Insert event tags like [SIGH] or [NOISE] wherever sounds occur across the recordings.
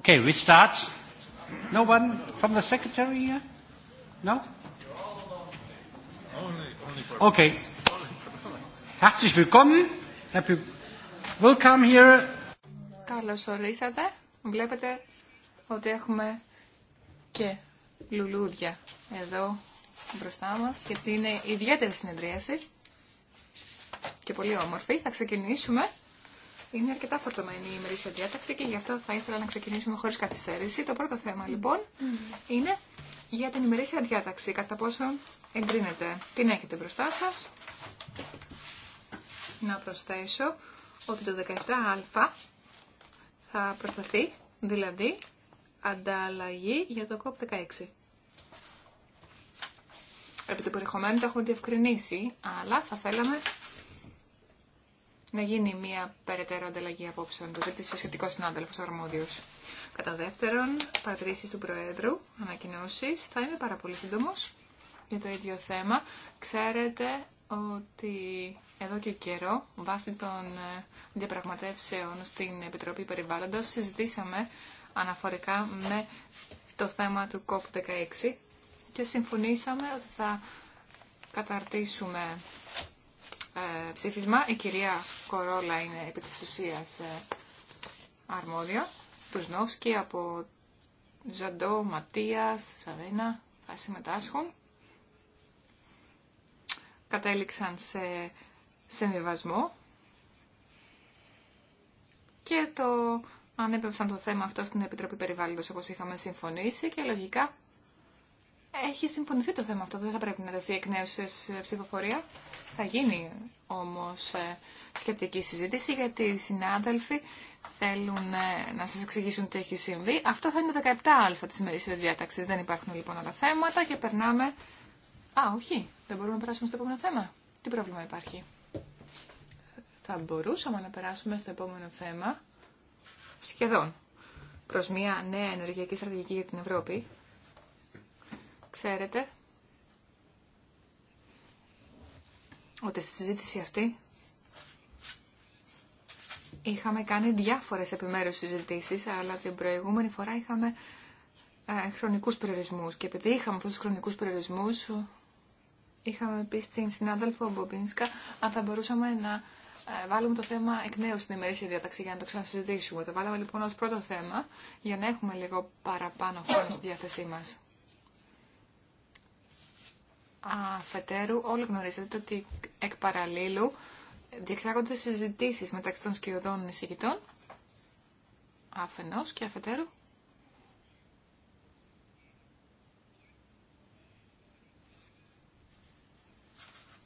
Okay, we start. No one from the secretary here? No? Okay. Herzlich willkommen. Welcome here. Καλώς ορίσατε. Βλέπετε ότι έχουμε και λουλούδια εδώ μπροστά μας γιατί είναι ιδιαίτερη συνεδρίαση και πολύ όμορφη. Θα ξεκινήσουμε είναι αρκετά φορτωμένη η ημερήσια διάταξη και γι' αυτό θα ήθελα να ξεκινήσουμε χωρί καθυστέρηση. Το πρώτο θέμα λοιπόν είναι για την ημερήσια διάταξη. Κατά πόσο εγκρίνεται. Την έχετε μπροστά σα. Να προσθέσω ότι το 17α θα προσταθεί, δηλαδή ανταλλαγή για το COP16. Επί το περιεχομένου το έχουμε διευκρινίσει, αλλά θα θέλαμε να γίνει μια περαιτέρω ανταλλαγή απόψεων. του ζήτησε ο σχετικό συνάδελφο αρμόδιο. Κατά δεύτερον, παρατηρήσει του Προέδρου, ανακοινώσει. Θα είμαι πάρα πολύ σύντομο για το ίδιο θέμα. Ξέρετε ότι εδώ και καιρό, βάσει των ε, διαπραγματεύσεων στην Επιτροπή Περιβάλλοντος, συζητήσαμε αναφορικά με το θέμα του COP16 και συμφωνήσαμε ότι θα καταρτήσουμε ε, ψήφισμα. Η κυρία Κορόλα είναι επί της ουσίας ε, αρμόδια. Τους Νόφσκι από Ζαντό, Ματίας, Σαβίνα θα συμμετάσχουν. Κατέληξαν σε συμβιβασμό και το ανέπευσαν το θέμα αυτό στην Επιτροπή Περιβάλλοντος όπως είχαμε συμφωνήσει και λογικά έχει συμφωνηθεί το θέμα αυτό, δεν θα πρέπει να δεθεί εκ νέου σε ψηφοφορία θα γίνει όμως ε, σκεπτική συζήτηση γιατί οι συνάδελφοι θέλουν ε, να σας εξηγήσουν τι έχει συμβεί. Αυτό θα είναι το 17α της μερίσιας διάταξης. Δεν υπάρχουν λοιπόν άλλα θέματα και περνάμε... Α, όχι. Δεν μπορούμε να περάσουμε στο επόμενο θέμα. Τι πρόβλημα υπάρχει. Θα μπορούσαμε να περάσουμε στο επόμενο θέμα σχεδόν προς μια νέα ενεργειακή στρατηγική για την Ευρώπη. Ξέρετε ότι στη συζήτηση αυτή είχαμε κάνει διάφορες επιμέρους συζητήσεις, αλλά την προηγούμενη φορά είχαμε ε, χρονικούς περιορισμούς. Και επειδή είχαμε αυτούς τους χρονικούς περιορισμούς, είχαμε πει στην συνάδελφο Μπομπίνσκα αν θα μπορούσαμε να ε, βάλουμε το θέμα εκ νέου στην ημερήσια διάταξη για να το ξανασυζητήσουμε. Το βάλαμε λοιπόν ως πρώτο θέμα για να έχουμε λίγο παραπάνω χρόνο στη διάθεσή μας. Αφετέρου, όλοι γνωρίζετε ότι εκ παραλίλου διεξάγονται συζητήσει μεταξύ των σκιωδών εισηγητών, αφενός και αφετέρου.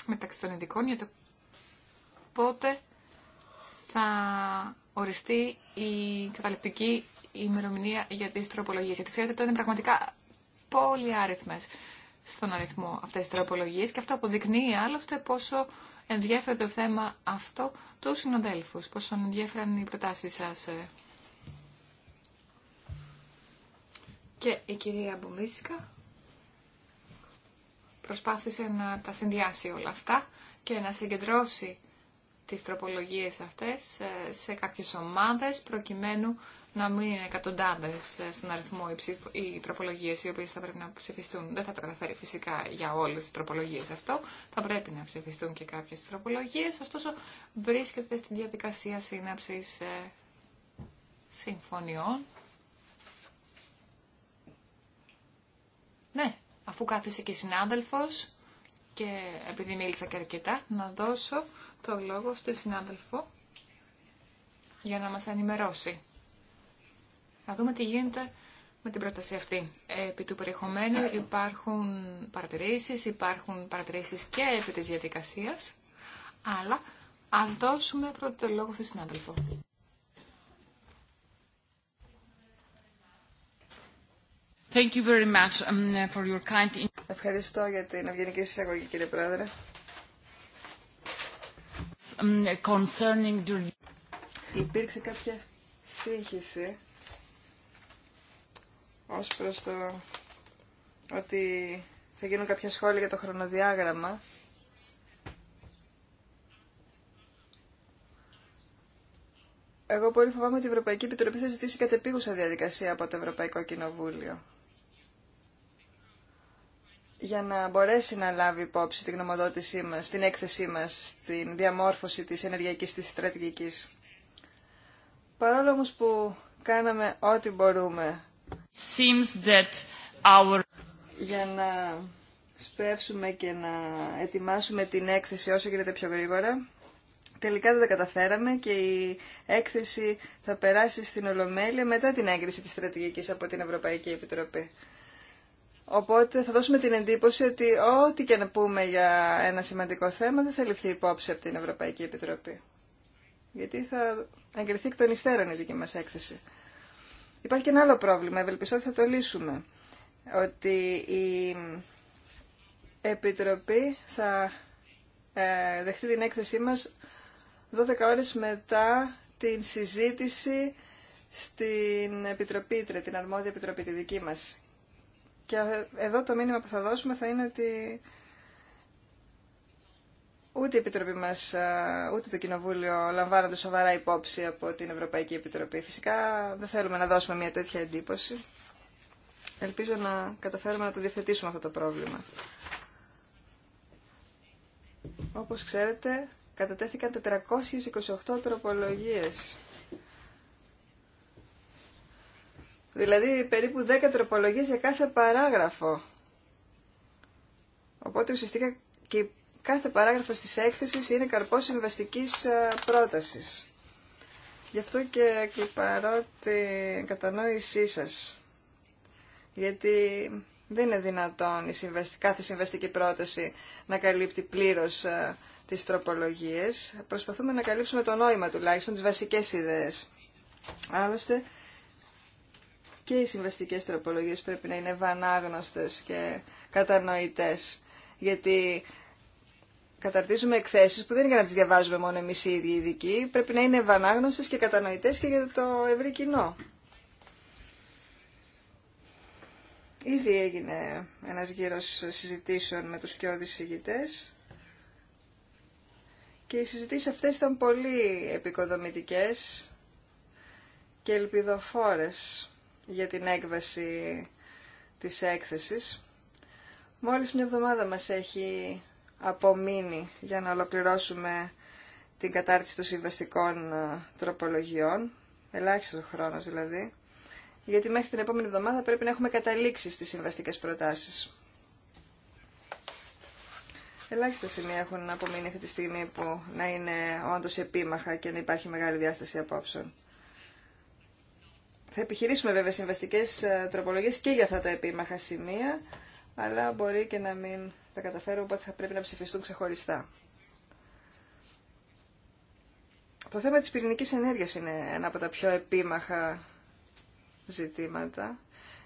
μεταξύ των ειδικών για το πότε θα οριστεί η καταληκτική ημερομηνία για τις τροπολογίες. Γιατί ξέρετε, τώρα είναι πραγματικά πολύ άριθμες στον αριθμό αυτέ τις τροπολογίες και αυτό αποδεικνύει άλλωστε πόσο ενδιέφερε το θέμα αυτό του συνοδέλφους, πόσο ενδιέφεραν οι προτάσει σας. Και η κυρία Μπουλίσκα προσπάθησε να τα συνδυάσει όλα αυτά και να συγκεντρώσει τις τροπολογίες αυτές ε, σε κάποιες ομάδες προκειμένου να μην είναι εκατοντάδε ε, στον αριθμό οι, ψηφ... οι τροπολογίε οι οποίε θα πρέπει να ψηφιστούν. Δεν θα το καταφέρει φυσικά για όλε τι τροπολογίε αυτό. Θα πρέπει να ψηφιστούν και κάποιε τροπολογίε. Ωστόσο, βρίσκεται στη διαδικασία σύναψη ε, συμφωνιών. Ναι, αφού κάθισε και συνάδελφο και επειδή μίλησα και αρκετά, να δώσω το λόγο στη συνάδελφο για να μας ενημερώσει να δούμε τι γίνεται με την πρόταση αυτή. Επί του περιεχομένου υπάρχουν παρατηρήσεις, υπάρχουν παρατηρήσεις και επί της διαδικασίας, αλλά ας δώσουμε πρώτο λόγο στη συνάδελφο. Thank you very much um, for your kind... Ευχαριστώ για την ευγενική εισαγωγή, κύριε Πρόεδρε. Um, concerning... Υπήρξε κάποια σύγχυση ως προς το ότι θα γίνουν κάποια σχόλια για το χρονοδιάγραμμα. Εγώ πολύ φοβάμαι ότι η Ευρωπαϊκή Επιτροπή θα ζητήσει κατεπίγουσα διαδικασία από το Ευρωπαϊκό Κοινοβούλιο για να μπορέσει να λάβει υπόψη την γνωμοδότησή μας, την έκθεσή μας, στην διαμόρφωση της ενεργειακής της στρατηγικής. Παρόλο όμως που κάναμε ό,τι μπορούμε για να σπεύσουμε και να ετοιμάσουμε την έκθεση όσο γίνεται πιο γρήγορα. Τελικά δεν τα καταφέραμε και η έκθεση θα περάσει στην Ολομέλεια μετά την έγκριση της στρατηγικής από την Ευρωπαϊκή Επιτροπή. Οπότε θα δώσουμε την εντύπωση ότι ό,τι και να πούμε για ένα σημαντικό θέμα δεν θα ληφθεί υπόψη από την Ευρωπαϊκή Επιτροπή. Γιατί θα εγκριθεί εκ των υστέρων η δική μας έκθεση. Υπάρχει και ένα άλλο πρόβλημα, ευελπιστώ ότι θα το λύσουμε, ότι η Επιτροπή θα ε, δεχτεί την έκθεσή μας 12 ώρες μετά την συζήτηση στην Επιτροπή την αρμόδια Επιτροπή, τη δική μας. Και εδώ το μήνυμα που θα δώσουμε θα είναι ότι ούτε η Επιτροπή μας, ούτε το Κοινοβούλιο λαμβάνονται σοβαρά υπόψη από την Ευρωπαϊκή Επιτροπή. Φυσικά δεν θέλουμε να δώσουμε μια τέτοια εντύπωση. Ελπίζω να καταφέρουμε να το διευθετήσουμε αυτό το πρόβλημα. Όπως ξέρετε, κατατέθηκαν 428 τροπολογίες. Δηλαδή περίπου 10 τροπολογίες για κάθε παράγραφο. Οπότε ουσιαστικά και κάθε παράγραφος της έκθεσης είναι καρπός συμβαστικής ε, πρότασης. Γι' αυτό και εκλυπαρώ την κατανόησή σας. Γιατί δεν είναι δυνατόν η κάθε συμβαστική πρόταση να καλύπτει πλήρως ε, τις τροπολογίες. Προσπαθούμε να καλύψουμε το νόημα τουλάχιστον, τις βασικές ιδέες. Άλλωστε και οι συμβαστικές τροπολογίες πρέπει να είναι βανάγνωστες και κατανοητές. Γιατί καταρτίζουμε εκθέσεις που δεν είναι για να τι διαβάζουμε μόνο εμεί οι ίδιοι οι ειδικοί, πρέπει να είναι ευανάγνωστες και κατανοητές και για το ευρύ κοινό. Ήδη έγινε ένας γύρος συζητήσεων με τους πιο και οι συζητήσεις αυτές ήταν πολύ επικοδομητικές και ελπιδοφόρες για την έκβαση της έκθεσης. Μόλις μια εβδομάδα μας έχει απομείνει για να ολοκληρώσουμε την κατάρτιση των συμβαστικών ε, τροπολογιών, ελάχιστο χρόνο δηλαδή, γιατί μέχρι την επόμενη εβδομάδα πρέπει να έχουμε καταλήξει στις συμβαστικές προτάσεις. Ελάχιστα σημεία έχουν απομείνει αυτή τη στιγμή που να είναι όντως επίμαχα και να υπάρχει μεγάλη διάσταση απόψεων. Θα επιχειρήσουμε βέβαια συμβαστικές ε, τροπολογίες και για αυτά τα επίμαχα σημεία, αλλά μπορεί και να μην θα καταφέρουμε, οπότε θα πρέπει να ψηφιστούν ξεχωριστά. Το θέμα της πυρηνικής ενέργειας είναι ένα από τα πιο επίμαχα ζητήματα,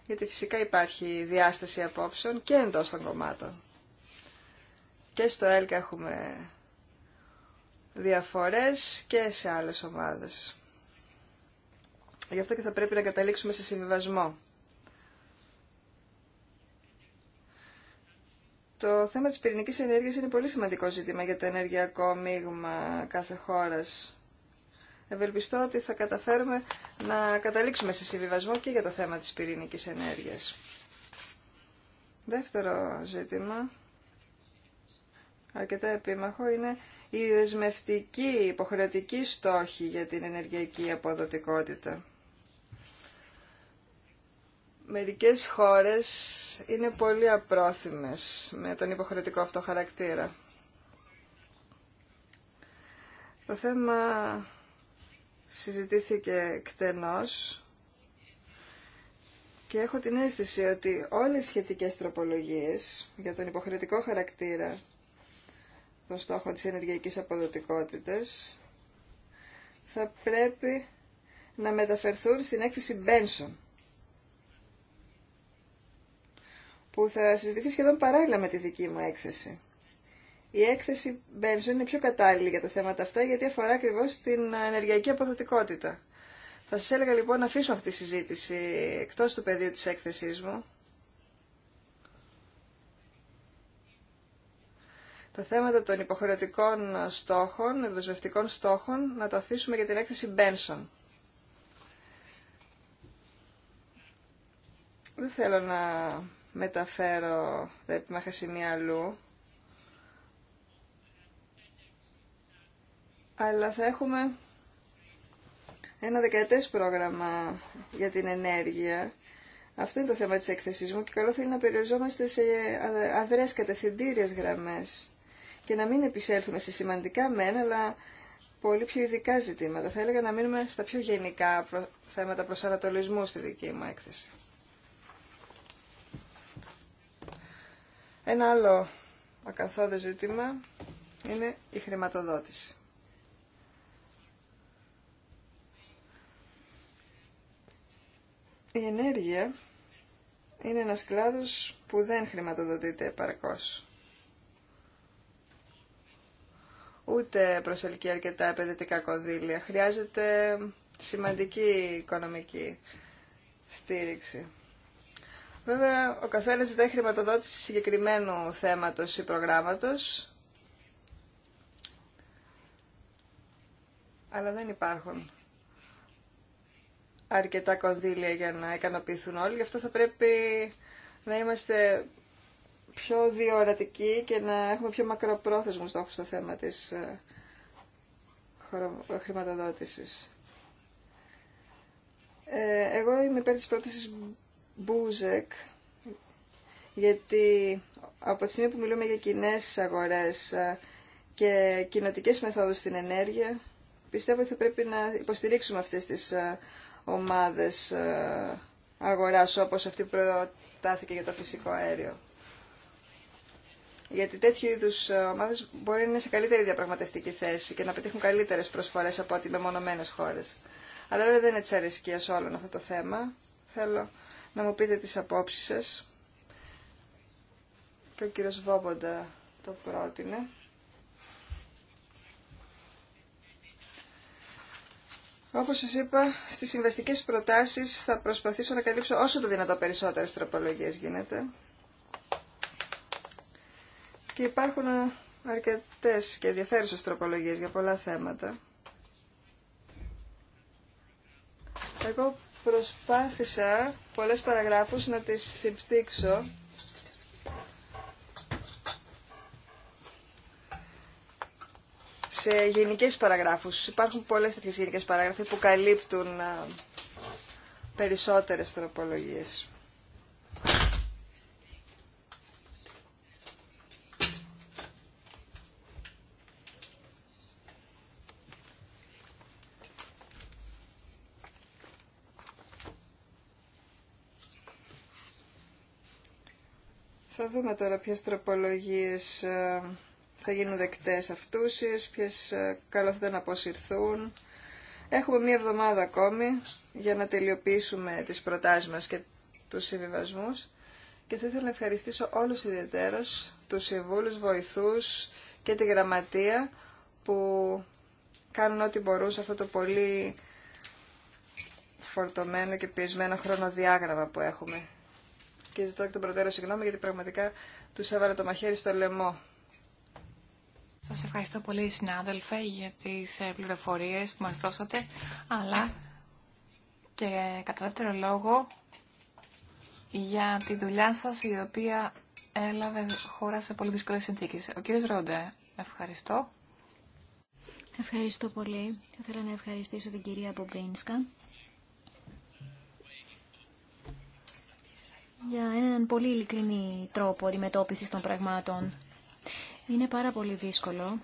γιατί φυσικά υπάρχει διάσταση απόψεων και εντός των κομμάτων. Και στο ΕΛΚ έχουμε διαφορές και σε άλλες ομάδες. Γι' αυτό και θα πρέπει να καταλήξουμε σε συμβιβασμό. Το θέμα της πυρηνικής ενέργειας είναι πολύ σημαντικό ζήτημα για το ενεργειακό μείγμα κάθε χώρας. Ευελπιστώ ότι θα καταφέρουμε να καταλήξουμε σε συμβιβασμό και για το θέμα της πυρηνικής ενέργειας. Δεύτερο ζήτημα, αρκετά επίμαχο, είναι η δεσμευτική, υποχρεωτική στόχη για την ενεργειακή αποδοτικότητα μερικές χώρες είναι πολύ απρόθυμες με τον υποχρεωτικό αυτό χαρακτήρα. Το θέμα συζητήθηκε κτένος και έχω την αίσθηση ότι όλες οι σχετικές τροπολογίες για τον υποχρεωτικό χαρακτήρα των στόχων της ενεργειακής αποδοτικότητας θα πρέπει να μεταφερθούν στην έκθεση Benson. που θα συζητηθεί σχεδόν παράλληλα με τη δική μου έκθεση. Η έκθεση Μπένσον είναι πιο κατάλληλη για τα θέματα αυτά γιατί αφορά ακριβώ την ενεργειακή αποδοτικότητα. Θα σα έλεγα λοιπόν να αφήσω αυτή τη συζήτηση εκτό του πεδίου τη έκθεσή μου. Τα θέματα των υποχρεωτικών στόχων, δεσμευτικών στόχων, να το αφήσουμε για την έκθεση Μπένσον. Δεν θέλω να μεταφέρω δηλαδή, τα επιμάχα σημεία αλλού. Αλλά θα έχουμε ένα δεκαετές πρόγραμμα για την ενέργεια. Αυτό είναι το θέμα της έκθεσής μου και καλό θα είναι να περιοριζόμαστε σε αδρές κατευθυντήριες γραμμές και να μην επισέλθουμε σε σημαντικά μεν, αλλά πολύ πιο ειδικά ζητήματα. Θα έλεγα να μείνουμε στα πιο γενικά θέματα προσανατολισμού στη δική μου έκθεση. Ένα άλλο ακαθόδε ζήτημα είναι η χρηματοδότηση. Η ενέργεια είναι ένας κλάδος που δεν χρηματοδοτείται επαρκώς. Ούτε προσελκύει αρκετά επενδυτικά κονδύλια. Χρειάζεται σημαντική οικονομική στήριξη. Βέβαια, ο καθένα ζητάει χρηματοδότηση συγκεκριμένου θέματο ή προγράμματο. Αλλά δεν υπάρχουν αρκετά κονδύλια για να ικανοποιηθούν όλοι. Γι' αυτό θα πρέπει να είμαστε πιο διορατικοί και να έχουμε πιο μακροπρόθεσμους στόχους στο θέμα της ε, χρηματοδότησης. Ε, εγώ είμαι υπέρ της πρότασης Μπούζεκ, γιατί από τη στιγμή που μιλούμε για κοινέ αγορές ε, και κοινοτικέ μεθόδους στην ενέργεια, πιστεύω ότι θα πρέπει να υποστηρίξουμε αυτές τις ε, ομάδες ε, αγοράς όπως αυτή που προτάθηκε για το φυσικό αέριο. Γιατί τέτοιου είδου ομάδε μπορεί να είναι σε καλύτερη διαπραγματευτική θέση και να πετύχουν καλύτερε προσφορέ από ό,τι μονομένε χώρε. Αλλά βέβαια δεν είναι τη αρισκία όλων αυτό το θέμα. Θέλω να μου πείτε τις απόψεις σας. Και ο κύριος Βόμποντα το πρότεινε. Όπως σας είπα, στις συμβαστικές προτάσεις θα προσπαθήσω να καλύψω όσο το δυνατό περισσότερες τροπολογίες γίνεται. Και υπάρχουν αρκετές και ενδιαφέρουσες τροπολογίες για πολλά θέματα. Εγώ προσπάθησα πολλές παραγράφους να τις συμπτύξω σε γενικές παραγράφους. Υπάρχουν πολλές τέτοιες γενικές παραγράφοι που καλύπτουν περισσότερες τροπολογίες. Θα δούμε τώρα ποιες τροπολογίες ε, θα γίνουν δεκτές αυτούσιες, ποιες ε, καλό θα ήταν να αποσυρθούν. Έχουμε μία εβδομάδα ακόμη για να τελειοποιήσουμε τις προτάσεις μας και τους συμβιβασμούς και θα ήθελα να ευχαριστήσω όλους ιδιαίτερως τους συμβούλους, βοηθούς και τη γραμματεία που κάνουν ό,τι μπορούν σε αυτό το πολύ φορτωμένο και πιεσμένο χρονοδιάγραμμα που έχουμε και ζητώ εκ των προτέρων συγγνώμη γιατί πραγματικά του έβαλε το μαχαίρι στο λαιμό. Σας ευχαριστώ πολύ συνάδελφε για τις ε, πληροφορίε που μας δώσατε, αλλά και κατά δεύτερο λόγο για τη δουλειά σα, η οποία έλαβε χώρα σε πολύ δύσκολες συνθήκε. Ο κύριος Ρόντε, ευχαριστώ. Ευχαριστώ πολύ. Θα ήθελα να ευχαριστήσω την κυρία Μπομπίνσκα για έναν πολύ ειλικρινή τρόπο αντιμετώπισης των πραγμάτων. Είναι πάρα πολύ δύσκολο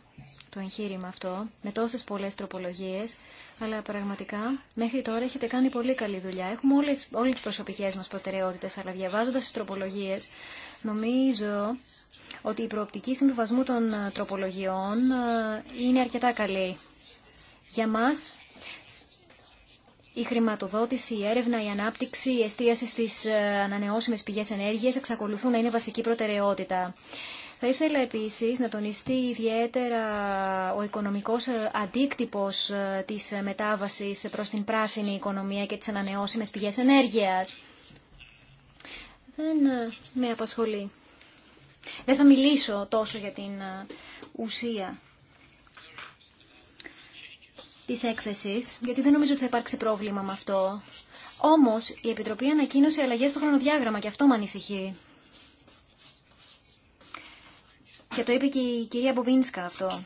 το εγχείρημα αυτό, με τόσες πολλές τροπολογίες, αλλά πραγματικά μέχρι τώρα έχετε κάνει πολύ καλή δουλειά. Έχουμε όλες, όλες τις προσωπικές μας προτεραιότητες, αλλά διαβάζοντας τις τροπολογίες, νομίζω ότι η προοπτική συμβιβασμού των τροπολογιών ε, είναι αρκετά καλή. Για μας η χρηματοδότηση, η έρευνα, η ανάπτυξη, η εστίαση στις ε, ανανεώσιμες πηγές ενέργειας εξακολουθούν να είναι βασική προτεραιότητα. Θα ήθελα επίσης να τονιστεί ιδιαίτερα ο οικονομικός ε, αντίκτυπος ε, της μετάβασης προς την πράσινη οικονομία και τις ανανεώσιμες πηγές ενέργειας. Δεν με απασχολεί. Δεν θα μιλήσω τόσο για την ουσία της έκθεσης, γιατί δεν νομίζω ότι θα υπάρξει πρόβλημα με αυτό. Όμως, η Επιτροπή ανακοίνωσε αλλαγές στο χρονοδιάγραμμα και αυτό με ανησυχεί. Και το είπε και η κυρία Μπομπίνσκα αυτό.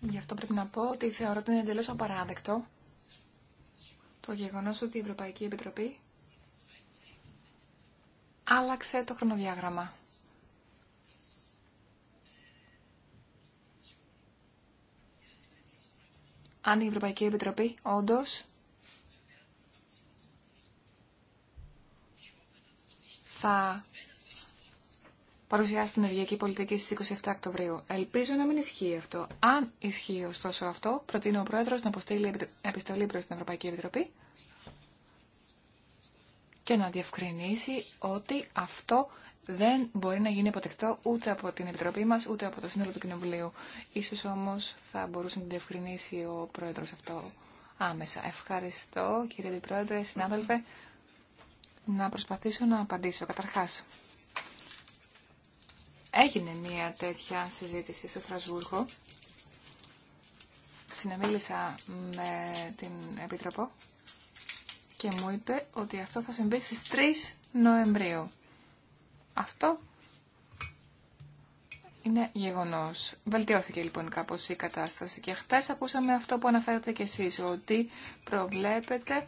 Γι' αυτό πρέπει να πω ότι θεωρώ ότι είναι εντελώς απαράδεκτο το γεγονός ότι η Ευρωπαϊκή Επιτροπή άλλαξε το χρονοδιάγραμμα. αν η Ευρωπαϊκή Επιτροπή όντω. θα παρουσιάσει την ενεργειακή πολιτική στις 27 Οκτωβρίου. Ελπίζω να μην ισχύει αυτό. Αν ισχύει ωστόσο αυτό, προτείνω ο Πρόεδρος να αποστείλει επιστολή προς την Ευρωπαϊκή Επιτροπή και να διευκρινίσει ότι αυτό δεν μπορεί να γίνει αποτεκτό ούτε από την Επιτροπή μας, ούτε από το σύνολο του Κοινοβουλίου. Ίσως όμως θα μπορούσε να διευκρινίσει ο Πρόεδρος αυτό άμεσα. Ευχαριστώ κύριε Πρόεδρε, συνάδελφε. Να προσπαθήσω να απαντήσω καταρχάς. Έγινε μια τέτοια συζήτηση στο Στρασβούργο. Συνεμίλησα με την Επίτροπο και μου είπε ότι αυτό θα συμβεί στις 3 Νοεμβρίου. Αυτό είναι γεγονός. Βελτιώθηκε λοιπόν κάπως η κατάσταση και χτες ακούσαμε αυτό που αναφέρατε κι εσείς, ότι προβλέπετε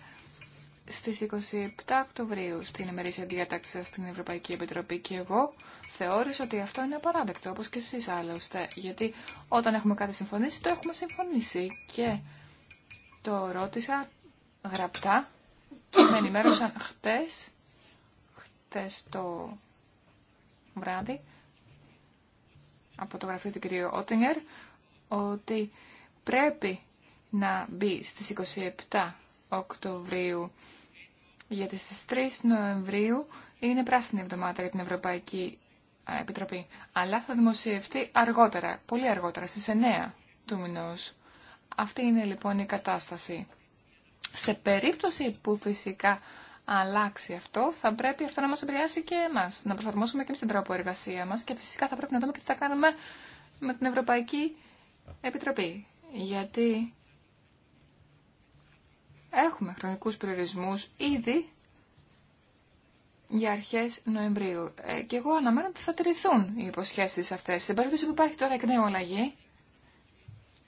στις 27 Οκτωβρίου στην ημερήσια διάταξη στην Ευρωπαϊκή Επιτροπή και εγώ θεώρησα ότι αυτό είναι απαράδεκτο, όπως και εσείς άλλωστε, γιατί όταν έχουμε κάτι συμφωνήσει, το έχουμε συμφωνήσει και το ρώτησα γραπτά και με ενημέρωσαν χτες, χτες το βράδυ από το γραφείο του κ. Ότιγκερ ότι πρέπει να μπει στις 27 Οκτωβρίου γιατί στις 3 Νοεμβρίου είναι πράσινη εβδομάδα για την Ευρωπαϊκή Επιτροπή αλλά θα δημοσιευτεί αργότερα, πολύ αργότερα, στις 9 του μηνός. Αυτή είναι λοιπόν η κατάσταση. Σε περίπτωση που φυσικά αλλάξει αυτό, θα πρέπει αυτό να μας επηρεάσει και εμάς, να προσαρμόσουμε και εμεί την τρόπο εργασία μας και φυσικά θα πρέπει να δούμε τι θα κάνουμε με την Ευρωπαϊκή Επιτροπή. Γιατί έχουμε χρονικού περιορισμού ήδη για αρχές Νοεμβρίου. Ε, και εγώ αναμένω ότι θα τηρηθούν οι υποσχέσεις αυτές. Σε περίπτωση που υπάρχει τώρα εκ νέου αλλαγή,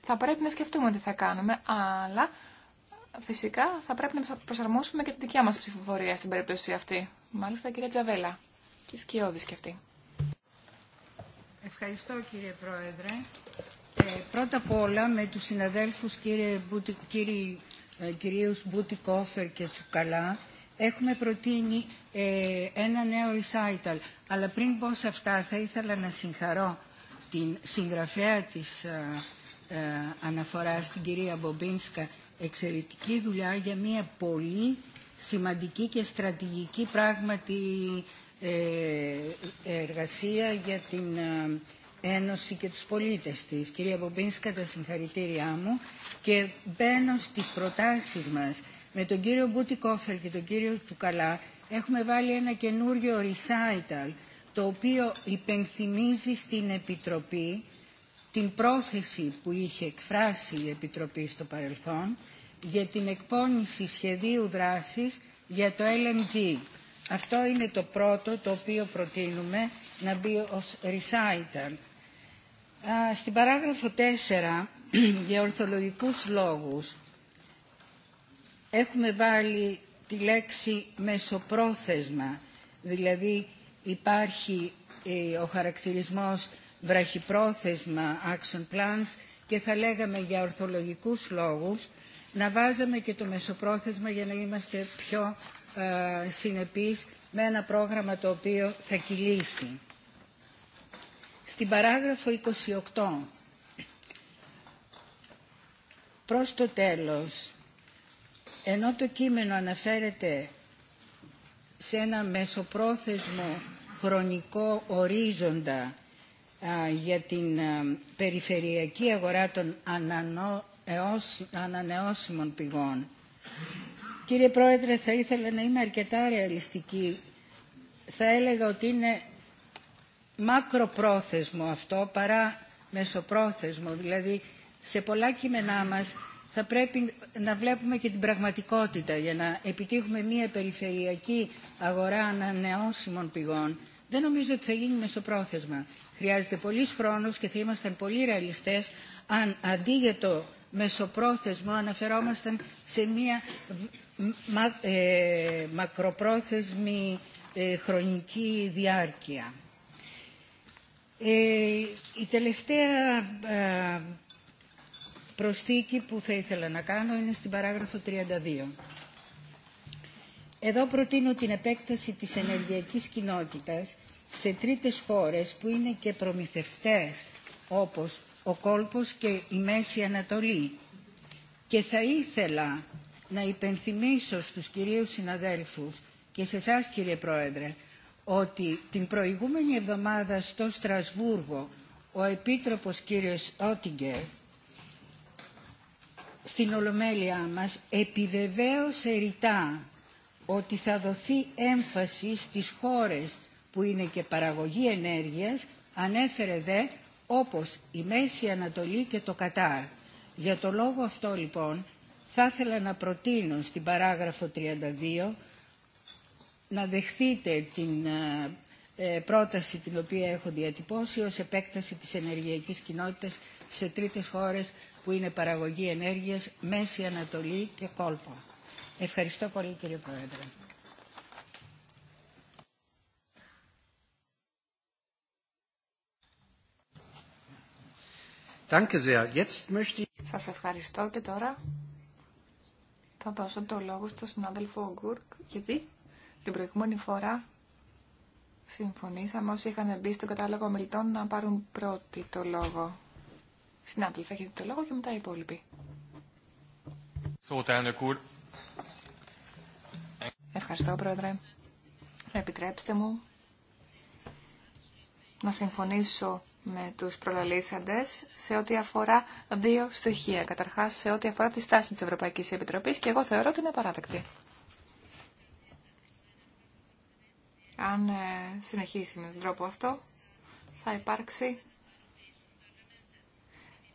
θα πρέπει να σκεφτούμε τι θα κάνουμε, αλλά φυσικά θα πρέπει να προσαρμόσουμε και τη δικιά μας ψηφοφορία στην περίπτωση αυτή. Μάλιστα, κυρία Τζαβέλα. Και σκιώδης και αυτή. Ευχαριστώ, κύριε Πρόεδρε. Ε, πρώτα απ' όλα, με τους συναδέλφους κύριε Μπούτι, κύριοι, ε, κυρίους Μπούτι Κόφερ και Τσουκαλά, έχουμε προτείνει ε, ένα νέο recital. Αλλά πριν πω σε αυτά, θα ήθελα να συγχαρώ την συγγραφέα της ε, ε, αναφοράς, την κυρία Μπομπίνσκα, εξαιρετική δουλειά για μια πολύ σημαντική και στρατηγική πράγματι ε, εργασία για την ε, Ένωση και τους πολίτες της. Κυρία Μπομπίνσκα, τα συγχαρητήριά μου και μπαίνω στις προτάσεις μας. Με τον κύριο Μπούτι Κόφερ και τον κύριο Τουκαλά έχουμε βάλει ένα καινούριο recital το οποίο υπενθυμίζει στην Επιτροπή την πρόθεση που είχε εκφράσει η Επιτροπή στο παρελθόν για την εκπόνηση σχεδίου δράσης για το LNG. Αυτό είναι το πρώτο το οποίο προτείνουμε να μπει ως recital. Στην παράγραφο 4, [CLEARS THROAT] για ορθολογικούς λόγους, έχουμε βάλει τη λέξη μεσοπρόθεσμα, δηλαδή υπάρχει ε, ο χαρακτηρισμός βραχυπρόθεσμα action plans και θα λέγαμε για ορθολογικούς λόγους να βάζαμε και το μεσοπρόθεσμα για να είμαστε πιο ε, συνεπείς με ένα πρόγραμμα το οποίο θα κυλήσει. Στην παράγραφο 28, προς το τέλος, ενώ το κείμενο αναφέρεται σε ένα μεσοπρόθεσμο χρονικό ορίζοντα για την ε, περιφερειακή αγορά των ανανεώσιμων πηγών. Κύριε Πρόεδρε, θα ήθελα να είμαι αρκετά ρεαλιστική. Θα έλεγα ότι είναι μακροπρόθεσμο αυτό παρά μεσοπρόθεσμο. Δηλαδή, σε πολλά κείμενά μας θα πρέπει να βλέπουμε και την πραγματικότητα για να επιτύχουμε μια περιφερειακή αγορά ανανεώσιμων πηγών. Δεν νομίζω ότι θα γίνει μεσοπρόθεσμα. Χρειάζεται πολλής χρόνος και θα ήμασταν πολύ ρεαλιστέ αν αντί για το μεσοπρόθεσμο αναφερόμασταν σε μια μα, ε, μακροπρόθεσμη ε, χρονική διάρκεια. Ε, η τελευταία ε, προσθήκη που θα ήθελα να κάνω είναι στην παράγραφο 32. Εδώ προτείνω την επέκταση της ενεργειακής κοινότητας σε τρίτες χώρες που είναι και προμηθευτές όπως ο κόλπος και η Μέση Ανατολή. Και θα ήθελα να υπενθυμίσω στους κυρίους συναδέλφους και σε εσά κύριε Πρόεδρε ότι την προηγούμενη εβδομάδα στο Στρασβούργο ο Επίτροπος κύριος Ότιγκερ στην Ολομέλειά μας επιβεβαίωσε ρητά ότι θα δοθεί έμφαση στις χώρες που είναι και παραγωγή ενέργειας, ανέφερε δε όπως η Μέση Ανατολή και το Κατάρ. Για το λόγο αυτό λοιπόν θα ήθελα να προτείνω στην παράγραφο 32 να δεχθείτε την ε, ε, πρόταση την οποία έχω διατυπώσει ως επέκταση της ενεργειακής κοινότητας σε τρίτες χώρες που είναι παραγωγή ενέργειας, Μέση Ανατολή και Κόλπο. Ευχαριστώ πολύ κύριε Πρόεδρε. Σας ευχαριστώ και τώρα θα δώσω το λόγο στον συνάδελφο Γκουρκ γιατί την προηγούμενη φορά συμφωνήσαμε όσοι είχαν μπει στον κατάλογο μιλτών να πάρουν πρώτοι το λόγο. Συνάδελφε, έχετε το λόγο και μετά οι υπόλοιποι. Ευχαριστώ, Πρόεδρε. Επιτρέψτε μου να συμφωνήσω με τους προλαλήσαντες σε ό,τι αφορά δύο στοιχεία. Καταρχάς, σε ό,τι αφορά τη στάση της Ευρωπαϊκής Επιτροπής και εγώ θεωρώ ότι είναι απαράδεκτη. Αν ε, συνεχίσει με τον τρόπο αυτό, θα υπάρξει...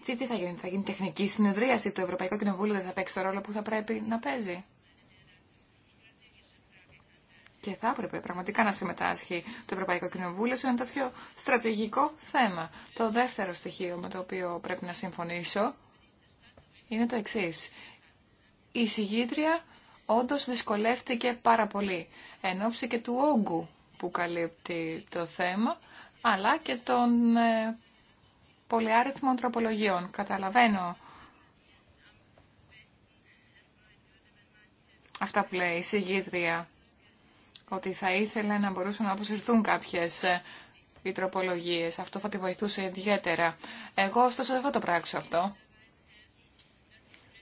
Τι, τι θα γίνει, θα γίνει τεχνική συνεδρίαση, το Ευρωπαϊκό Κοινοβούλιο δεν θα παίξει το ρόλο που θα πρέπει να παίζει. Και θα έπρεπε πραγματικά να συμμετάσχει το Ευρωπαϊκό Κοινοβούλιο σε ένα τέτοιο στρατηγικό θέμα. Το δεύτερο στοιχείο με το οποίο πρέπει να συμφωνήσω είναι το εξή. Η συγγήτρια όντω δυσκολεύτηκε πάρα πολύ εν ώψη και του όγκου που καλύπτει το θέμα, αλλά και των ε, πολυάριθμων τροπολογιών. Καταλαβαίνω αυτά που λέει η συγγήτρια ότι θα ήθελε να μπορούσαν να αποσυρθούν κάποιες ε, οι τροπολογίες. Αυτό θα τη βοηθούσε ιδιαίτερα. Εγώ ωστόσο δεν θα το πράξω αυτό.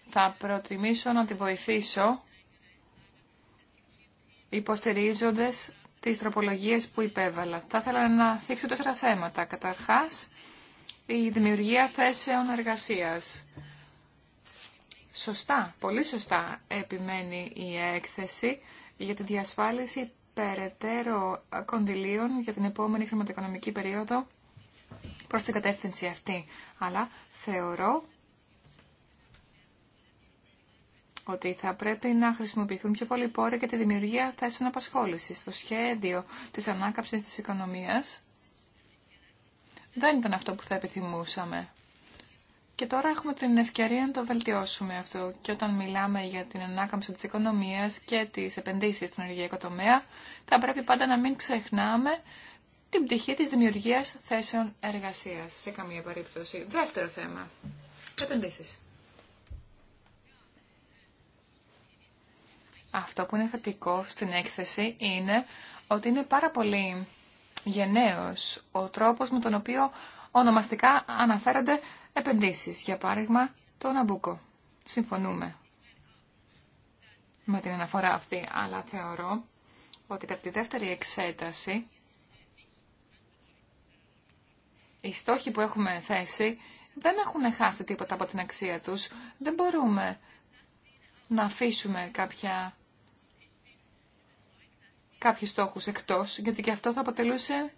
Θα προτιμήσω να τη βοηθήσω υποστηρίζοντας τις τροπολογίες που υπέβαλα. Θα ήθελα να θίξω τέσσερα θέματα. Καταρχάς, η δημιουργία θέσεων εργασίας. Σωστά, πολύ σωστά επιμένει η έκθεση για τη διασφάλιση περαιτέρω κονδυλίων για την επόμενη χρηματοοικονομική περίοδο προς την κατεύθυνση αυτή. Αλλά θεωρώ ότι θα πρέπει να χρησιμοποιηθούν πιο πολλοί πόροι για τη δημιουργία θέσεων απασχόληση. Το σχέδιο της ανάκαψης της οικονομίας δεν ήταν αυτό που θα επιθυμούσαμε. Και τώρα έχουμε την ευκαιρία να το βελτιώσουμε αυτό. Και όταν μιλάμε για την ανάκαμψη της οικονομίας και τις επενδύσεις στον ενεργειακό τομέα, θα πρέπει πάντα να μην ξεχνάμε την πτυχή της δημιουργίας θέσεων εργασίας σε καμία περίπτωση. Δεύτερο θέμα, επενδύσεις. Αυτό που είναι θετικό στην έκθεση είναι ότι είναι πάρα πολύ γενναίος ο τρόπος με τον οποίο ονομαστικά αναφέρονται επενδύσεις. Για παράδειγμα, το Ναμπούκο. Συμφωνούμε με την αναφορά αυτή, αλλά θεωρώ ότι κατά τη δεύτερη εξέταση οι στόχοι που έχουμε θέσει δεν έχουν χάσει τίποτα από την αξία τους. Δεν μπορούμε να αφήσουμε κάποια, κάποιους στόχους εκτός, γιατί και αυτό θα αποτελούσε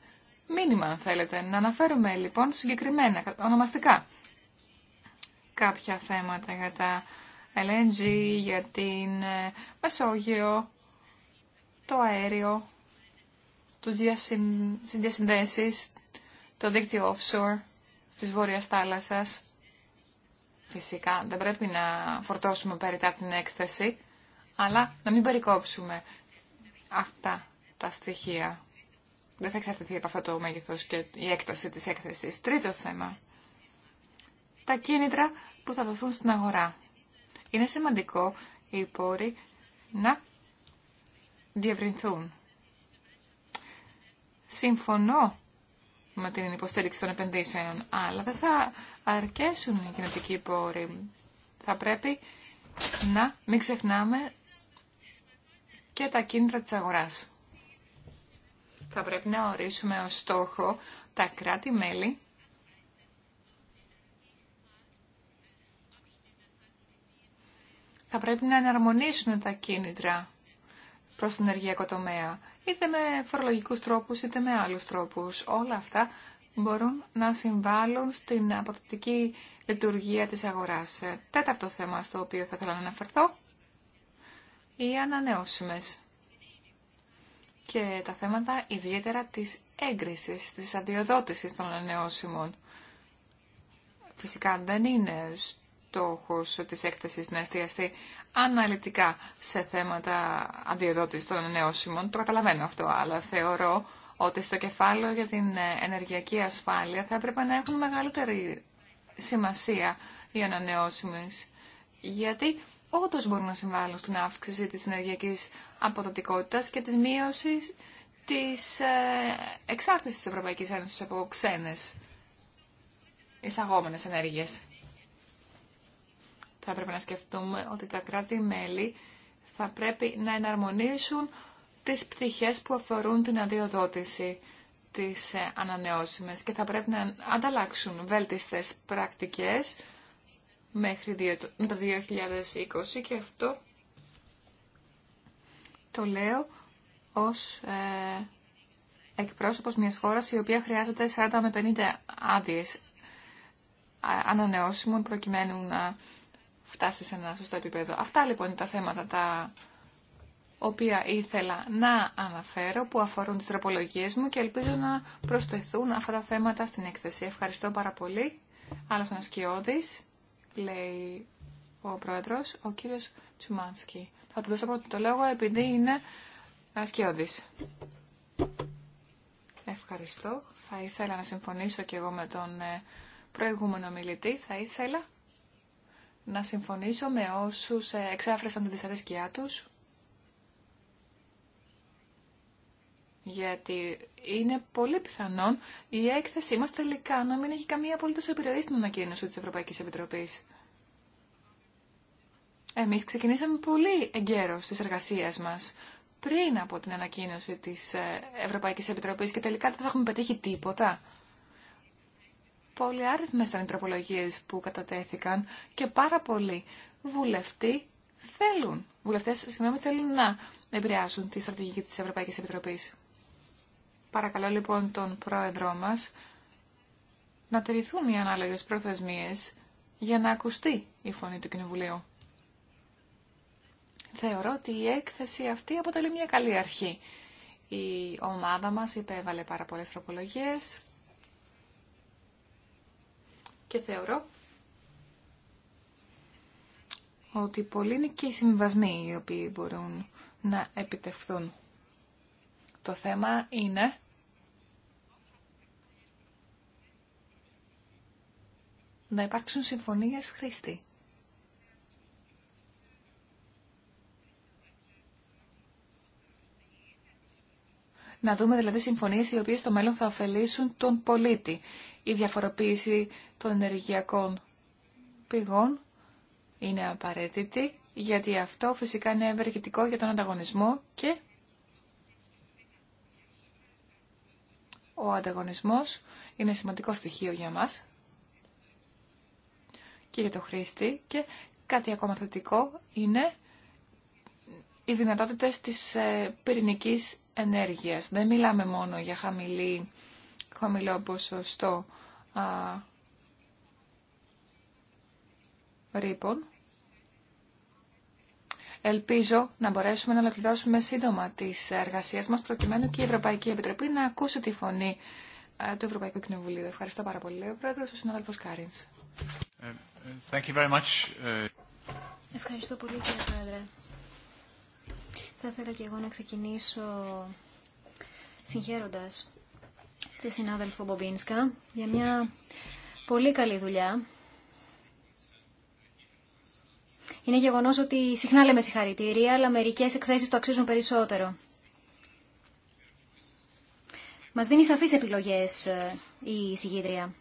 μήνυμα, αν θέλετε. Να αναφέρουμε λοιπόν συγκεκριμένα, ονομαστικά κάποια θέματα για τα LNG, για την ε, Μεσόγειο, το αέριο, τους διασυνδέσεις, το δίκτυο offshore της Βόρειας Θάλασσας. Φυσικά δεν πρέπει να φορτώσουμε περιτά την έκθεση, αλλά να μην περικόψουμε αυτά τα στοιχεία. Δεν θα εξαρτηθεί από αυτό το μέγεθος και η έκταση της έκθεσης. Τρίτο θέμα. Τα κίνητρα που θα δοθούν στην αγορά. Είναι σημαντικό οι πόροι να διευρυνθούν. Συμφωνώ με την υποστήριξη των επενδύσεων, αλλά δεν θα αρκέσουν οι κοινωτικοί πόροι. Θα πρέπει να μην ξεχνάμε και τα κίνητρα της αγοράς. Θα πρέπει να ορίσουμε ως στόχο τα κράτη-μέλη θα πρέπει να εναρμονίσουν τα κίνητρα προς τον ενεργειακό τομέα, είτε με φορολογικούς τρόπους, είτε με άλλους τρόπους. Όλα αυτά μπορούν να συμβάλλουν στην αποτελεστική λειτουργία της αγοράς. Τέταρτο θέμα στο οποίο θα ήθελα να αναφερθώ, οι ανανεώσιμες και τα θέματα ιδιαίτερα της έγκρισης, της αδειοδότησης των ανανεώσιμων. Φυσικά δεν είναι στόχος της έκθεσης να εστιαστεί αναλυτικά σε θέματα αντιεδότησης των ανανεώσιμων. Το καταλαβαίνω αυτό, αλλά θεωρώ ότι στο κεφάλαιο για την ενεργειακή ασφάλεια θα έπρεπε να έχουν μεγαλύτερη σημασία οι ανανεώσιμες. Γιατί όντω μπορούν να συμβάλλουν στην αύξηση της ενεργειακής αποδοτικότητας και της μείωσης της ε, εξάρτησης της Ευρωπαϊκής Ένωσης από ξένες εισαγόμενες ενέργειες θα πρέπει να σκεφτούμε ότι τα κράτη-μέλη θα πρέπει να εναρμονίσουν τις πτυχές που αφορούν την αδειοδότηση τις ε, ανανεώσιμες και θα πρέπει να ανταλλάξουν βέλτιστες πρακτικές μέχρι το 2020 και αυτό το λέω ως ε, εκπρόσωπος μιας χώρας η οποία χρειάζεται 40 με 50 άδειες ε, ανανεώσιμων προκειμένου να φτάσει σε ένα σωστό επίπεδο. Αυτά λοιπόν είναι τα θέματα τα οποία ήθελα να αναφέρω που αφορούν τις τροπολογίες μου και ελπίζω να προσθεθούν αυτά τα θέματα στην έκθεση. Ευχαριστώ πάρα πολύ. Άλλος ένας κοιόδης, λέει ο πρόεδρος, ο κύριος Τσουμάνσκι. Θα του δώσω πρώτο το λόγο επειδή είναι ε, κοιόδης. Ευχαριστώ. Θα ήθελα να συμφωνήσω και εγώ με τον ε, προηγούμενο μιλητή. Θα ήθελα να συμφωνήσω με όσους ε, εξάφρασαν τη δυσαρέσκειά τους γιατί είναι πολύ πιθανόν η έκθεσή μας τελικά να μην έχει καμία απολύτως επιρροή στην ανακοίνωση της Ευρωπαϊκής Επιτροπής. Εμείς ξεκινήσαμε πολύ εγκαίρως στις εργασίες μας πριν από την ανακοίνωση της ε, Ευρωπαϊκής Επιτροπής και τελικά δεν θα έχουμε πετύχει τίποτα. Πολύ άριθμες ήταν οι τροπολογίες που κατατέθηκαν και πάρα πολλοί βουλευτοί θέλουν, βουλευτές συγγνώμη, θέλουν να επηρεάσουν τη στρατηγική της Ευρωπαϊκής Επιτροπής. Παρακαλώ λοιπόν τον πρόεδρό μας να τηρηθούν οι ανάλογες προθεσμίες για να ακουστεί η φωνή του Κοινοβουλίου. Θεωρώ ότι η έκθεση αυτή αποτελεί μια καλή αρχή. Η ομάδα μας υπέβαλε πάρα πολλές τροπολογίες και θεωρώ ότι πολλοί είναι και οι συμβασμοί οι οποίοι μπορούν να επιτευχθούν. Το θέμα είναι να υπάρξουν συμφωνίες χρήστη. Να δούμε δηλαδή συμφωνίες οι οποίες στο μέλλον θα ωφελήσουν τον πολίτη η διαφοροποίηση των ενεργειακών πηγών είναι απαραίτητη, γιατί αυτό φυσικά είναι ευεργητικό για τον ανταγωνισμό και ο ανταγωνισμός είναι σημαντικό στοιχείο για μας και για το χρήστη και κάτι ακόμα θετικό είναι οι δυνατότητες της ε, πυρηνικής ενέργειας. Δεν μιλάμε μόνο για χαμηλή χαμηλό ποσοστό α, ρήπων. Ελπίζω να μπορέσουμε να ολοκληρώσουμε σύντομα τις εργασίες μας προκειμένου και η Ευρωπαϊκή Επιτροπή να ακούσει τη φωνή του Ευρωπαϊκού Κοινοβουλίου. Ευχαριστώ πάρα πολύ. Ο Πρόεδρος, ο συνάδελφος Κάριντς. Ευχαριστώ πολύ κύριε Πρόεδρε. Θα ήθελα και εγώ να ξεκινήσω συγχαίροντας τη συνάδελφο Μπομπίνσκα για μια πολύ καλή δουλειά. Είναι γεγονός ότι συχνά λέμε συγχαρητήρια, αλλά μερικές εκθέσεις το αξίζουν περισσότερο. Μας δίνει σαφείς επιλογές ε, η συγκίδρια.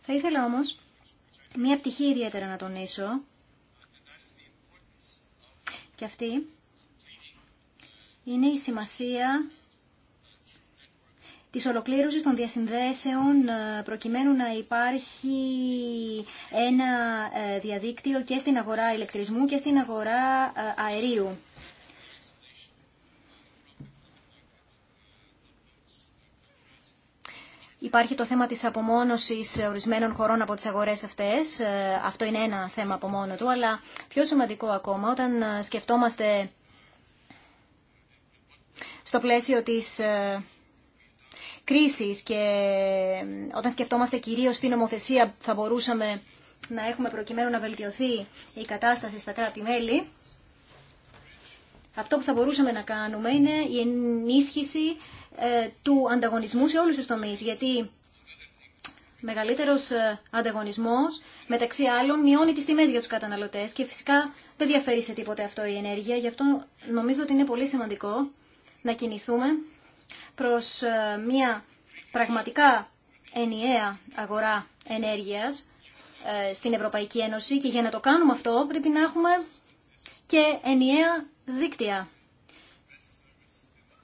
Θα ήθελα όμως μία πτυχή ιδιαίτερα να τονίσω και αυτή είναι η σημασία Τη ολοκλήρωση των διασυνδέσεων ε, προκειμένου να υπάρχει ένα ε, διαδίκτυο και στην αγορά ηλεκτρισμού και στην αγορά ε, αερίου. Υπάρχει το θέμα της απομόνωσης ορισμένων χωρών από τις αγορές αυτές. Αυτό είναι ένα θέμα από μόνο του, αλλά πιο σημαντικό ακόμα όταν σκεφτόμαστε στο πλαίσιο της κρίσης και όταν σκεφτόμαστε κυρίως τι νομοθεσία θα μπορούσαμε να έχουμε προκειμένου να βελτιωθεί η κατάσταση στα κράτη-μέλη, αυτό που θα μπορούσαμε να κάνουμε είναι η ενίσχυση ε, του ανταγωνισμού σε όλους τους τομείς, γιατί μεγαλύτερος ε, ανταγωνισμός, μεταξύ άλλων, μειώνει τις τιμές για τους καταναλωτές και φυσικά δεν διαφέρει σε τίποτε αυτό η ενέργεια, γι' αυτό νομίζω ότι είναι πολύ σημαντικό να κινηθούμε προς ε, μια πραγματικά ενιαία αγορά ενέργειας ε, στην Ευρωπαϊκή Ένωση και για να το κάνουμε αυτό πρέπει να έχουμε και ενιαία δίκτυα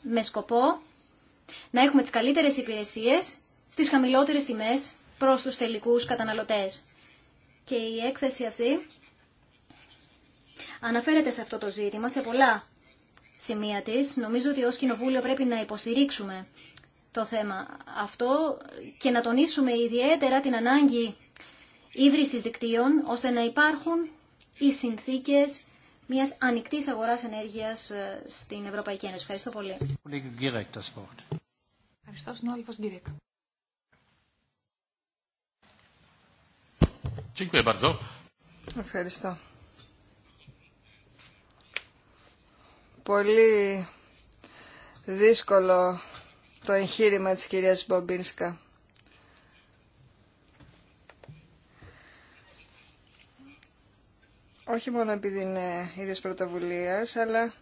με σκοπό να έχουμε τις καλύτερες υπηρεσίες στις χαμηλότερες τιμές προς τους τελικούς καταναλωτές. Και η έκθεση αυτή αναφέρεται σε αυτό το ζήτημα σε πολλά σημεία Νομίζω ότι ως Κοινοβούλιο πρέπει να υποστηρίξουμε το θέμα αυτό και να τονίσουμε ιδιαίτερα την ανάγκη ίδρυσης δικτύων, ώστε να υπάρχουν οι συνθήκες μιας ανοιχτής αγοράς ενέργειας ε, στην Ευρωπαϊκή Ένωση. Ευχαριστώ πολύ. πολύ δύσκολο το εγχείρημα της κυρίας Μπομπίνσκα. Όχι μόνο επειδή είναι ίδιας πρωτοβουλίας, αλλά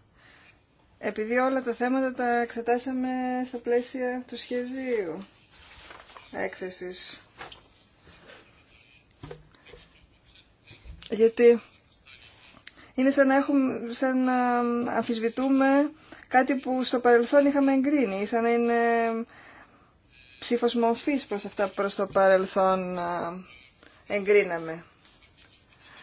επειδή όλα τα θέματα τα εξετάσαμε στα πλαίσια του σχεδίου έκθεσης. Γιατί είναι σαν να, έχουμε, να αμφισβητούμε κάτι που στο παρελθόν είχαμε εγκρίνει, σαν να είναι ψήφος μορφής προς αυτά που προς το παρελθόν εγκρίναμε.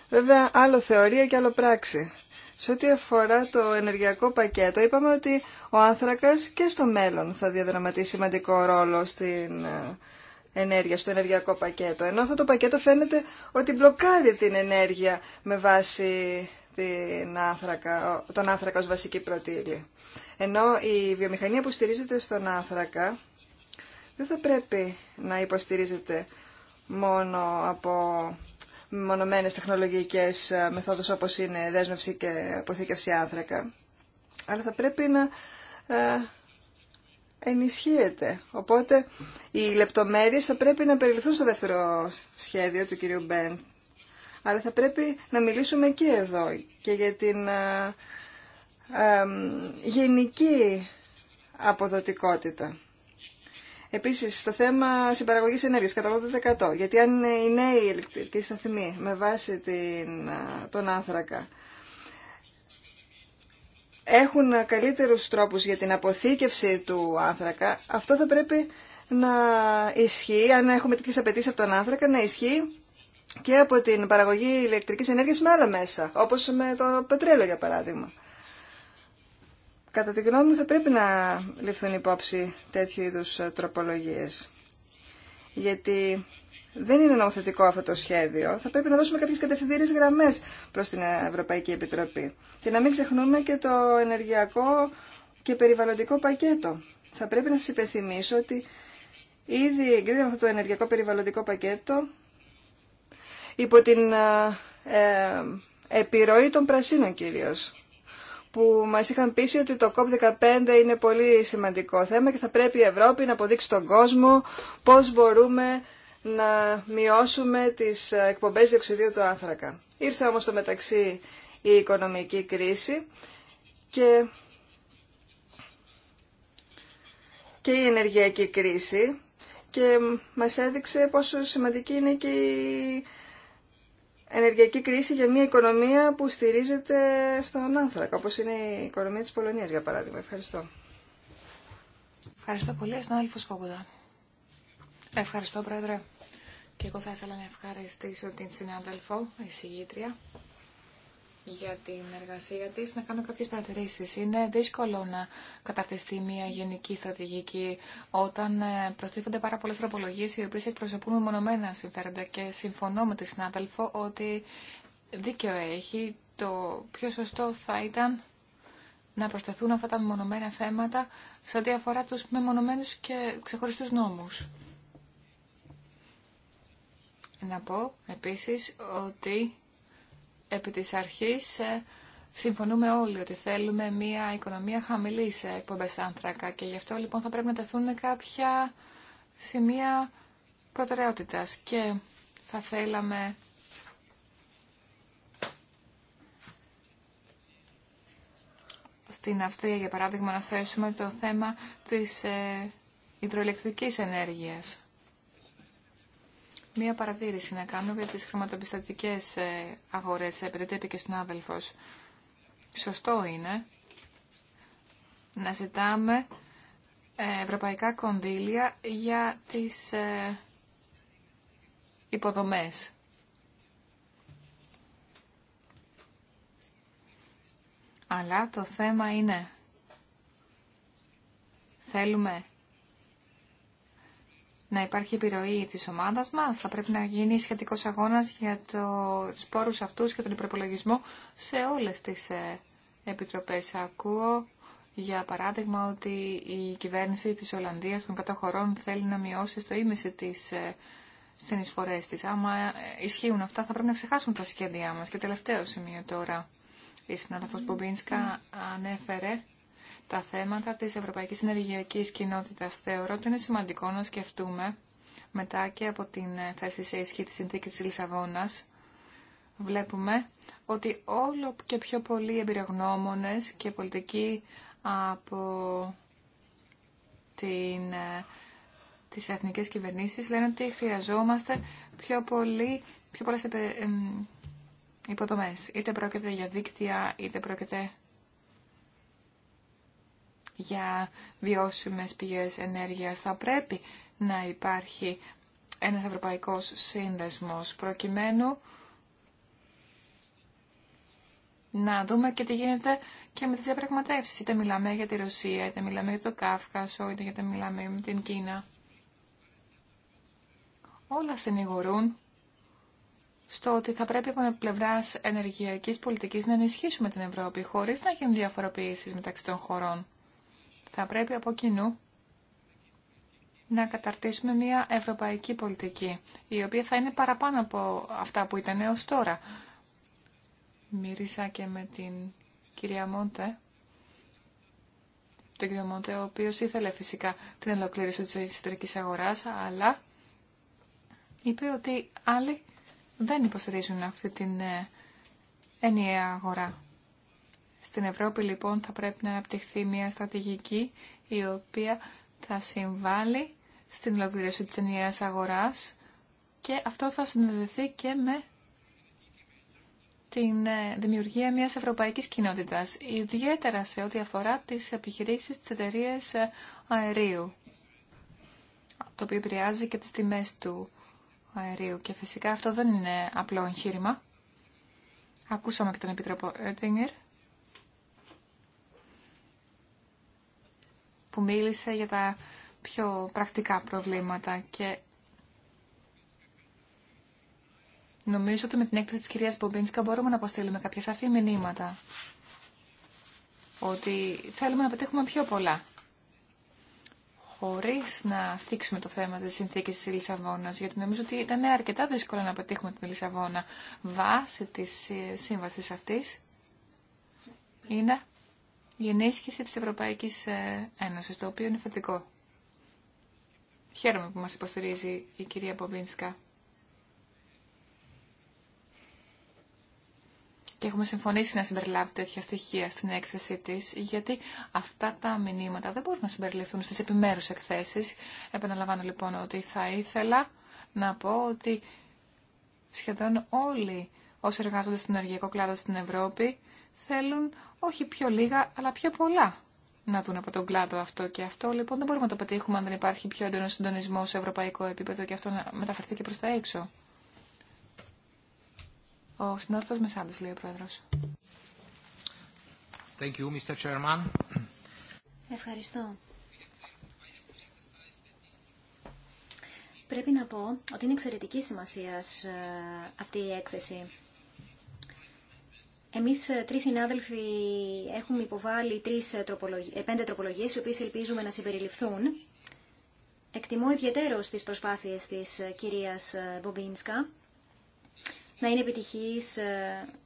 Βέβαια, άλλο θεωρία και άλλο πράξη. Σε ό,τι αφορά το ενεργειακό πακέτο, είπαμε ότι ο άνθρακας και στο μέλλον θα διαδραματίσει σημαντικό ρόλο στην ενέργεια, στο ενεργειακό πακέτο. Ενώ αυτό το πακέτο φαίνεται ότι μπλοκάρει την ενέργεια με βάση τον άνθρακα ως βασική πρωτήλη. Ενώ η βιομηχανία που στηρίζεται στον άνθρακα δεν θα πρέπει να υποστηρίζεται μόνο από μονομένες τεχνολογικές μεθόδους όπως είναι δέσμευση και αποθήκευση άνθρακα, αλλά θα πρέπει να ε, ενισχύεται. Οπότε οι λεπτομέρειες θα πρέπει να περιληφθούν στο δεύτερο σχέδιο του κυρίου Μπέντ αλλά θα πρέπει να μιλήσουμε και εδώ και για την ε, ε, γενική αποδοτικότητα. Επίσης, στο θέμα συμπαραγωγής ενέργειας, κατά 80%. Γιατί αν οι νέοι ηλεκτρικοί σταθμοί με βάση την, ε, τον άνθρακα έχουν καλύτερου τρόπου για την αποθήκευση του άνθρακα, αυτό θα πρέπει να ισχύει, αν έχουμε τέτοιε απαιτήσει από τον άνθρακα, να ισχύει και από την παραγωγή ηλεκτρικής ενέργειας με άλλα μέσα, όπως με το πετρέλαιο για παράδειγμα. Κατά τη γνώμη μου θα πρέπει να ληφθούν υπόψη τέτοιου είδους ε, τροπολογίες. Γιατί δεν είναι νομοθετικό αυτό το σχέδιο. Θα πρέπει να δώσουμε κάποιες κατευθυντήρες γραμμές προς την ε, Ευρωπαϊκή Επιτροπή. Και να μην ξεχνούμε και το ενεργειακό και περιβαλλοντικό πακέτο. Θα πρέπει να σας υπενθυμίσω ότι ήδη εγκρίνουμε αυτό το ενεργειακό περιβαλλοντικό πακέτο υπό την ε, ε, επιρροή των πρασίνων κυρίως που μας είχαν πείσει ότι το COP15 είναι πολύ σημαντικό θέμα και θα πρέπει η Ευρώπη να αποδείξει στον κόσμο πώς μπορούμε να μειώσουμε τις εκπομπές διοξιδίου του άνθρακα. Ήρθε όμως το μεταξύ η οικονομική κρίση και, και η ενεργειακή κρίση και μας έδειξε πόσο σημαντική είναι και η ενεργειακή κρίση για μια οικονομία που στηρίζεται στον άνθρακα, όπως είναι η οικονομία της Πολωνίας, για παράδειγμα. Ευχαριστώ. Ευχαριστώ πολύ, συνάδελφο Φόγκοντα. Ευχαριστώ, Πρόεδρε. Και εγώ θα ήθελα να ευχαριστήσω την συνάδελφο, η συγγήτρια, για την εργασία της να κάνω κάποιες παρατηρήσεις. Είναι δύσκολο να καταρτιστεί μια γενική στρατηγική όταν ε, προστίθενται πάρα πολλές τροπολογίες οι οποίες εκπροσωπούν μονομένα συμφέροντα και συμφωνώ με τη συνάδελφο ότι δίκαιο έχει το πιο σωστό θα ήταν να προσταθούν αυτά τα μονομένα θέματα σε ό,τι αφορά τους μεμονωμένους και ξεχωριστούς νόμους. Να πω επίσης ότι επί της αρχής ε, συμφωνούμε όλοι ότι θέλουμε μια οικονομία χαμηλή σε εκπομπές άνθρακα και γι' αυτό λοιπόν θα πρέπει να τεθούν κάποια σημεία προτεραιότητας και θα θέλαμε στην Αυστρία για παράδειγμα να θέσουμε το θέμα της ε, υδροελεκτρικής ενέργειας. Μία παρατήρηση να κάνω για τις χρηματοπιστωτικές ε, αγορές, επειδή το είπε και στον άδελφος. Σωστό είναι να ζητάμε ε, ευρωπαϊκά κονδύλια για τις ε, υποδομές. Αλλά το θέμα είναι, θέλουμε να υπάρχει επιρροή της ομάδας μας. Θα πρέπει να γίνει σχετικός αγώνας για το, τους πόρους αυτούς και τον υπερπολογισμό σε όλες τις ε, επιτροπές. Ακούω για παράδειγμα ότι η κυβέρνηση της Ολλανδίας των κατοχωρών θέλει να μειώσει στο ίμιση της ε, τη. της. Άμα ε, ισχύουν αυτά θα πρέπει να ξεχάσουν τα σχέδιά μα. Και τελευταίο σημείο τώρα. Η συνάδελφος Μπομπίνσκα ναι. ανέφερε τα θέματα της Ευρωπαϊκής Ενεργειακής Κοινότητας. Θεωρώ ότι είναι σημαντικό να σκεφτούμε μετά και από την θέση σε ισχύ της συνθήκης της Λισαβόνας βλέπουμε ότι όλο και πιο πολλοί εμπειρογνώμονες και πολιτικοί από την, ε, τις εθνικές κυβερνήσεις λένε ότι χρειαζόμαστε πιο, πολύ, πιο πολλές υποδομές. Είτε πρόκειται για δίκτυα, είτε πρόκειται για βιώσιμες πηγές ενέργειας. Θα πρέπει να υπάρχει ένας ευρωπαϊκός σύνδεσμος προκειμένου να δούμε και τι γίνεται και με τις διαπραγματεύσεις. Είτε μιλάμε για τη Ρωσία, είτε μιλάμε για το Κάφκασο, είτε για μιλάμε για την Κίνα. Όλα συνηγορούν στο ότι θα πρέπει από πλευρά ενεργειακή πολιτική να ενισχύσουμε την Ευρώπη χωρί να γίνουν διαφοροποιήσει μεταξύ των χωρών. Θα πρέπει από κοινού να καταρτήσουμε μια ευρωπαϊκή πολιτική, η οποία θα είναι παραπάνω από αυτά που ήταν έω τώρα. Μύρισα και με την κυρία Μόντε, τον κύριο Μόντε, ο οποίο ήθελε φυσικά την ολοκλήρωση τη εσωτερική αγοράς, αλλά είπε ότι άλλοι δεν υποστηρίζουν αυτή την ε, ενιαία αγορά. Στην Ευρώπη λοιπόν θα πρέπει να αναπτυχθεί μια στρατηγική η οποία θα συμβάλλει στην ολοκλήρωση της ενιαίας αγοράς και αυτό θα συνδεθεί και με την ε, δημιουργία μιας ευρωπαϊκής κοινότητας, ιδιαίτερα σε ό,τι αφορά τις επιχειρήσεις της εταιρεία ε, αερίου, το οποίο επηρεάζει και τις τιμές του αερίου. Και φυσικά αυτό δεν είναι απλό εγχείρημα. Ακούσαμε και τον Επιτροπό που μίλησε για τα πιο πρακτικά προβλήματα και νομίζω ότι με την έκθεση της κυρίας Μπομπίνσκα μπορούμε να αποστείλουμε κάποια σαφή μηνύματα ότι θέλουμε να πετύχουμε πιο πολλά χωρίς να θίξουμε το θέμα της συνθήκης της Λισαβόνας, γιατί νομίζω ότι ήταν αρκετά δύσκολο να πετύχουμε την Λισαβόνα βάσει της σύμβασης αυτής. Είναι η ενίσχυση της Ευρωπαϊκής ε, Ένωσης, το οποίο είναι θετικό. Χαίρομαι που μας υποστηρίζει η κυρία Πομπίνσκα. Και έχουμε συμφωνήσει να συμπεριλάβει τέτοια στοιχεία στην έκθεσή τη, γιατί αυτά τα μηνύματα δεν μπορούν να συμπεριληφθούν στις επιμέρου εκθέσει. Επαναλαμβάνω λοιπόν ότι θα ήθελα να πω ότι σχεδόν όλοι όσοι εργάζονται στον ενεργειακό κλάδο στην Ευρώπη θέλουν όχι πιο λίγα, αλλά πιο πολλά να δουν από τον κλάδο αυτό. Και αυτό λοιπόν δεν μπορούμε να το πετύχουμε αν δεν υπάρχει πιο έντονο συντονισμό σε ευρωπαϊκό επίπεδο και αυτό να μεταφερθεί και προ τα έξω. Ο συνάδελφο Μεσάντης λέει ο πρόεδρο. Ευχαριστώ. Πρέπει να πω ότι είναι εξαιρετική σημασία ε, αυτή η έκθεση. Εμείς ε, τρει συνάδελφοι έχουμε υποβάλει τρεις ε, ε, πέντε τροπολογίε οι οποίες ελπίζουμε να συμπεριληφθούν. Εκτιμώ ιδιαίτερω τις προσπάθειες της κυρίας Μπομπίνσκα να είναι επιτυχής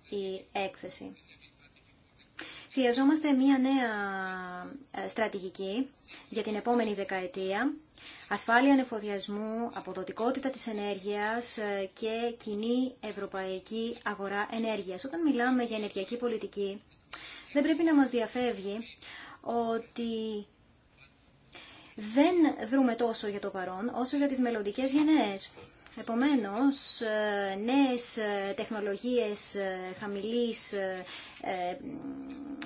η έκθεση. Χρειαζόμαστε μία νέα στρατηγική για την επόμενη δεκαετία ασφάλεια ανεφοδιασμού, αποδοτικότητα της ενέργειας ε, και κοινή ευρωπαϊκή αγορά ενέργειας. Όταν μιλάμε για ενεργειακή πολιτική, δεν πρέπει να μας διαφεύγει ότι δεν δρούμε τόσο για το παρόν όσο για τις μελλοντικέ γενναίες. Επομένως, ε, νέες ε, τεχνολογίες χαμηλής,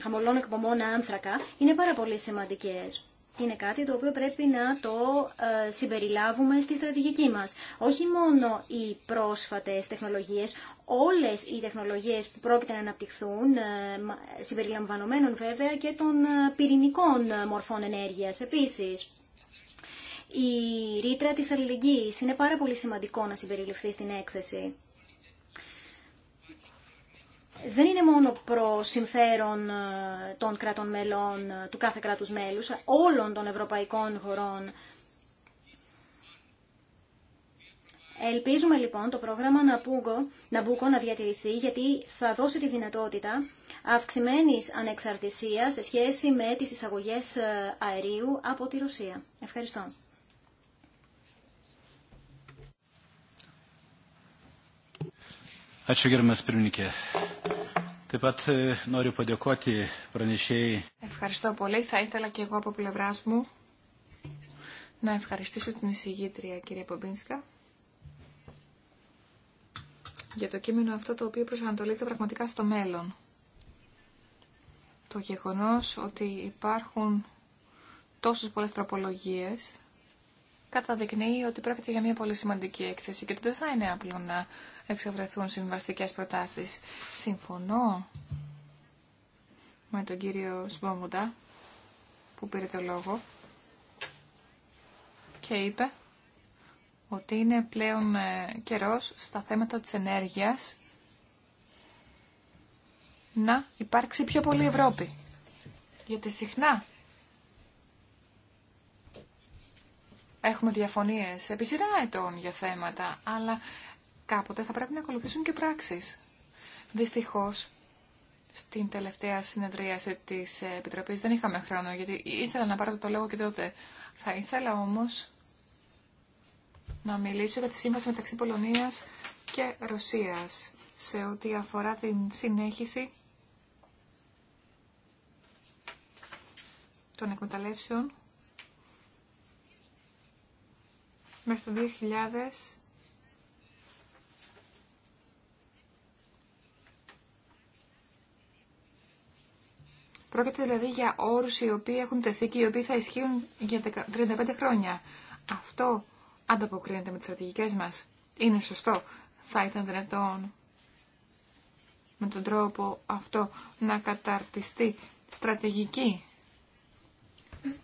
χαμηλών εκπομπών άνθρακα είναι πάρα πολύ σημαντικές είναι κάτι το οποίο πρέπει να το ε, συμπεριλάβουμε στη στρατηγική μας. Όχι μόνο οι πρόσφατες τεχνολογίες, όλες οι τεχνολογίες που πρόκειται να αναπτυχθούν, ε, συμπεριλαμβανομένων βέβαια και των ε, πυρηνικών μορφών ενέργειας επίσης. Η ρήτρα της αλληλεγγύης είναι πάρα πολύ σημαντικό να συμπεριληφθεί στην έκθεση δεν είναι μόνο προ συμφέρον ε, των κρατών μελών, ε, του κάθε κράτου μέλου, ε, όλων των ευρωπαϊκών χωρών. Ελπίζουμε λοιπόν το πρόγραμμα Ναμπούκο, μπούκο να διατηρηθεί γιατί θα δώσει τη δυνατότητα αυξημένης ανεξαρτησίας σε σχέση με τις εισαγωγές αερίου από τη Ρωσία. Ευχαριστώ. Taip pat e, noriu padėkoti Ευχαριστώ πολύ. Θα ήθελα και εγώ από πλευρά μου να ευχαριστήσω την εισηγήτρια κυρία Πομπίνσκα για το κείμενο αυτό το οποίο προσανατολίζεται πραγματικά στο μέλλον. Το γεγονός ότι υπάρχουν τόσες πολλές τροπολογίες καταδεικνύει ότι πρόκειται για μια πολύ σημαντική έκθεση και ότι δεν θα είναι απλό να εξευρεθούν συμβαστικές προτάσεις. Συμφωνώ με τον κύριο Σβόμουντα που πήρε το λόγο και είπε ότι είναι πλέον ε, καιρός στα θέματα της ενέργειας να υπάρξει πιο πολύ Ευρώπη. Γιατί συχνά έχουμε διαφωνίες επί σειρά ετών για θέματα, αλλά κάποτε θα πρέπει να ακολουθήσουν και πράξεις. Δυστυχώς, στην τελευταία συνεδρίαση της Επιτροπής δεν είχαμε χρόνο, γιατί ήθελα να πάρω το λόγο και τότε. Θα ήθελα όμως να μιλήσω για τη σύμβαση μεταξύ Πολωνίας και Ρωσίας σε ό,τι αφορά την συνέχιση των εκμεταλλεύσεων μέχρι το 2000 Πρόκειται δηλαδή για όρους οι οποίοι έχουν τεθεί και οι οποίοι θα ισχύουν για 35 χρόνια. Αυτό ανταποκρίνεται με τις στρατηγικές μας. Είναι σωστό. Θα ήταν δυνατόν με τον τρόπο αυτό να καταρτιστεί στρατηγική,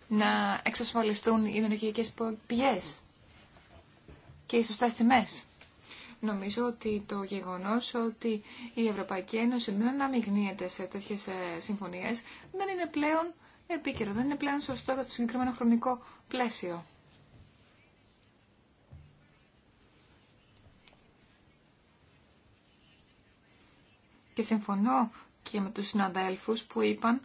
να εξασφαλιστούν οι ενεργειακές πηγές και οι σωστές τιμές. Νομίζω ότι το γεγονός ότι η Ευρωπαϊκή Ένωση δεν αναμειγνύεται σε τέτοιες ε, συμφωνίες δεν είναι πλέον επίκαιρο, δεν είναι πλέον σωστό για το συγκεκριμένο χρονικό πλαίσιο. Και συμφωνώ και με τους συναδέλφους που είπαν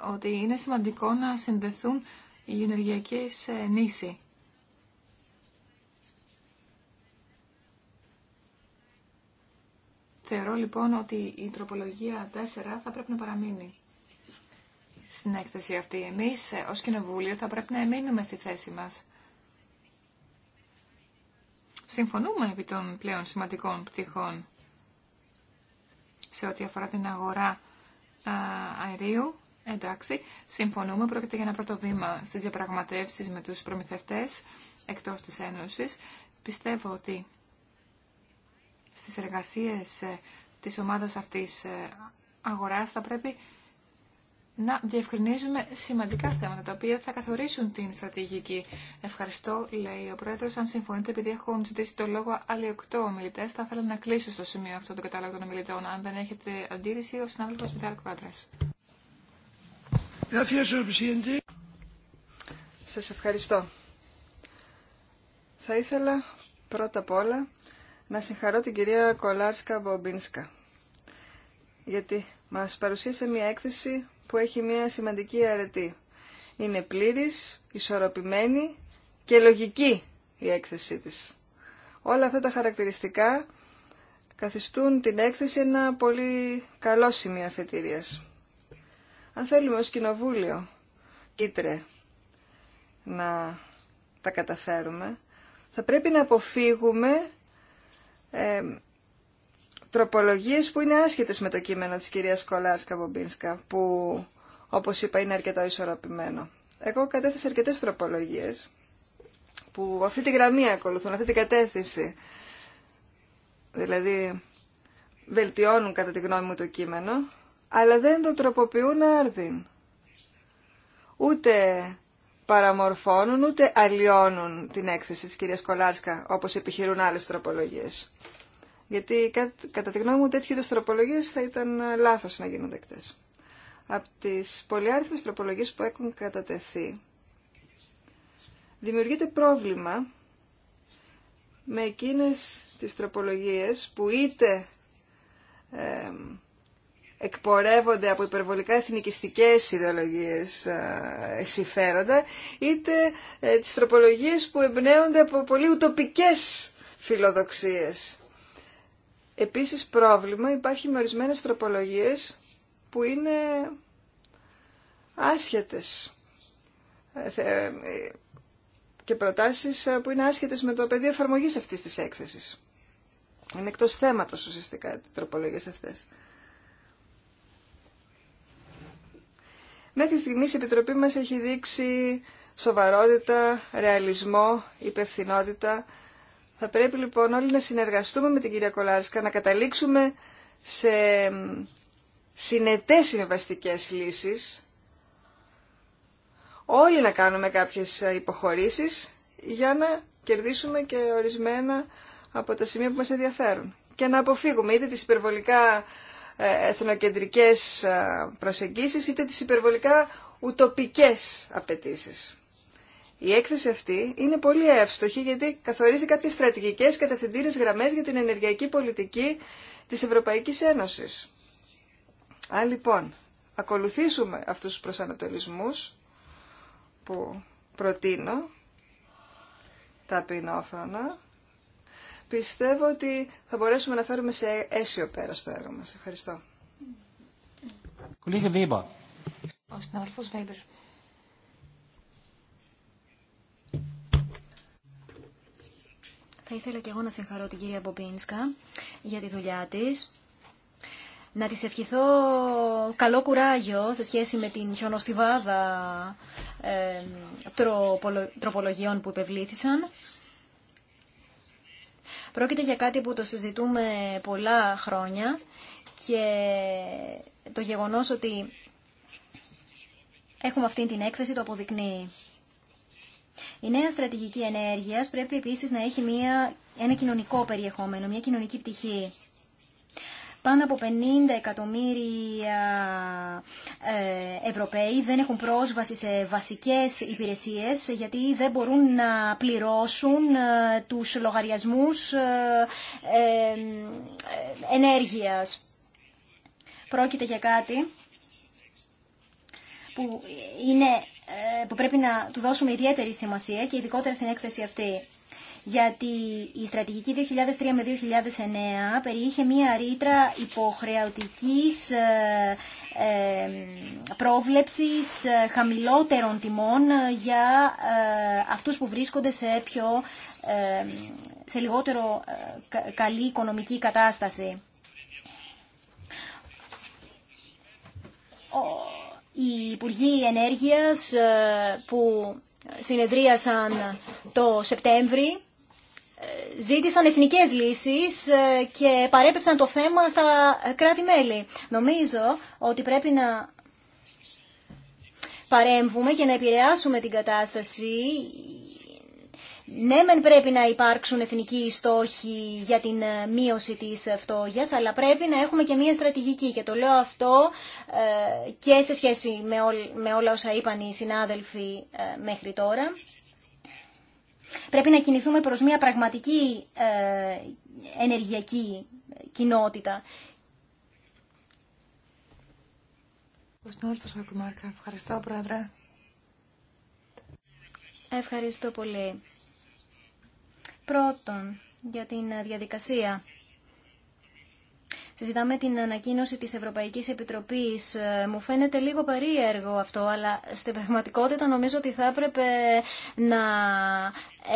ότι είναι σημαντικό να συνδεθούν οι ενεργειακές ε, νήσοι. Θεωρώ λοιπόν ότι η τροπολογία 4 θα πρέπει να παραμείνει στην έκθεση αυτή. Εμείς ε, ως Κοινοβούλιο θα πρέπει να εμείνουμε στη θέση μας. Συμφωνούμε επί των πλέον σημαντικών πτυχών σε ό,τι αφορά την αγορά αερίου. Εντάξει, συμφωνούμε, πρόκειται για ένα πρώτο βήμα στις διαπραγματεύσεις με τους προμηθευτές εκτός της Ένωσης. Πιστεύω ότι στις εργασίες ε, της ομάδας αυτής ε, αγοράς θα πρέπει να διευκρινίζουμε σημαντικά θέματα, τα οποία θα καθορίσουν την στρατηγική. Ευχαριστώ, λέει ο Πρόεδρο. Αν συμφωνείτε, επειδή έχουν ζητήσει το λόγο άλλοι οκτώ ομιλητέ, θα ήθελα να κλείσω στο σημείο αυτό το κατάλογο των ομιλητών. Αν δεν έχετε αντίρρηση, ο συνάδελφο Κουάντρα. Σα ευχαριστώ. Θα ήθελα πρώτα απ' όλα να συγχαρώ την κυρία Κολάρσκα Κολάρσκα-Βομπίνσκα γιατί μας παρουσίασε μια έκθεση που έχει μια σημαντική αρετή. Είναι πλήρης, ισορροπημένη και λογική η έκθεσή της. Όλα αυτά τα χαρακτηριστικά καθιστούν την έκθεση ένα πολύ καλό σημείο αφετηρίας. Αν θέλουμε ως κοινοβούλιο, κίτρε, να τα καταφέρουμε, θα πρέπει να αποφύγουμε ε, τροπολογίες που είναι άσχετες με το κείμενο της κυρίας Κολάσκα Μπομπίνσκα, που όπως είπα είναι αρκετά ισορροπημένο. Εγώ κατέθεσα αρκετές τροπολογίες που αυτή τη γραμμή ακολουθούν, αυτή την κατέθεση, Δηλαδή, βελτιώνουν κατά τη γνώμη μου το κείμενο, αλλά δεν το τροποποιούν άρδιν. Ούτε παραμορφώνουν ούτε αλλοιώνουν την έκθεση της κυρίας Κολάρσκα όπως επιχειρούν άλλες τροπολογίες. Γιατί κατά τη γνώμη μου τέτοιου είδους τροπολογίες θα ήταν λάθος να γίνουν δεκτές. Από τις πολυάριθμες τροπολογίες που έχουν κατατεθεί δημιουργείται πρόβλημα με εκείνες τις τροπολογίες που είτε εκπορεύονται από υπερβολικά εθνικιστικές ιδεολογίες ε, συμφέροντα, είτε ε, τις τροπολογίες που εμπνέονται από πολύ ουτοπικές φιλοδοξίες. Επίσης πρόβλημα υπάρχει με ορισμένες τροπολογίες που είναι άσχετες ε, και προτάσεις που είναι άσχετες με το πεδίο εφαρμογής αυτής της έκθεσης. Είναι εκτός θέματος ουσιαστικά οι τροπολογίες αυτές. Μέχρι στιγμής η Επιτροπή μας έχει δείξει σοβαρότητα, ρεαλισμό, υπευθυνότητα. Θα πρέπει λοιπόν όλοι να συνεργαστούμε με την κυρία Κολάρσκα, να καταλήξουμε σε συνετές συμβαστικέ λύσεις, όλοι να κάνουμε κάποιες υποχωρήσεις για να κερδίσουμε και ορισμένα από τα σημεία που μας ενδιαφέρουν και να αποφύγουμε είτε τις υπερβολικά ε, εθνοκεντρικές ε, προσεγγίσεις είτε τις υπερβολικά ουτοπικές απαιτήσει. Η έκθεση αυτή είναι πολύ εύστοχη γιατί καθορίζει κάποιες στρατηγικές καταθεντήρες γραμμές για την ενεργειακή πολιτική της Ευρωπαϊκής Ένωσης. Αν λοιπόν ακολουθήσουμε αυτούς τους προσανατολισμούς που προτείνω, τα πιστεύω ότι θα μπορέσουμε να φέρουμε σε αίσιο πέρα στο έργο μας. Ευχαριστώ. Ο συνάδελφος Θα ήθελα και εγώ να συγχαρώ την κυρία Μπομπίνσκα για τη δουλειά της. Να της ευχηθώ καλό κουράγιο σε σχέση με την χιονοστιβάδα τροπολογιών που υπευλήθησαν. Πρόκειται για κάτι που το συζητούμε πολλά χρόνια και το γεγονός ότι έχουμε αυτή την έκθεση το αποδεικνύει. Η νέα στρατηγική ενέργειας πρέπει επίσης να έχει μια, ένα κοινωνικό περιεχόμενο, μια κοινωνική πτυχή. Πάνω από 50 εκατομμύρια ε, Ευρωπαίοι δεν έχουν πρόσβαση σε βασικές υπηρεσίες γιατί δεν μπορούν να πληρώσουν ε, τους λογαριασμούς ε, ενέργειας. Πρόκειται για κάτι που, είναι, που πρέπει να του δώσουμε ιδιαίτερη σημασία και ειδικότερα στην έκθεση αυτή γιατί η στρατηγική 2003 με 2009 περιείχε μία ρήτρα υποχρεωτικής ε, ε, πρόβλεψης ε, χαμηλότερων τιμών για αυτούς που βρίσκονται σε, πιο, σε λιγότερο καλή οικονομική κατάσταση. Οι Υπουργοί Ενέργειας που συνεδρίασαν το Σεπτέμβρη ζήτησαν εθνικές λύσεις ε, και παρέπεψαν το θέμα στα κράτη-μέλη. Νομίζω ότι πρέπει να παρέμβουμε και να επηρεάσουμε την κατάσταση. Ναι, μεν πρέπει να υπάρξουν εθνικοί στόχοι για την ε, μείωση της φτώχειας, αλλά πρέπει να έχουμε και μία στρατηγική. Και το λέω αυτό ε, και σε σχέση με όλα όσα είπαν οι συνάδελφοι μέχρι τώρα. Πρέπει να κινηθούμε προς μια πραγματική ε, ενεργειακή κοινότητα. Ευχαριστώ, Ευχαριστώ πολύ. Πρώτον, για την διαδικασία συζητάμε την ανακοίνωση της Ευρωπαϊκής Επιτροπής. Ε, μου φαίνεται λίγο περίεργο αυτό, αλλά στην πραγματικότητα νομίζω ότι θα έπρεπε να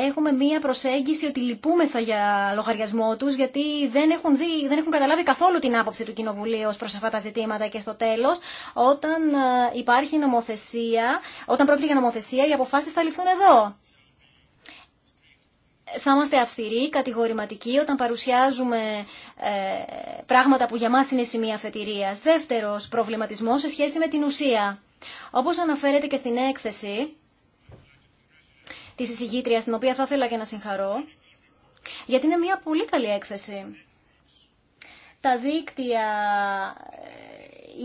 έχουμε μία προσέγγιση ότι λυπούμεθα για λογαριασμό τους, γιατί δεν έχουν, δει, δεν έχουν καταλάβει καθόλου την άποψη του Κοινοβουλίου ως προς αυτά τα ζητήματα και στο τέλος, όταν ε, υπάρχει νομοθεσία, όταν πρόκειται για νομοθεσία, οι αποφάσεις θα ληφθούν εδώ θα είμαστε αυστηροί, κατηγορηματικοί όταν παρουσιάζουμε ε, πράγματα που για μας είναι σημεία αφετηρίας. Δεύτερος προβληματισμός σε σχέση με την ουσία. Όπως αναφέρεται και στην έκθεση της εισηγήτριας, την οποία θα ήθελα και να συγχαρώ, γιατί είναι μια πολύ καλή έκθεση. Τα δίκτυα, ε,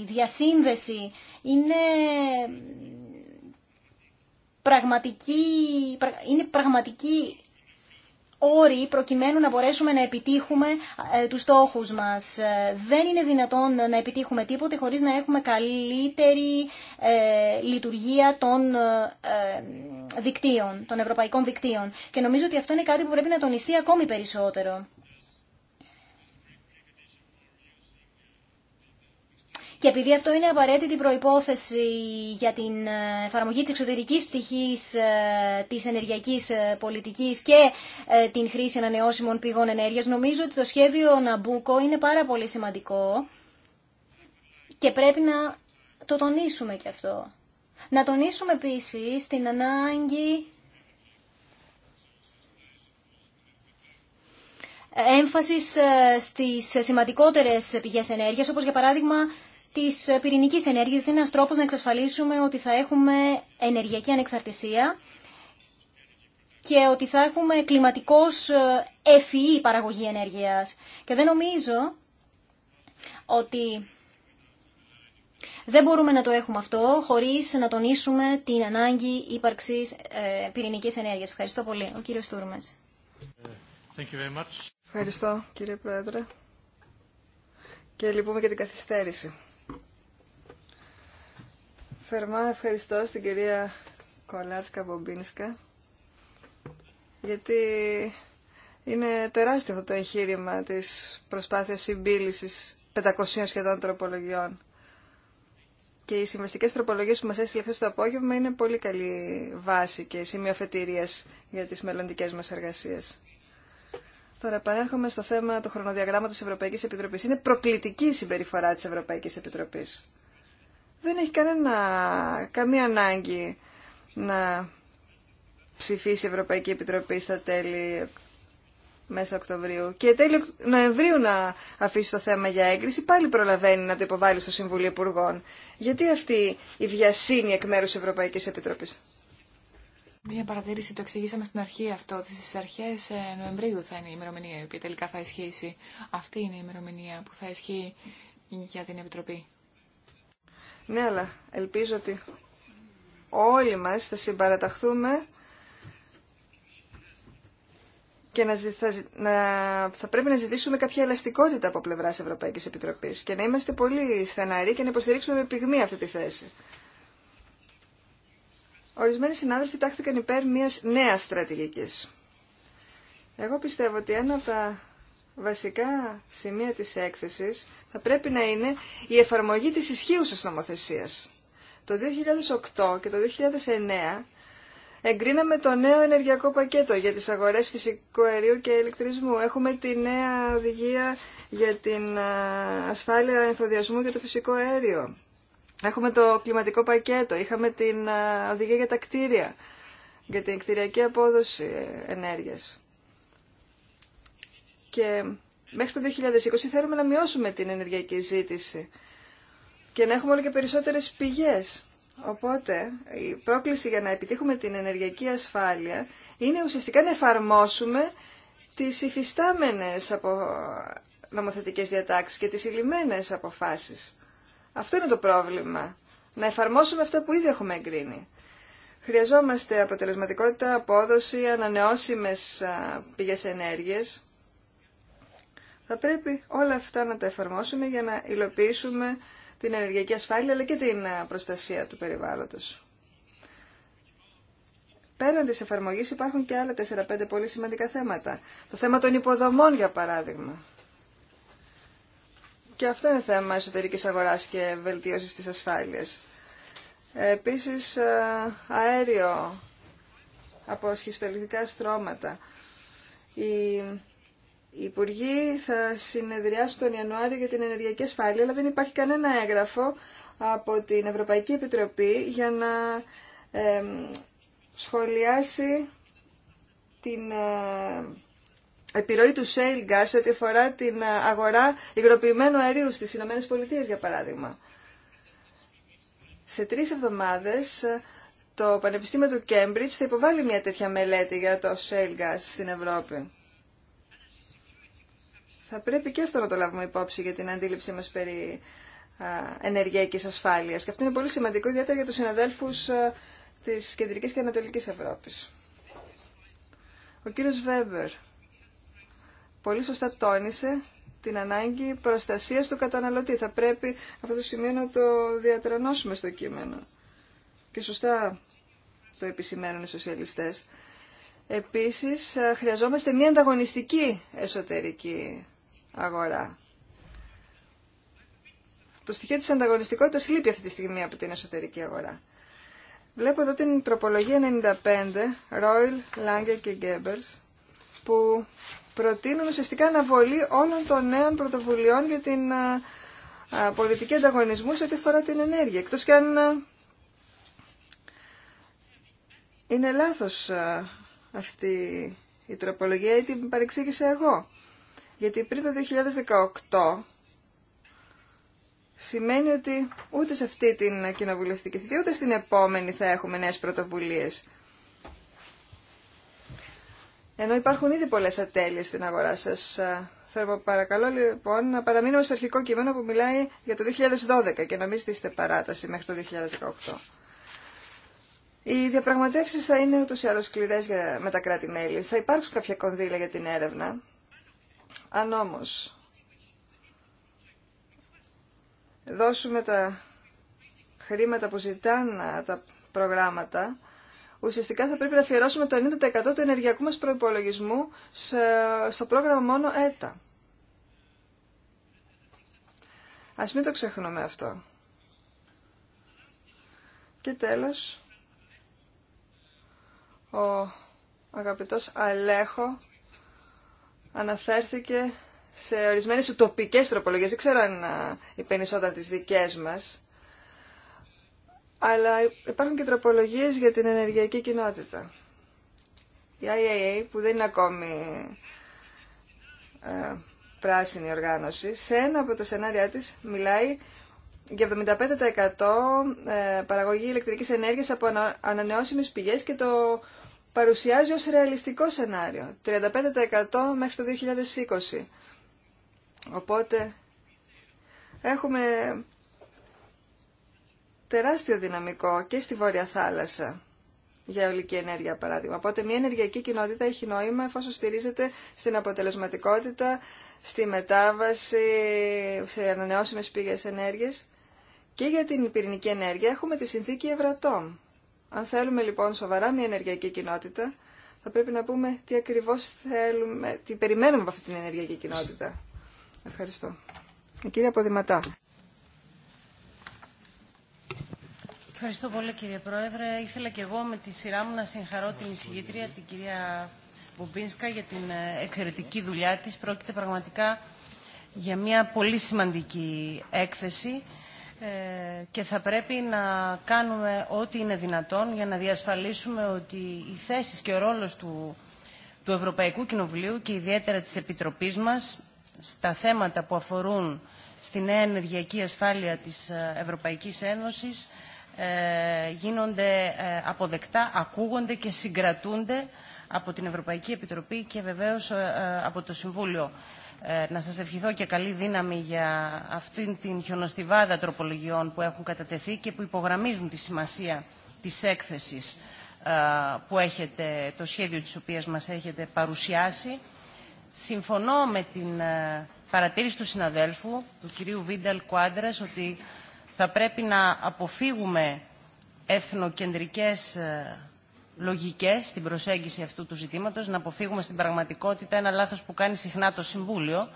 η διασύνδεση είναι πραγματική, είναι πραγματική όροι προκειμένου να μπορέσουμε να επιτύχουμε ε, τους στόχους μας. Ε, δεν είναι δυνατόν να επιτύχουμε τίποτε χωρίς να έχουμε καλύτερη ε, λειτουργία των δικτύων, των ευρωπαϊκών δικτύων. Και νομίζω ότι αυτό είναι κάτι που πρέπει να τονιστεί ακόμη περισσότερο. Και επειδή αυτό είναι απαραίτητη προϋπόθεση για την ε, εφαρμογή της εξωτερικής πτυχής ε, της ενεργειακής ε, πολιτικής και την χρήση ανανεώσιμων πηγών ενέργειας, νομίζω ότι το σχέδιο Ναμπούκο είναι πάρα πολύ σημαντικό και πρέπει να το τονίσουμε και αυτό. Να τονίσουμε επίσης την ανάγκη έμφασης στις σημαντικότερες πηγές ενέργειας, όπως για παράδειγμα της πυρηνικής ενέργειας είναι ένα τρόπο να εξασφαλίσουμε ότι θα έχουμε ενεργειακή ανεξαρτησία και ότι θα έχουμε κλιματικώς ε, ευφυή παραγωγή ενέργειας. Και δεν νομίζω ότι δεν μπορούμε να το έχουμε αυτό χωρίς να τονίσουμε την ανάγκη ύπαρξης ε, πυρηνικής ενέργειας. Ευχαριστώ πολύ. Ο κύριος Τούρμες. Ευχαριστώ κύριε Πρόεδρε. Και λυπούμε και την καθυστέρηση. Θερμά ευχαριστώ στην κυρία Κολάρσκα Μπομπίνσκα γιατί είναι τεράστιο αυτό το εγχείρημα της προσπάθειας συμπίλησης 500 σχεδόν τροπολογιών. Και οι συμβαστικές τροπολογίες που μας έστειλε χθες το απόγευμα είναι πολύ καλή βάση και σημείο αφετηρίας για τις μελλοντικέ μας εργασίες. Τώρα επανέρχομαι στο θέμα του χρονοδιαγράμματος τη Ευρωπαϊκής Επιτροπής. Είναι προκλητική η συμπεριφορά της Ευρωπαϊκής Επιτροπή δεν έχει κανένα, καμία ανάγκη να ψηφίσει η Ευρωπαϊκή Επιτροπή στα τέλη μέσα Οκτωβρίου και τέλη Νοεμβρίου να αφήσει το θέμα για έγκριση, πάλι προλαβαίνει να το υποβάλει στο Συμβουλίο Υπουργών. Γιατί αυτή η βιασύνη εκ μέρους της Ευρωπαϊκής Επιτροπής. Μία παρατήρηση, το εξηγήσαμε στην αρχή αυτό, ότι στις αρχές ε, Νοεμβρίου θα είναι η ημερομηνία η οποία τελικά θα ισχύσει. Αυτή είναι η ημερομηνία που θα ισχύει για την Επιτροπή. Ναι, αλλά ελπίζω ότι όλοι μας θα συμπαραταχθούμε και να, θα πρέπει να ζητήσουμε κάποια ελαστικότητα από πλευράς Ευρωπαϊκής Επιτροπής και να είμαστε πολύ στεναροί και να υποστηρίξουμε με πυγμή αυτή τη θέση. Ορισμένοι συνάδελφοι τάχθηκαν υπέρ μιας νέας στρατηγικής. Εγώ πιστεύω ότι ένα από τα βασικά σημεία της έκθεσης θα πρέπει να είναι η εφαρμογή της ισχύουσας νομοθεσίας. Το 2008 και το 2009 εγκρίναμε το νέο ενεργειακό πακέτο για τις αγορές φυσικού αερίου και ηλεκτρισμού. Έχουμε τη νέα οδηγία για την ασφάλεια εφοδιασμού για το φυσικό αέριο. Έχουμε το κλιματικό πακέτο, είχαμε την οδηγία για τα κτίρια, για την κτηριακή απόδοση ε, ενέργειας. Και μέχρι το 2020 θέλουμε να μειώσουμε την ενεργειακή ζήτηση και να έχουμε όλο και περισσότερες πηγές. Οπότε η πρόκληση για να επιτύχουμε την ενεργειακή ασφάλεια είναι ουσιαστικά να εφαρμόσουμε τις υφιστάμενες από νομοθετικές διατάξεις και τις ηλυμένες αποφάσεις. Αυτό είναι το πρόβλημα. Να εφαρμόσουμε αυτά που ήδη έχουμε εγκρίνει. Χρειαζόμαστε αποτελεσματικότητα, απόδοση, ανανεώσιμες πηγές ενέργειας, θα πρέπει όλα αυτά να τα εφαρμόσουμε για να υλοποιήσουμε την ενεργειακή ασφάλεια αλλά και την ε, προστασία του περιβάλλοντος. Πέραν τη εφαρμογή υπάρχουν και άλλα 4-5 πολύ σημαντικά θέματα. Το θέμα των υποδομών για παράδειγμα. Και αυτό είναι θέμα εσωτερικής αγοράς και βελτίωση της ασφάλειας. Ε, επίσης ε, αέριο από σχιστολιθικά στρώματα. Η οι Υπουργοί θα συνεδριάσουν τον Ιανουάριο για την ενεργειακή ασφάλεια, αλλά δεν υπάρχει κανένα έγγραφο από την Ευρωπαϊκή Επιτροπή για να σχολιάσει την ε, επιρροή του shale gas ό,τι αφορά την αγορά υγροποιημένου αερίου στις Ηνωμένες Πολιτείες, για παράδειγμα. Σε τρεις εβδομάδες το Πανεπιστήμιο του Κέμπριτς θα υποβάλει μια τέτοια μελέτη για το shale gas στην Ευρώπη. Θα πρέπει και αυτό να το λάβουμε υπόψη για την αντίληψή μας περί ενεργειακής ασφάλειας. Και αυτό είναι πολύ σημαντικό, ιδιαίτερα για τους συναδέλφους της Κεντρικής και Ανατολικής Ευρώπης. Ο κύριος Βέμπερ πολύ σωστά τόνισε την ανάγκη προστασίας του καταναλωτή. Θα πρέπει αυτό το σημείο να το διατρανώσουμε στο κείμενο. Και σωστά το επισημαίνουν οι σοσιαλιστές. Επίσης, χρειαζόμαστε μια ανταγωνιστική εσωτερική αγορά. Το στοιχείο της ανταγωνιστικότητας λείπει αυτή τη στιγμή από την εσωτερική αγορά. Βλέπω εδώ την τροπολογία 95, Royal, Lange και Goebbels, που προτείνουν ουσιαστικά αναβολή όλων των νέων πρωτοβουλειών για την πολιτική ανταγωνισμού σε ό,τι αφορά την ενέργεια. Εκτός και αν είναι λάθος αυτή η τροπολογία ή την παρεξήγησα εγώ. Γιατί πριν το 2018 σημαίνει ότι ούτε σε αυτή την κοινοβουλευτική θητεία, ούτε στην επόμενη θα έχουμε νέες πρωτοβουλίες. Ενώ υπάρχουν ήδη πολλές ατέλειες στην αγορά σας. Ε, θα παρακαλώ λοιπόν να παραμείνουμε στο αρχικό κείμενο που μιλάει για το 2012 και να μην στήσετε παράταση μέχρι το 2018. Οι διαπραγματεύσεις θα είναι ούτως ή άλλως σκληρές με τα κράτη-μέλη. Θα υπάρξουν κάποια κονδύλια για την έρευνα αν όμως δώσουμε τα χρήματα που ζητάνε τα προγράμματα, ουσιαστικά θα πρέπει να αφιερώσουμε το 90% του ενεργειακού μας προϋπολογισμού στο πρόγραμμα μόνο ΕΤΑ. Ας μην το ξεχνούμε αυτό. Και τέλος, ο αγαπητός Αλέχο αναφέρθηκε σε ορισμένες ουτοπικές τροπολογίες. Δεν ξέρω αν υπενισόταν τις δικές μας. Αλλά υπάρχουν και τροπολογίες για την ενεργειακή κοινότητα. Η IAA που δεν είναι ακόμη ε, πράσινη οργάνωση, σε ένα από τα σενάρια της μιλάει για 75% ε, παραγωγή ηλεκτρικής ενέργειας από ανανεώσιμες πηγές και το παρουσιάζει ως ρεαλιστικό σενάριο, 35% μέχρι το 2020. Οπότε έχουμε τεράστιο δυναμικό και στη Βόρεια Θάλασσα για αιωλική ενέργεια, παράδειγμα. Οπότε μια ενεργειακή κοινότητα έχει νόημα εφόσον στηρίζεται στην αποτελεσματικότητα, στη μετάβαση, σε ανανεώσιμες πηγές ενέργειας. Και για την πυρηνική ενέργεια έχουμε τη συνθήκη Ευρατόμ. Αν θέλουμε λοιπόν σοβαρά μια ενεργειακή κοινότητα, θα πρέπει να πούμε τι ακριβώς θέλουμε, τι περιμένουμε από αυτή την ενεργειακή κοινότητα. Ευχαριστώ. Η κυρία Ποδηματά. Ευχαριστώ πολύ κύριε Πρόεδρε. Ήθελα και εγώ με τη σειρά μου να συγχαρώ την εισηγήτρια, την κυρία Μπομπίνσκα, για την ε, εξαιρετική δουλειά της. Πρόκειται πραγματικά για μια πολύ σημαντική έκθεση ε, και θα πρέπει να κάνουμε ό,τι είναι δυνατόν για να διασφαλίσουμε ότι οι θέσεις και ο ρόλος του, του Ευρωπαϊκού Κοινοβουλίου και ιδιαίτερα της Επιτροπής μας στα θέματα που αφορούν στη νέα ενεργειακή ασφάλεια της ε, Ευρωπαϊκής Ένωσης ε, γίνονται αποδεκτά, ακούγονται και συγκρατούνται από την Ευρωπαϊκή Επιτροπή και βεβαίως από το Συμβούλιο. Ε, να σας ευχηθώ και καλή δύναμη για αυτήν την χιονοστιβάδα τροπολογιών που έχουν κατατεθεί και που υπογραμμίζουν τη σημασία της έκθεσης ε, που έχετε, το σχέδιο της οποίας μας έχετε παρουσιάσει. Συμφωνώ με την ε, παρατήρηση του συναδέλφου, του κυρίου Βίνταλ Κουάντρας, ότι θα πρέπει να αποφύγουμε εθνοκεντρικές λογικές στην προσέγγιση αυτού του ζητήματος, να αποφύγουμε στην πραγματικότητα ένα λάθος που κάνει συχνά το Συμβούλιο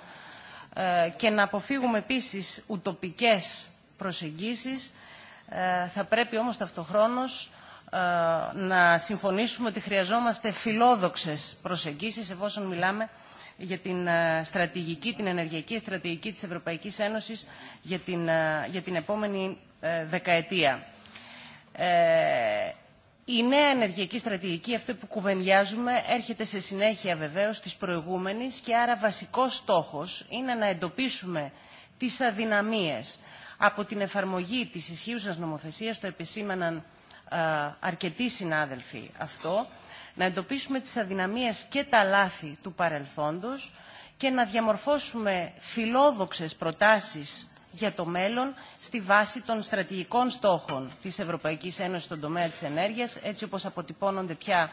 ε, και να αποφύγουμε επίσης ουτοπικές προσεγγίσεις. Ε, θα πρέπει όμως ταυτοχρόνως ε, να συμφωνήσουμε ότι χρειαζόμαστε φιλόδοξες προσεγγίσεις εφόσον μιλάμε για την στρατηγική, την ενεργειακή στρατηγική της Ευρωπαϊκής Ένωσης για την, για την επόμενη δεκαετία. Η νέα ενεργειακή στρατηγική, αυτή που κουβεντιάζουμε, έρχεται σε συνέχεια βεβαίως της προηγούμενης και άρα βασικός στόχος είναι να εντοπίσουμε τις αδυναμίες από την εφαρμογή της ισχύουσας νομοθεσίας, το επισήμαναν αρκετοί συνάδελφοι αυτό, να εντοπίσουμε τις αδυναμίες και τα λάθη του παρελθόντος και να διαμορφώσουμε φιλόδοξες προτάσεις για το μέλλον στη βάση των στρατηγικών στόχων της Ευρωπαϊκής Ένωσης στον τομέα της ενέργειας, έτσι όπως αποτυπώνονται πια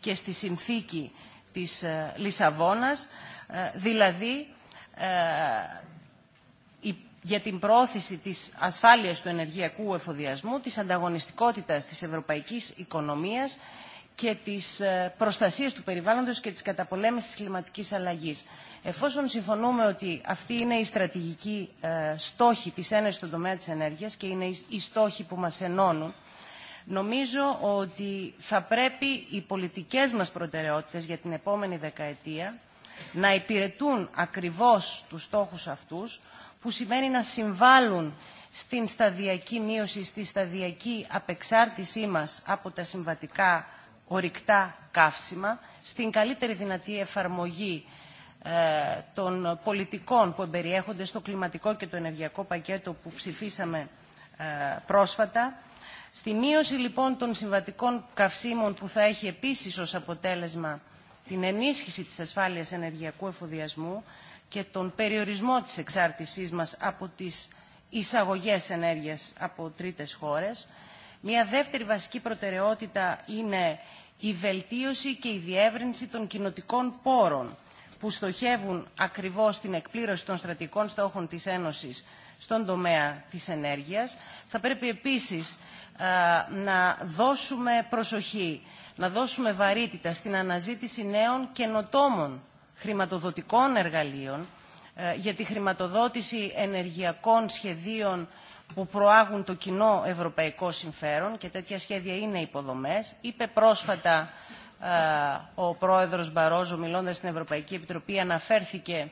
και στη συνθήκη της ε, Λισαβόνας, ε, δηλαδή ε, για την πρόθεση της ασφάλειας του ενεργειακού εφοδιασμού, της ανταγωνιστικότητας της ευρωπαϊκής οικονομίας και της ε, προστασίας του περιβάλλοντος και της καταπολέμησης της κλιματικής αλλαγής. Εφόσον συμφωνούμε ότι αυτή είναι η στρατηγική ε, στόχη της Ένωσης στον τομέα της ενέργειας και είναι οι στόχοι που μας ενώνουν, νομίζω ότι θα πρέπει οι πολιτικές μας προτεραιότητες για την επόμενη δεκαετία να υπηρετούν ακριβώς του στόχους αυτούς, που σημαίνει να συμβάλλουν στην σταδιακή μείωση, στη σταδιακή απεξάρτησή μας από τα συμβατικά ορυκτά καύσιμα, στην καλύτερη δυνατή εφαρμογή ε, των πολιτικών που εμπεριέχονται στο κλιματικό και το ενεργειακό πακέτο που ψηφίσαμε ε, πρόσφατα. Στη μείωση λοιπόν των συμβατικών καυσίμων που θα έχει επίσης ως αποτέλεσμα την ενίσχυση της ασφάλειας ενεργειακού εφοδιασμού και τον περιορισμό της εξάρτησής μας από τις εισαγωγές ενέργειας από τρίτες χώρες. Μια δεύτερη βασική προτεραιότητα είναι η βελτίωση και η διεύρυνση των κοινοτικών πόρων που στοχεύουν ακριβώς στην εκπλήρωση των στρατηγικών στόχων της Ένωσης στον τομέα της ενέργειας. Θα πρέπει επίσης να δώσουμε προσοχή, να δώσουμε βαρύτητα στην αναζήτηση νέων καινοτόμων χρηματοδοτικών εργαλείων ε, για τη χρηματοδότηση ενεργειακών σχεδίων που προάγουν το κοινό ευρωπαϊκό συμφέρον και τέτοια σχέδια είναι υποδομές. Είπε πρόσφατα ε, ο πρόεδρος Μπαρόζο μιλώντας στην Ευρωπαϊκή Επιτροπή αναφέρθηκε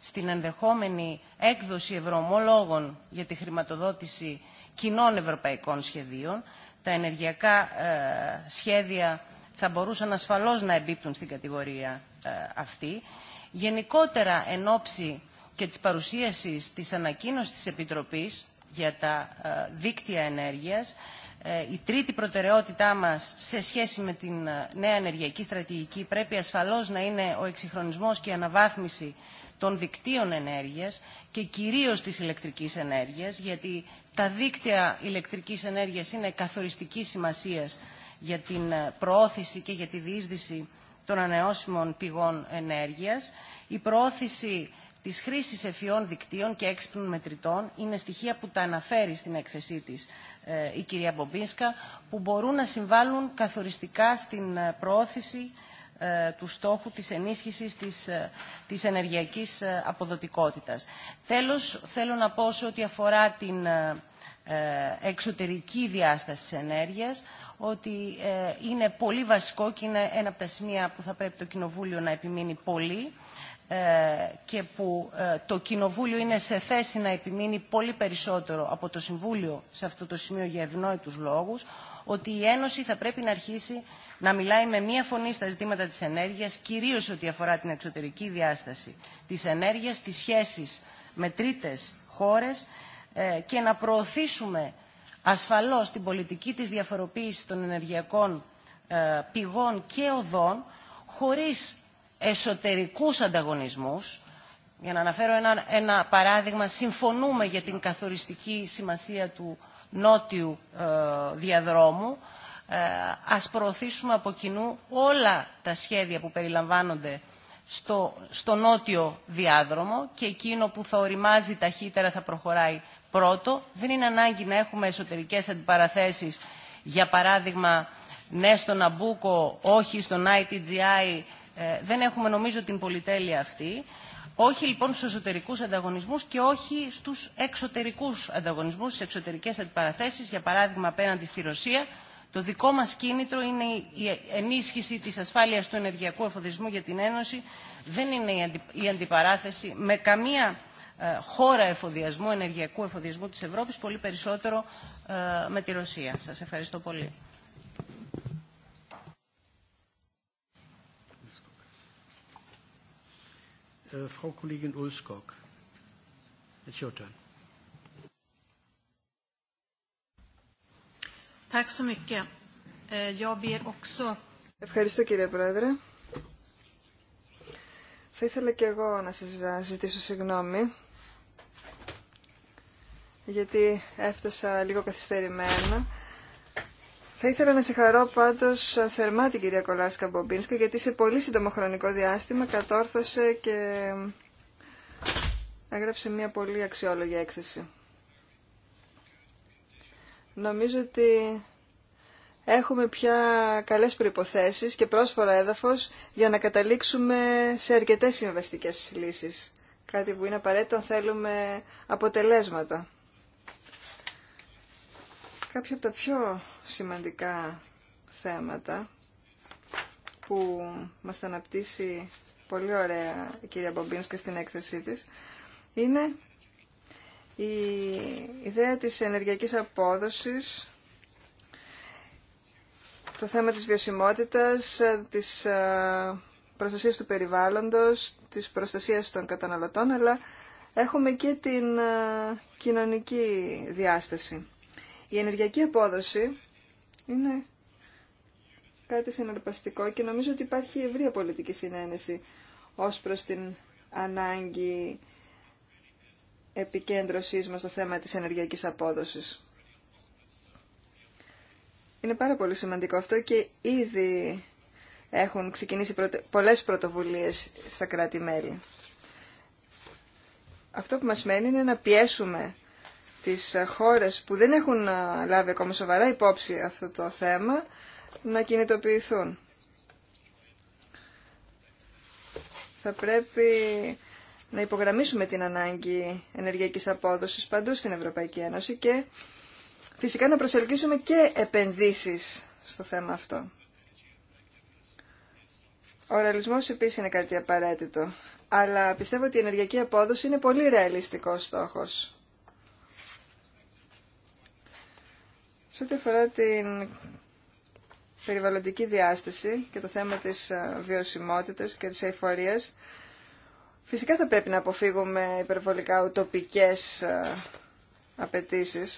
στην ενδεχόμενη έκδοση ευρωομολόγων για τη χρηματοδότηση κοινών ευρωπαϊκών σχεδίων. Τα ενεργειακά ε, σχέδια θα μπορούσαν ασφαλώς να εμπίπτουν στην κατηγορία ε, αυτή. Γενικότερα, εν και της παρουσίασης της ανακοίνωσης της Επιτροπής, για τα ε, δίκτυα ενέργειας. Ε, η τρίτη προτεραιότητά μας σε σχέση με την ε, νέα ενεργειακή στρατηγική πρέπει ασφαλώς να είναι ο εξυγχρονισμός και η αναβάθμιση των δικτύων ενέργειας και κυρίως της ηλεκτρικής ενέργειας, γιατί τα δίκτυα ηλεκτρικής ενέργειας είναι καθοριστική σημασίας για την προώθηση και για τη διείσδυση των ανανεώσιμων πηγών ενέργειας. Η προώθηση Τη χρήση ευφυών δικτύων και έξυπνων μετρητών είναι στοιχεία που τα αναφέρει στην έκθεσή της ε, η κυρία Μπομπίνσκα, που μπορούν να συμβάλλουν καθοριστικά στην ε, προώθηση ε, του στόχου της ενίσχυσης της, της ενεργειακής αποδοτικότητας. Τέλος, θέλω να πω σε ό,τι αφορά την εξωτερική διάσταση της ενέργειας, ότι είναι πολύ βασικό και είναι ένα από τα σημεία που θα πρέπει το Κοινοβούλιο να επιμείνει πολύ, ε, και που ε, το Κοινοβούλιο είναι σε θέση να επιμείνει πολύ περισσότερο από το Συμβούλιο σε αυτό το σημείο για ευνόητους λόγους, ότι η Ένωση θα πρέπει να αρχίσει να μιλάει με μία φωνή στα ζητήματα της ενέργειας, κυρίως ό,τι αφορά την εξωτερική διάσταση της ενέργειας, τις σχέσεις με τρίτες χώρες ε, και να προωθήσουμε ασφαλώς την πολιτική της διαφοροποίησης των ενεργειακών πηγών και οδών, χωρίς εσωτερικούς ανταγωνισμούς. Για να αναφέρω ένα, ένα παράδειγμα, συμφωνούμε για την καθοριστική σημασία του νότιου ε, διαδρόμου. Ε, ας προωθήσουμε από κοινού όλα τα σχέδια που περιλαμβάνονται στο, νότιο διάδρομο και εκείνο που θα οριμάζει ταχύτερα θα προχωράει πρώτο. Δεν είναι ανάγκη να έχουμε εσωτερικές αντιπαραθέσεις, για παράδειγμα, ναι στο Ναμπούκο, όχι στον ITGI, ε, δεν έχουμε νομίζω την πολυτέλεια αυτή. Όχι λοιπόν στους εσωτερικούς ανταγωνισμούς και όχι στους εξωτερικούς ανταγωνισμούς, στις εξωτερικές αντιπαραθέσεις, για παράδειγμα απέναντι στη Ρωσία. Το δικό μας κίνητρο είναι η ενίσχυση της ασφάλειας του ενεργειακού εφοδιασμού για την Ένωση. Δεν είναι η αντιπαράθεση με καμία ε, χώρα εφοδιασμού, ενεργειακού εφοδιασμού της Ευρώπης, πολύ περισσότερο ε, με τη Ρωσία. Σας ευχαριστώ πολύ. Äh, Frau Kollegin Ulskog. It's your turn. Tack så mycket. Eh, jag ber också... Ευχαριστώ κύριε Πρόεδρε. Θα ήθελα και εγώ να σας ζητήσω συγγνώμη γιατί έφτασα λίγο καθυστερημένα θα ήθελα να συγχαρώ πάντω θερμά την κυρία Κολάσκα Μπομπίνσκα γιατί σε πολύ σύντομο χρονικό διάστημα κατόρθωσε και έγραψε μια πολύ αξιόλογη έκθεση. Νομίζω ότι έχουμε πια καλές προϋποθέσεις και πρόσφορα έδαφος για να καταλήξουμε σε αρκετές συμβαστικές λύσεις. Κάτι που είναι απαραίτητο αν θέλουμε αποτελέσματα κάποια από τα πιο σημαντικά θέματα που μας αναπτύσσει πολύ ωραία η κυρία και στην έκθεσή της είναι η ιδέα της ενεργειακής απόδοσης το θέμα της βιωσιμότητας, της ε, προστασίας του περιβάλλοντος, της προστασίας των καταναλωτών, αλλά έχουμε και την ε, κοινωνική διάσταση. Η ενεργειακή απόδοση είναι κάτι συναρπαστικό και νομίζω ότι υπάρχει ευρεία πολιτική συνένεση ως προς την ανάγκη επικέντρωσής μας στο θέμα της ενεργειακής απόδοσης. Είναι πάρα πολύ σημαντικό αυτό και ήδη έχουν ξεκινήσει πολλές πρωτοβουλίες στα κράτη-μέλη. Αυτό που μας μένει είναι να πιέσουμε τις ε, χώρες που δεν έχουν ε, λάβει ακόμα σοβαρά υπόψη αυτό το θέμα να κινητοποιηθούν. Θα πρέπει να υπογραμμίσουμε την ανάγκη ενεργειακής απόδοσης παντού στην Ευρωπαϊκή Ένωση και φυσικά να προσελκύσουμε και επενδύσεις στο θέμα αυτό. Ο ρεαλισμός επίσης είναι κάτι απαραίτητο, αλλά πιστεύω ότι η ενεργειακή απόδοση είναι πολύ ρεαλιστικός στόχος. Σε ό,τι αφορά την περιβαλλοντική διάσταση και το θέμα της ε, βιωσιμότητας και της ευφορίας φυσικά θα πρέπει να αποφύγουμε υπερβολικά ουτοπικές ε, απαιτήσει.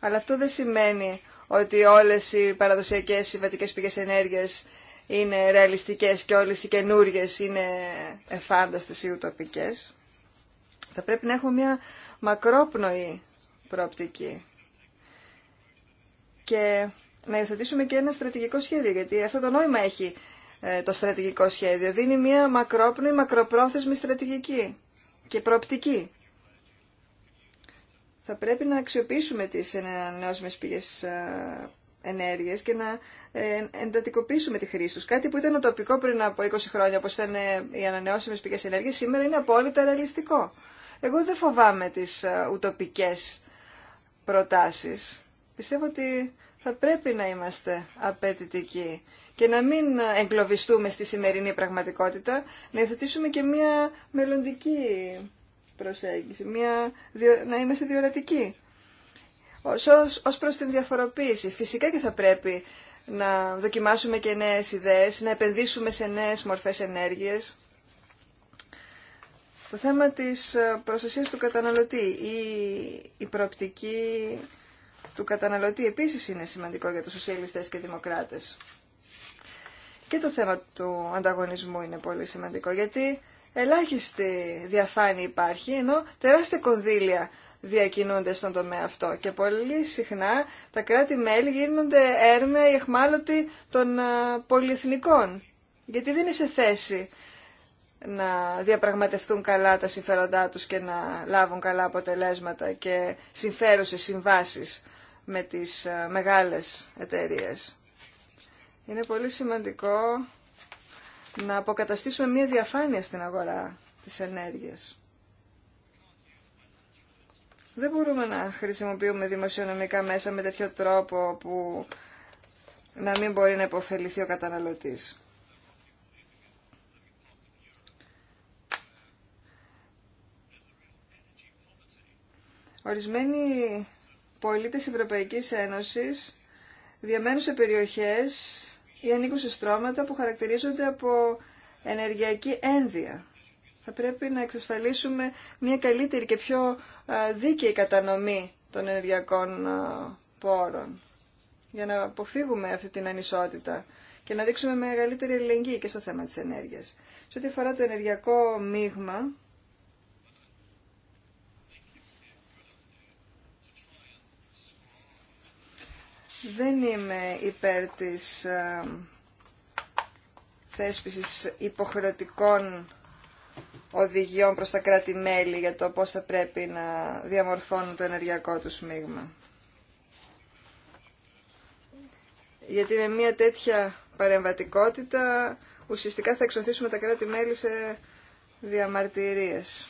Αλλά αυτό δεν σημαίνει ότι όλες οι παραδοσιακές συμβατικές πηγές ενέργειας είναι ρεαλιστικές και όλες οι καινούριε είναι εφάνταστες ή ουτοπικές. Θα πρέπει να έχουμε μια μακρόπνοη προοπτική και να υιοθετήσουμε και ένα στρατηγικό σχέδιο, γιατί αυτό το νόημα έχει ε, το στρατηγικό σχέδιο. Δίνει μια μακρόπνοη, μακροπρόθεσμη στρατηγική και προοπτική. Θα πρέπει να αξιοποιήσουμε τις ανανεώσιμες πηγές ε, ενέργειας και να ε, εντατικοποιήσουμε τη χρήση τους. Κάτι που ήταν οτοπικό πριν από 20 χρόνια, όπως ήταν οι ανανεώσιμες πηγές ενέργειας, σήμερα είναι απόλυτα ρεαλιστικό. Εγώ δεν φοβάμαι τις ουτοπικές προτάσεις. Πιστεύω ότι θα πρέπει να είμαστε απαιτητικοί και να μην εγκλωβιστούμε στη σημερινή πραγματικότητα, να υιοθετήσουμε και μια μελλοντική προσέγγιση, μια, να είμαστε διορατικοί. Ως, προ προς την διαφοροποίηση, φυσικά και θα πρέπει να δοκιμάσουμε και νέες ιδέες, να επενδύσουμε σε νέες μορφές ενέργειες. Το θέμα της ε, προστασίας του καταναλωτή ή η προοπτική του καταναλωτή επίσης είναι σημαντικό για τους σοσιαλιστές και δημοκράτες. Και το θέμα του ανταγωνισμού είναι πολύ σημαντικό, γιατί ελάχιστη διαφάνεια υπάρχει, ενώ τεράστια κονδύλια διακινούνται στον τομέα αυτό. Και πολύ συχνά τα κράτη-μέλη γίνονται έρμεα ή εχμάλωτοι των πολυεθνικών, γιατί δεν είναι σε θέση να διαπραγματευτούν καλά τα συμφέροντά τους και να λάβουν καλά αποτελέσματα και συμφέρουσες συμβάσεις με τις ε, μεγάλες εταιρείες. Είναι πολύ σημαντικό να αποκαταστήσουμε μια διαφάνεια στην αγορά της ενέργειας. Δεν μπορούμε να χρησιμοποιούμε δημοσιονομικά μέσα με τέτοιο τρόπο που να μην μπορεί να υποφεληθεί ο καταναλωτής. Ορισμένοι πολίτες Ευρωπαϊκής Ένωσης διαμένουν σε περιοχές ή ανήκουν σε στρώματα που χαρακτηρίζονται από ενεργειακή ένδυα. Θα πρέπει να εξασφαλίσουμε μια καλύτερη και πιο δίκαιη κατανομή των ενεργειακών πόρων για να αποφύγουμε αυτή την ανισότητα και να δείξουμε μεγαλύτερη ελληνική και στο θέμα της ενέργειας. Σε ό,τι αφορά το ενεργειακό μείγμα, Δεν είμαι υπέρ της ε, θέσπισης υποχρεωτικών οδηγιών προς τα κράτη-μέλη για το πώς θα πρέπει να διαμορφώνουν το ενεργειακό τους μείγμα. Γιατί με μια τέτοια παρεμβατικότητα ουσιαστικά θα εξωθήσουμε τα κράτη-μέλη σε διαμαρτυρίες.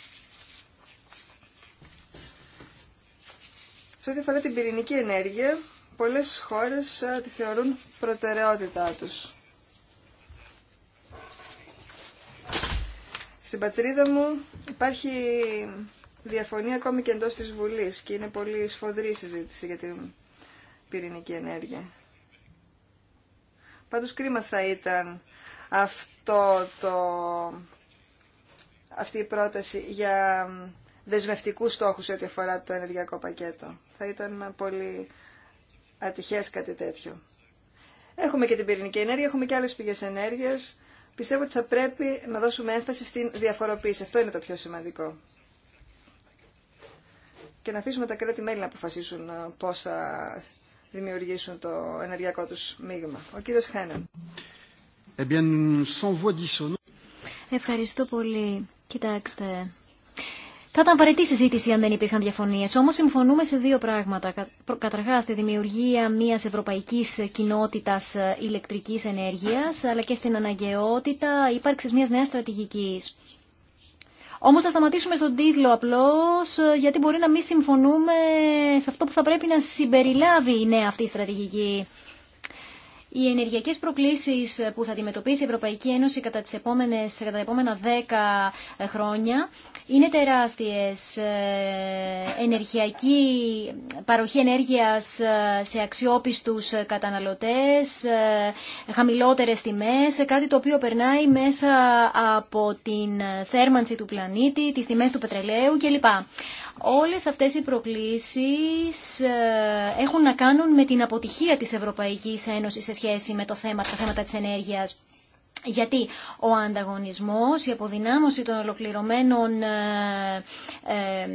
Σε ό,τι αφορά την πυρηνική ενέργεια, πολλές χώρες ε, τη θεωρούν προτεραιότητά τους. Στην πατρίδα μου υπάρχει διαφωνία ακόμη και εντός της Βουλής και είναι πολύ σφοδρή η συζήτηση για την πυρηνική ενέργεια. Πάντως κρίμα θα ήταν αυτό το, αυτή η πρόταση για δεσμευτικούς στόχους ό,τι αφορά το ενεργειακό πακέτο. Θα ήταν πολύ ατυχές κάτι τέτοιο. Έχουμε και την πυρηνική ενέργεια, έχουμε και άλλες πηγές ενέργειας. Πιστεύω ότι θα πρέπει να δώσουμε έμφαση στην διαφοροποίηση. Αυτό είναι το πιο σημαντικό. Και να αφήσουμε τα κράτη-μέλη να αποφασίσουν ε, πώς θα δημιουργήσουν το ενεργειακό τους μείγμα. Ο κύριος Χένεν. Ε Ευχαριστώ πολύ. Κοιτάξτε, θα ήταν βαρετή συζήτηση αν δεν υπήρχαν διαφωνίε. Όμω συμφωνούμε σε δύο πράγματα. Καταρχά, τη δημιουργία μια ευρωπαϊκή κοινότητα ε, ηλεκτρική ενέργεια, αλλά και στην αναγκαιότητα ύπαρξη μια νέα στρατηγική. Όμως θα σταματήσουμε στον τίτλο απλώς, ε, γιατί μπορεί να μην συμφωνούμε σε αυτό που θα πρέπει να συμπεριλάβει η νέα αυτή στρατηγική. Οι ενεργειακέ προκλήσει που θα αντιμετωπίσει η Ευρωπαϊκή Ένωση κατά, τις επόμενες, κατά τα επόμενα δέκα ε, χρόνια είναι τεράστιες. Ε, ενεργειακή παροχή ενέργειας ε, σε αξιόπιστου καταναλωτές, χαμηλότερε τιμές, κάτι το οποίο περνάει μέσα από την θέρμανση του πλανήτη, τις τιμές του πετρελαίου κλπ. Όλες αυτές οι προκλήσεις ε, έχουν να κάνουν με την αποτυχία της Ευρωπαϊκής Ένωσης σε σχέση με το θέμα, τα θέματα της ενέργειας. Γιατί ο ανταγωνισμός, η αποδυνάμωση των ολοκληρωμένων ε, ε,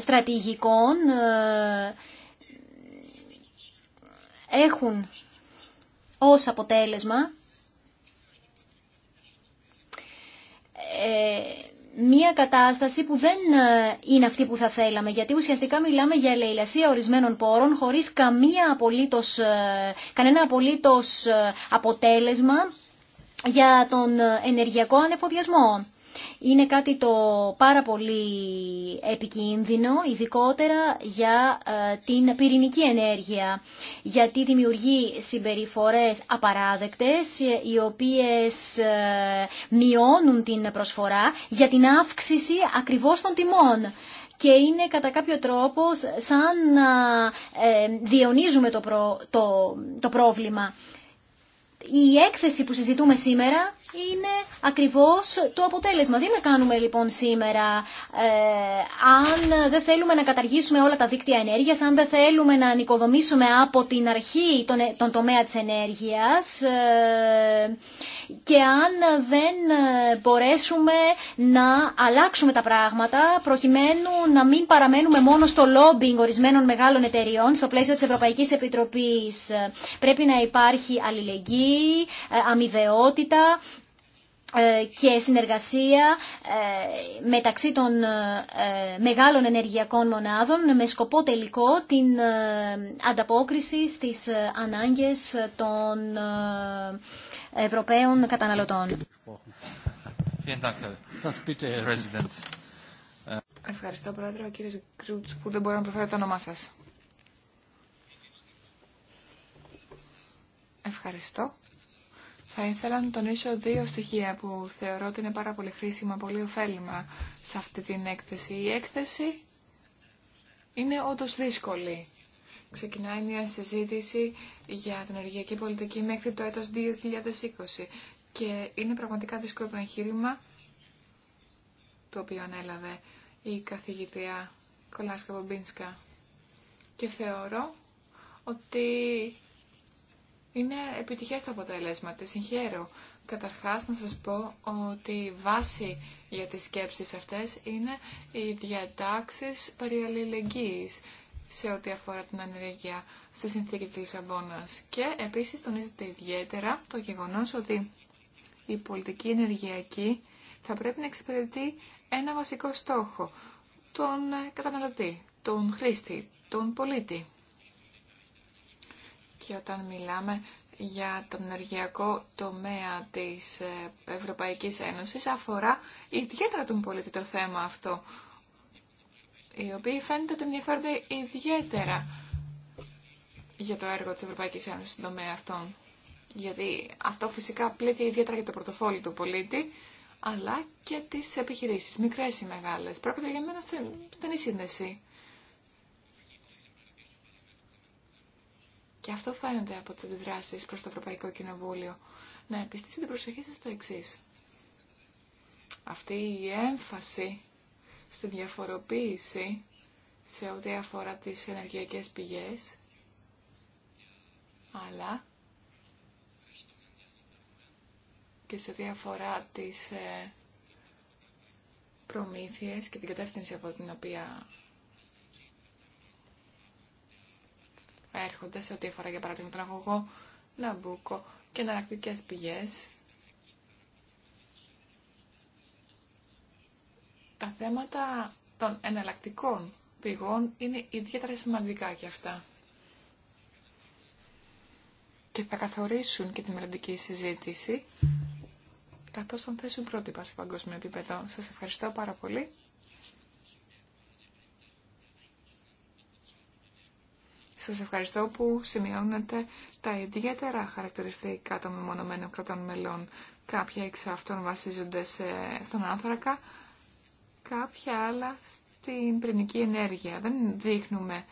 στρατηγικών έχουν ως αποτέλεσμα μια κατάσταση που δεν ε, είναι αυτή που θα θέλαμε, γιατί ουσιαστικά μιλάμε για ελεηλασία ορισμένων πόρων χωρίς καμία απολύτως, ε, κανένα απολύτως ε, αποτέλεσμα για τον ενεργειακό ανεφοδιασμό. Είναι κάτι το πάρα πολύ επικίνδυνο, ειδικότερα για ε, την πυρηνική ενέργεια, γιατί δημιουργεί συμπεριφορές απαράδεκτες, οι οποίες ε, μειώνουν την προσφορά για την αύξηση ακριβώς των τιμών και είναι κατά κάποιο τρόπο σαν να ε, διαιωνίζουμε το, το πρόβλημα. Η έκθεση που συζητούμε σήμερα είναι ακριβώς το αποτέλεσμα. Τι να κάνουμε λοιπόν σήμερα ε, αν δεν θέλουμε να καταργήσουμε όλα τα δίκτυα ενέργειας, αν δεν θέλουμε να ανοικοδομήσουμε από την αρχή τον, ε, τον τομέα της ενέργειας ε, και αν δεν μπορέσουμε να αλλάξουμε τα πράγματα προκειμένου να μην παραμένουμε μόνο στο lobbying ορισμένων μεγάλων εταιριών στο πλαίσιο της Ευρωπαϊκής Επιτροπής. Ε, πρέπει να υπάρχει αλληλεγγύη, αμοιβαιότητα ε, και συνεργασία ε, μεταξύ των ε, μεγάλων ενεργειακών μονάδων με σκοπό τελικό την ανταπόκριση στις ανάγκες των Ευρωπαίων καταναλωτών. Ευχαριστώ, Πρόεδρο. Κύριε Κρούτς, που δεν μπορώ να προφέρω το όνομά σας. Ευχαριστώ. Θα ήθελα να τονίσω δύο στοιχεία που θεωρώ ότι είναι πάρα πολύ χρήσιμα, πολύ ωφέλιμα σε αυτή την έκθεση. Η έκθεση είναι όντω δύσκολη. Ξεκινάει μια συζήτηση για την ενεργειακή πολιτική μέχρι το έτος 2020 και είναι πραγματικά δύσκολο εγχείρημα το οποίο ανέλαβε η καθηγητρία Κολάσκα Κολάσκα-Πομπίνσκα Και θεωρώ ότι είναι επιτυχές το αποτέλεσμα. Τη συγχαίρω. Καταρχάς να σας πω ότι η βάση για τις σκέψεις αυτές είναι οι διατάξεις περί σε ό,τι αφορά την ανεργία στη συνθήκη της Λισαβόνα. Και επίσης τονίζεται ιδιαίτερα το γεγονός ότι η πολιτική ενεργειακή θα πρέπει να εξυπηρετεί ένα βασικό στόχο, τον καταναλωτή, τον χρήστη, τον πολίτη και όταν μιλάμε για τον ενεργειακό τομέα της ε, Ευρωπαϊκής Ένωσης αφορά ιδιαίτερα τον πολίτη το θέμα αυτό, οι οποίοι φαίνεται ότι ενδιαφέρονται ιδιαίτερα για το έργο της Ευρωπαϊκής Ένωσης στον τομέα αυτών. Γιατί αυτό φυσικά πλήττει ιδιαίτερα για το πρωτοφόλι του πολίτη, αλλά και τις επιχειρήσεις, μικρές ή μεγάλες. Πρόκειται για μένα στενή σύνδεση. Και αυτό φαίνεται από τις αντιδράσει προς το Ευρωπαϊκό Κοινοβούλιο. Να επιστήσω την προσοχή σα στο εξή. Αυτή η έμφαση στη διαφοροποίηση σε ό,τι αφορά τις ενεργειακές πηγές, αλλά και σε ό,τι αφορά τις ε, προμήθειες και την κατεύθυνση από την οποία έρχονται σε ό,τι αφορά για παράδειγμα τον αγωγό Ναμπούκο και εναλλακτικέ πηγέ. Τα θέματα των εναλλακτικών πηγών είναι ιδιαίτερα σημαντικά και αυτά. Και θα καθορίσουν και τη μελλοντική συζήτηση, καθώς θα θέσουν πρότυπα σε παγκόσμιο επίπεδο. Σας ευχαριστώ πάρα πολύ. Σας ευχαριστώ που σημειώνετε τα ιδιαίτερα χαρακτηριστικά των μεμονωμένων κρατών μελών. Κάποια εξ αυτών βασίζονται στον άνθρακα, κάποια άλλα στην πρινική ενέργεια. Δεν δείχνουμε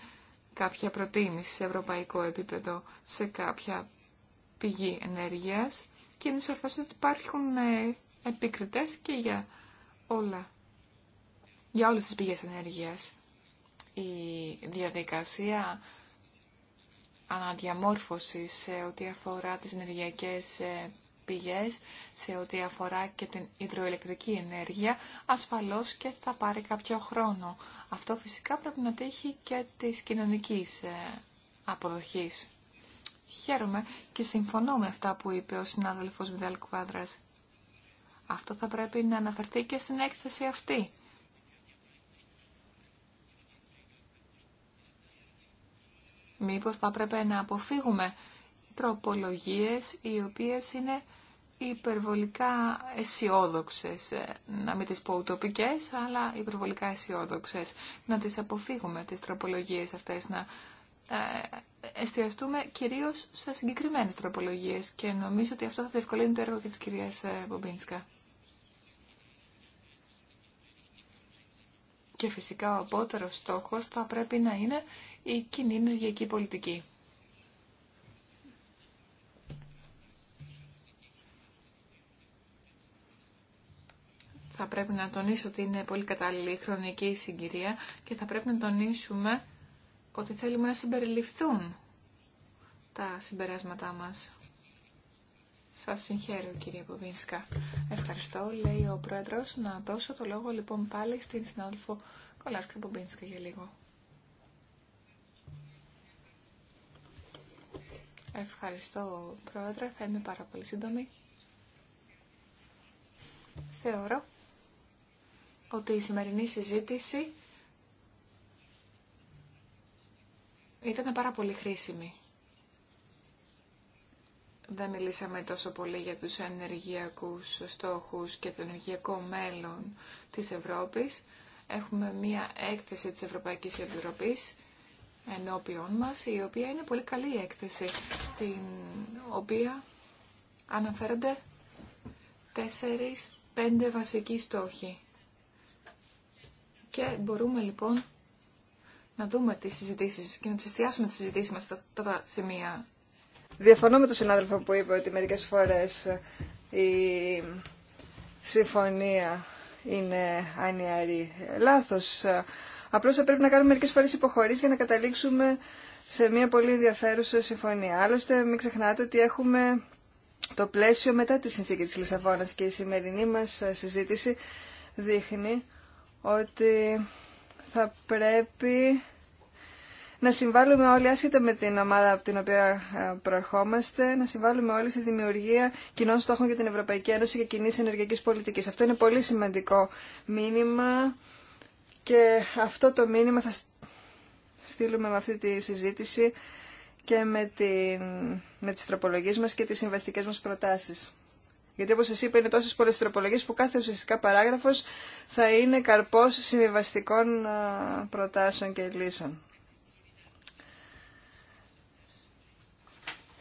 κάποια προτίμηση σε ευρωπαϊκό επίπεδο σε κάποια πηγή ενέργειας και είναι σαφές ότι υπάρχουν ε, επικριτές και για όλα, για όλες τις πηγές ενέργειας. Η διαδικασία αναδιαμόρφωση σε ό,τι αφορά τις ενεργειακές ε, πηγές, σε ό,τι αφορά και την υδροελεκτρική ενέργεια, ασφαλώς και θα πάρει κάποιο χρόνο. Αυτό φυσικά πρέπει να τύχει και της κοινωνικής ε, αποδοχής. Χαίρομαι και συμφωνώ με αυτά που είπε ο συνάδελφος Βιδάλ Αυτό θα πρέπει να αναφερθεί και στην έκθεση αυτή. Μήπως θα πρέπει να αποφύγουμε τροπολογίες οι οποίες είναι υπερβολικά αισιόδοξε. Ε, να μην τις πω ουτοπικές, αλλά υπερβολικά αισιόδοξε. Να τις αποφύγουμε τις τροπολογίες αυτές, να ε, εστιαστούμε κυρίως σε συγκεκριμένες τροπολογίες και νομίζω ότι αυτό θα διευκολύνει το έργο και της κυρίας ε, Μπομπίνσκα. Και φυσικά ο απότερος στόχος θα πρέπει να είναι η κοινή ενεργειακή πολιτική. θα πρέπει να τονίσω ότι είναι πολύ κατάλληλη η χρονική συγκυρία και θα πρέπει να τονίσουμε ότι θέλουμε να συμπεριληφθούν τα συμπεράσματά μας. Σα συγχαίρω κυρία Ποβίνσκα. Ευχαριστώ, λέει ο πρόεδρο Να δώσω το λόγο λοιπόν πάλι στην συνάδελφο Κολάσκα Ποβίνσκα για λίγο. Ευχαριστώ, Πρόεδρε. Θα είμαι πάρα πολύ σύντομη. Θεωρώ ότι η σημερινή συζήτηση ήταν πάρα πολύ χρήσιμη δεν μιλήσαμε τόσο πολύ για τους ενεργειακούς στόχους και το ενεργειακό μέλλον της Ευρώπης. Έχουμε μία έκθεση της Ευρωπαϊκής Επιτροπής ενώπιον μας, η οποία είναι πολύ καλή έκθεση, στην οποία αναφέρονται τέσσερις, πέντε βασικοί στόχοι. Και μπορούμε λοιπόν να δούμε τις συζητήσεις και να τις εστιάσουμε τις συζητήσεις μας στα τα σημεία Διαφωνώ με τον συνάδελφο που είπε ότι μερικές φορές η συμφωνία είναι ανιαρή. Λάθος. Απλώς θα πρέπει να κάνουμε μερικές φορές υποχωρήσεις για να καταλήξουμε σε μια πολύ ενδιαφέρουσα συμφωνία. Άλλωστε μην ξεχνάτε ότι έχουμε το πλαίσιο μετά τη συνθήκη της Λισαβόνας και η σημερινή μας συζήτηση δείχνει ότι θα πρέπει να συμβάλλουμε όλοι, άσχετα με την ομάδα από την οποία ε, προερχόμαστε, να συμβάλλουμε όλοι στη δημιουργία κοινών στόχων για την Ευρωπαϊκή Ένωση και κοινή ενεργειακή πολιτική. Αυτό είναι πολύ σημαντικό μήνυμα και αυτό το μήνυμα θα στείλουμε με αυτή τη συζήτηση και με, την, με τις τροπολογίες μας και τις συμβαστικές μας προτάσεις. Γιατί όπως σας είπα είναι τόσες πολλές τροπολογίες που κάθε ουσιαστικά παράγραφος θα είναι καρπός συμβιβαστικών ε, προτάσεων και λύσεων.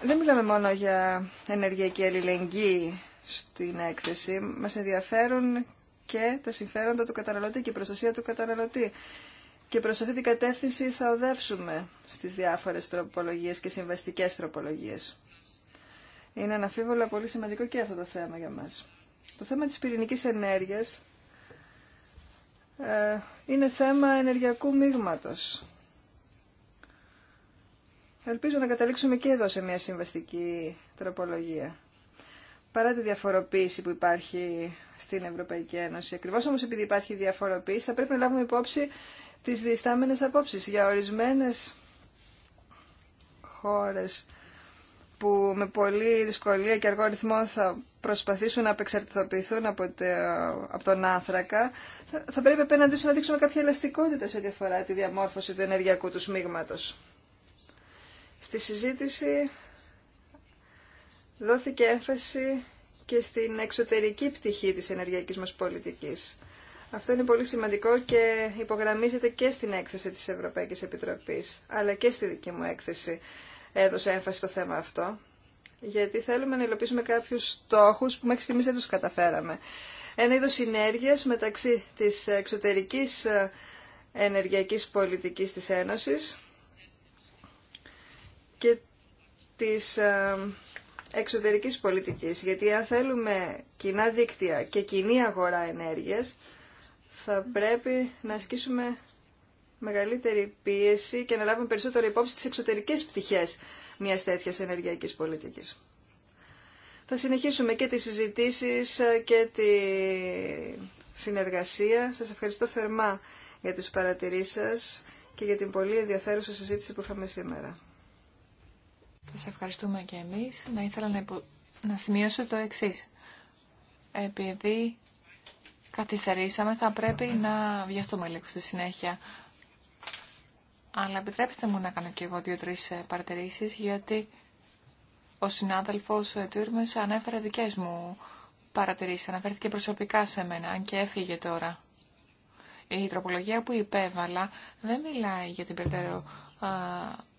δεν μιλάμε μόνο για ενεργειακή αλληλεγγύη στην έκθεση. Μας ενδιαφέρουν και τα συμφέροντα του καταναλωτή και η προστασία του καταναλωτή. Και προς αυτή την κατεύθυνση θα οδεύσουμε στις διάφορες τροπολογίες και συμβαστικές τροπολογίες. Είναι αναφίβολα πολύ σημαντικό και αυτό το θέμα για μας. Το θέμα της πυρηνικής ενέργειας ε, είναι θέμα ενεργειακού μείγματος. Ελπίζω να καταλήξουμε και εδώ σε μια συμβαστική τροπολογία. Παρά τη διαφοροποίηση που υπάρχει στην Ευρωπαϊκή Ένωση. Ακριβώς όμως επειδή υπάρχει διαφοροποίηση θα πρέπει να λάβουμε υπόψη τις διστάμενες απόψεις για ορισμένες χώρες που με πολλή δυσκολία και αργό ρυθμό θα προσπαθήσουν να απεξαρτηθοποιηθούν από, τον άνθρακα, θα, πρέπει απέναντί να δείξουμε κάποια ελαστικότητα σε ό,τι αφορά τη διαμόρφωση του ενεργειακού του σμίγματος. Στη συζήτηση δόθηκε έμφαση και στην εξωτερική πτυχή της ενεργειακής μας πολιτικής. Αυτό είναι πολύ σημαντικό και υπογραμμίζεται και στην έκθεση της Ευρωπαϊκής Επιτροπής, αλλά και στη δική μου έκθεση έδωσε έμφαση στο θέμα αυτό, γιατί θέλουμε να υλοποιήσουμε κάποιους στόχους που μέχρι στιγμής δεν τους καταφέραμε. Ένα είδος συνέργειας μεταξύ της εξωτερικής ε, ενεργειακής πολιτικής της Ένωσης και της ε, εξωτερικής πολιτικής. Γιατί αν θέλουμε κοινά δίκτυα και κοινή αγορά ενέργειας, θα πρέπει να ασκήσουμε μεγαλύτερη πίεση και να λάβουμε περισσότερο υπόψη τις εξωτερικές πτυχές μιας τέτοιας ενεργειακής πολιτικής. Θα συνεχίσουμε και τις συζητήσεις ε, και τη συνεργασία. Σας ευχαριστώ θερμά για τις παρατηρήσεις σας και για την πολύ ενδιαφέρουσα συζήτηση που είχαμε σήμερα. Σα ευχαριστούμε και εμείς. Να ήθελα να, να σημειώσω το εξής. Επειδή καθυστερήσαμε, θα πρέπει να βιαστούμε λίγο στη συνέχεια. Αλλά επιτρέψτε μου να κάνω και εγώ δύο-τρεις ε, παρατηρήσεις, γιατί ο συνάδελφος ε, Τούρμε ανέφερε δικές μου παρατηρήσεις. Αναφέρθηκε προσωπικά σε μένα, αν και έφυγε τώρα. Η τροπολογία που υπέβαλα δεν μιλάει για την περαιτέρω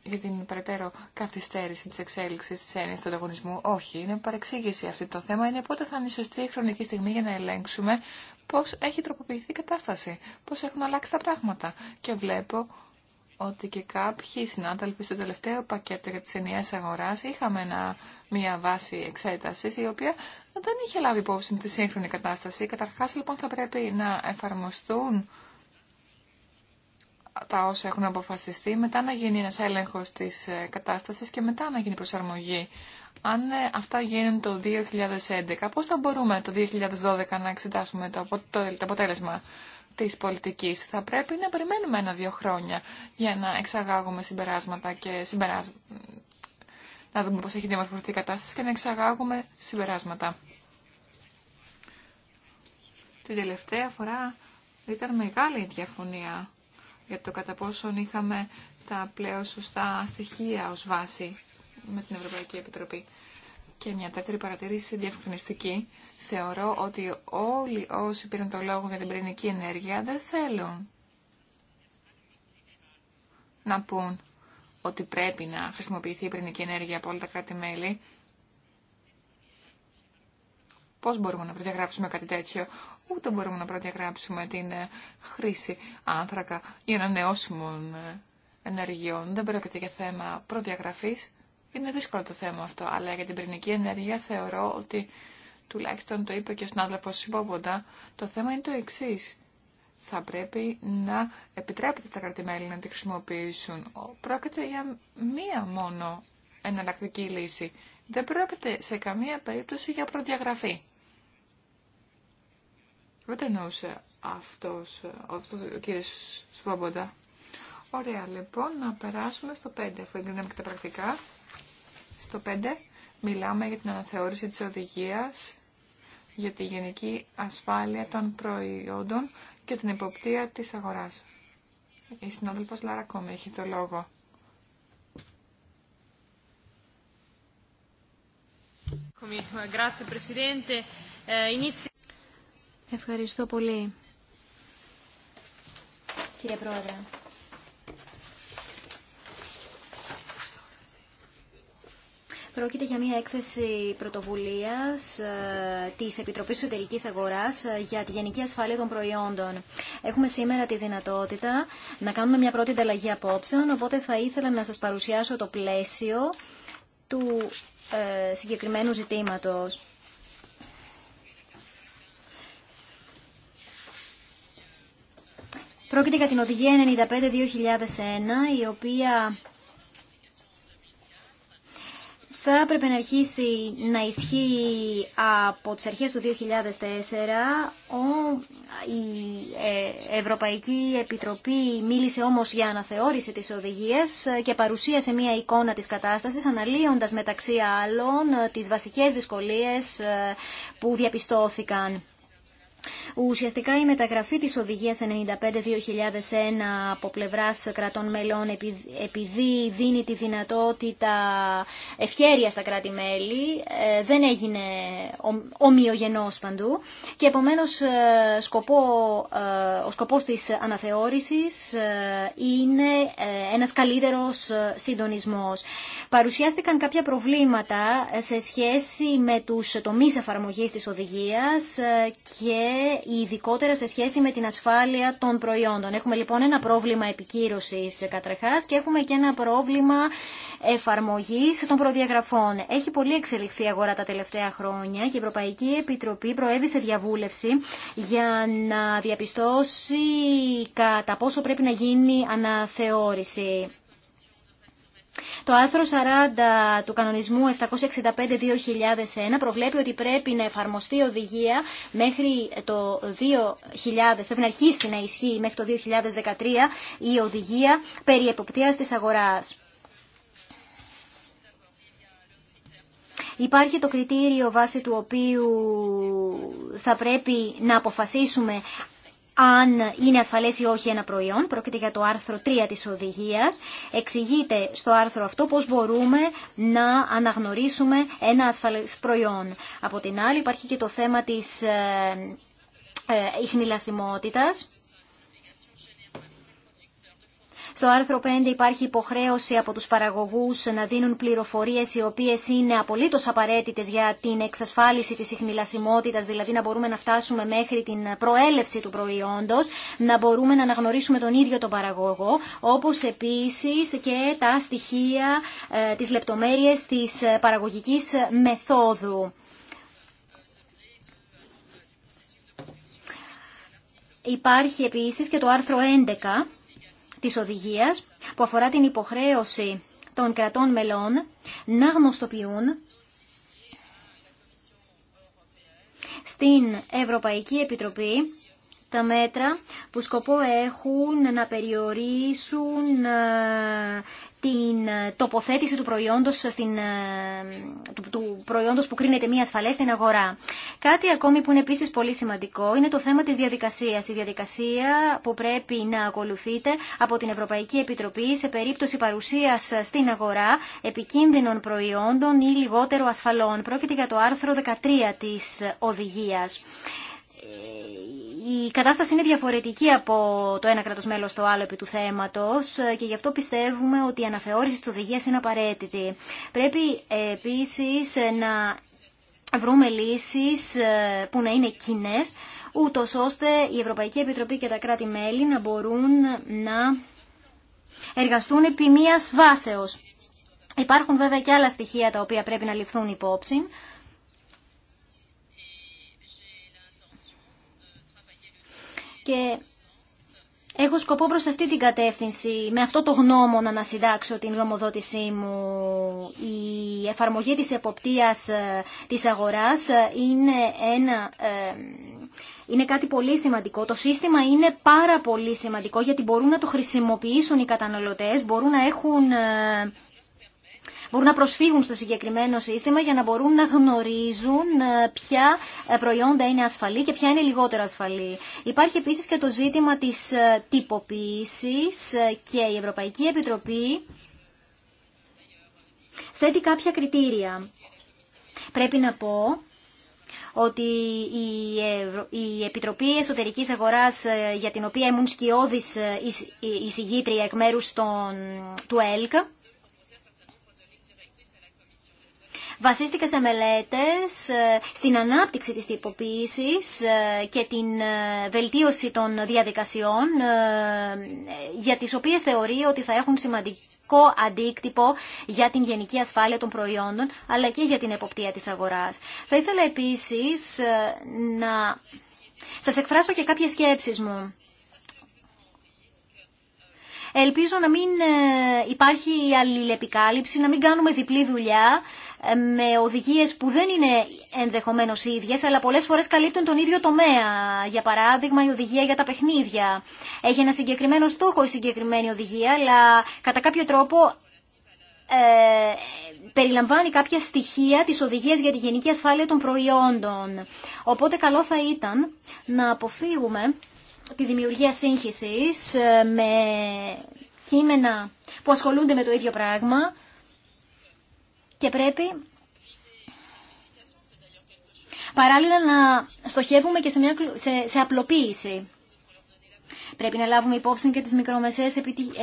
για την περαιτέρω καθυστέρηση τη εξέλιξη τη έννοια του ανταγωνισμού. Όχι, είναι παρεξήγηση αυτό το θέμα. Είναι πότε θα είναι η σωστή χρονική στιγμή για να ελέγξουμε πώ έχει τροποποιηθεί η κατάσταση, πώ έχουν αλλάξει τα πράγματα. Και βλέπω ότι και κάποιοι συνάδελφοι στο τελευταίο πακέτο για τις ενιαίε αγορά είχαμε μια βάση εξέταση, η οποία δεν είχε λάβει υπόψη τη σύγχρονη κατάσταση. Καταρχά, λοιπόν θα πρέπει να εφαρμοστούν τα όσα έχουν αποφασιστεί, μετά να γίνει ένας έλεγχος της ε, κατάστασης και μετά να γίνει προσαρμογή. Αν ε, αυτά γίνουν το 2011, πώς θα μπορούμε το 2012 να εξετάσουμε το αποτέλεσμα της πολιτικής. Θα πρέπει να περιμένουμε ένα-δύο χρόνια για να εξαγάγουμε συμπεράσματα και συμπεράσματα. Να δούμε πώς έχει διαμορφωθεί η κατάσταση και να εξαγάγουμε συμπεράσματα. Την τελευταία φορά ήταν μεγάλη η διαφωνία για το κατά πόσον είχαμε τα πλέον σωστά στοιχεία ως βάση με την Ευρωπαϊκή Επιτροπή. Και μια δεύτερη παρατηρήση διευκρινιστική. Θεωρώ ότι όλοι όσοι πήραν το λόγο για την πυρηνική ενέργεια δεν θέλουν να πούν ότι πρέπει να χρησιμοποιηθεί η πυρηνική ενέργεια από όλα τα κράτη-μέλη. Πώς μπορούμε να προδιαγράψουμε κάτι τέτοιο ούτε μπορούμε να προδιαγράψουμε την ε, χρήση άνθρακα ή ανανεώσιμων ε, ενεργειών. Δεν πρόκειται για θέμα προδιαγραφής. Είναι δύσκολο το θέμα αυτό, αλλά για την πυρηνική ενέργεια θεωρώ ότι, τουλάχιστον το είπε και ο συνάδελφος Σιμπόποντα, το θέμα είναι το εξή. Θα πρέπει να επιτρέπεται τα κρατημέλη να τη χρησιμοποιήσουν. Πρόκειται για μία μόνο εναλλακτική λύση. Δεν πρόκειται σε καμία περίπτωση για προδιαγραφή. Δεν εννοούσε αυτός, ο κύριος Σβόμποντα. Ωραία, λοιπόν, να περάσουμε στο 5, αφού εγκρίναμε και τα πρακτικά. Στο 5 μιλάμε για την αναθεώρηση της οδηγίας για τη γενική ασφάλεια των προϊόντων και την υποπτία της αγοράς. Η συνάδελφος Λάρα έχει το λόγο. Ευχαριστώ πολύ. Κύριε Πρόεδρε. Πρόκειται για μια έκθεση πρωτοβουλία ε, τη Επιτροπή Εσωτερική Αγορά ε, για τη γενική ασφάλεια των προϊόντων. Έχουμε σήμερα τη δυνατότητα να κάνουμε μια πρώτη ανταλλαγή απόψεων, οπότε θα ήθελα να σας παρουσιάσω το πλαίσιο του ε, συγκεκριμένου ζητήματος. Πρόκειται για την Οδηγία 95-2001, η οποία θα έπρεπε να αρχίσει να ισχύει από τις αρχές του 2004. Η ε, Ευρωπαϊκή Επιτροπή μίλησε όμως για αναθεώρηση της οδηγίας και παρουσίασε μία εικόνα της κατάστασης, αναλύοντας μεταξύ άλλων τις βασικές δυσκολίες ε, που διαπιστώθηκαν. Ουσιαστικά η μεταγραφή της οδηγίας 95-2001 από πλευράς κρατών μελών επειδή δίνει τη δυνατότητα ευχέρεια στα κράτη-μέλη ε, δεν έγινε ομοιογενός παντού και επομένως ε, σκοπό, ε, ο σκοπός της αναθεώρησης είναι ένας καλύτερος συντονισμός. Παρουσιάστηκαν κάποια προβλήματα σε σχέση με τους τομείς εφαρμογής της οδηγίας και ειδικότερα σε σχέση με την ασφάλεια των προϊόντων. Έχουμε λοιπόν ένα πρόβλημα επικύρωσης καταρχάς και έχουμε και ένα πρόβλημα εφαρμογής των προδιαγραφών. Έχει πολύ εξελιχθεί η αγορά τα τελευταία χρόνια και η Ευρωπαϊκή Επιτροπή προέβη διαβούλευση για να διαπιστώσει κατά πόσο πρέπει να γίνει αναθεώρηση. Το άρθρο 40 του κανονισμού 765-2001 προβλέπει ότι πρέπει να εφαρμοστεί η οδηγία μέχρι το 2000, πρέπει να αρχίσει να ισχύει μέχρι το 2013 η οδηγία περί εποπτείας της αγοράς. Υπάρχει το κριτήριο βάσει του οποίου θα πρέπει να αποφασίσουμε αν είναι ασφαλές ή όχι ένα προϊόν, πρόκειται για το άρθρο 3 της οδηγίας, εξηγείται στο άρθρο αυτό πώς μπορούμε να αναγνωρίσουμε ένα ασφαλές προϊόν. Από την άλλη υπάρχει και το θέμα της ε, ε στο άρθρο 5 υπάρχει υποχρέωση από τους παραγωγούς να δίνουν πληροφορίες οι οποίες είναι απολύτως απαραίτητες για την εξασφάλιση της ιχνηλασιμότητας, δηλαδή να μπορούμε να φτάσουμε μέχρι την προέλευση του προϊόντος, να μπορούμε να αναγνωρίσουμε τον ίδιο τον παραγωγό, όπως επίσης και τα στοιχεία, ε, τις λεπτομέρειες της ε, παραγωγικής μεθόδου. Υπάρχει επίσης και το άρθρο 11 της οδηγίας που αφορά την υποχρέωση των κρατών μελών να γνωστοποιούν στην Ευρωπαϊκή Επιτροπή τα μέτρα που σκοπό έχουν να περιορίσουν την ε, τοποθέτηση του προϊόντος, στην, ε, του, του προϊόντος που κρίνεται μη ασφαλές στην αγορά. Κάτι ακόμη που είναι επίσης πολύ σημαντικό είναι το θέμα της διαδικασίας. Η διαδικασία που πρέπει να ακολουθείτε από την Ευρωπαϊκή Επιτροπή σε περίπτωση παρουσίας στην αγορά επικίνδυνων προϊόντων ή λιγότερο ασφαλών. Πρόκειται για το άρθρο 13 της οδηγίας ε, η κατάσταση είναι διαφορετική από το ένα κράτος μέλος στο άλλο επί του θέματος ε, και γι' αυτό πιστεύουμε ότι η αναθεώρηση της οδηγίας είναι απαραίτητη. Πρέπει ε, επίσης ε, να βρούμε λύσεις που να είναι κοινέ, ούτω ώστε η Ευρωπαϊκή Επιτροπή και τα κράτη-μέλη να μπορούν να εργαστούν επί μίας βάσεως. Υπάρχουν βέβαια και άλλα στοιχεία τα οποία πρέπει να ληφθούν υπόψη. Και έχω σκοπό προς αυτή την κατεύθυνση, με αυτό το γνώμο να συντάξω την γνωμοδότησή μου. Η εφαρμογή της εποπτείας ε, της αγοράς ε, είναι ένα... Ε, είναι κάτι πολύ σημαντικό. Το σύστημα είναι πάρα πολύ σημαντικό γιατί μπορούν να το χρησιμοποιήσουν οι καταναλωτές, μπορούν να έχουν μπορούν να προσφύγουν στο συγκεκριμένο σύστημα για να μπορούν να γνωρίζουν ε, ποια ε, προϊόντα είναι ασφαλή και ποια είναι λιγότερο ασφαλή. Υπάρχει επίσης και το ζήτημα της ε, τυποποίησης και η Ευρωπαϊκή Επιτροπή θέτει κάποια κριτήρια. Πρέπει να πω ότι η Επιτροπή Εσωτερικής Αγοράς για την οποία ήμουν σκιώδης εισηγήτρια εκ μέρους του ΕΛΚΑ βασίστηκα σε μελέτες ε, στην ανάπτυξη της τυποποίησης ε, και την ε, βελτίωση των διαδικασιών για τις οποίες θεωρεί ότι θα έχουν σημαντικό αντίκτυπο για την γενική ασφάλεια των προϊόντων, αλλά και για την εποπτεία της αγοράς. Θα ήθελα επίσης να σας εκφράσω και κάποιες σκέψεις μου. Ελπίζω να μην υπάρχει αλληλεπικάλυψη, να μην κάνουμε διπλή δουλειά με οδηγίες που δεν είναι ενδεχομένως ίδιες, αλλά πολλές φορές καλύπτουν τον ίδιο τομέα. Για παράδειγμα, η οδηγία για τα παιχνίδια. Έχει ένα συγκεκριμένο στόχο η συγκεκριμένη οδηγία, αλλά κατά κάποιο τρόπο ε, περιλαμβάνει κάποια στοιχεία της οδηγίας για τη γενική ασφάλεια των προϊόντων. Οπότε καλό θα ήταν να αποφύγουμε τη δημιουργία σύγχυσης ε, με κείμενα που ασχολούνται με το ίδιο πράγμα και πρέπει παράλληλα να στοχεύουμε και σε, μια, σε, σε απλοποίηση. Πρέπει να λάβουμε υπόψη και τις μικρομεσαίες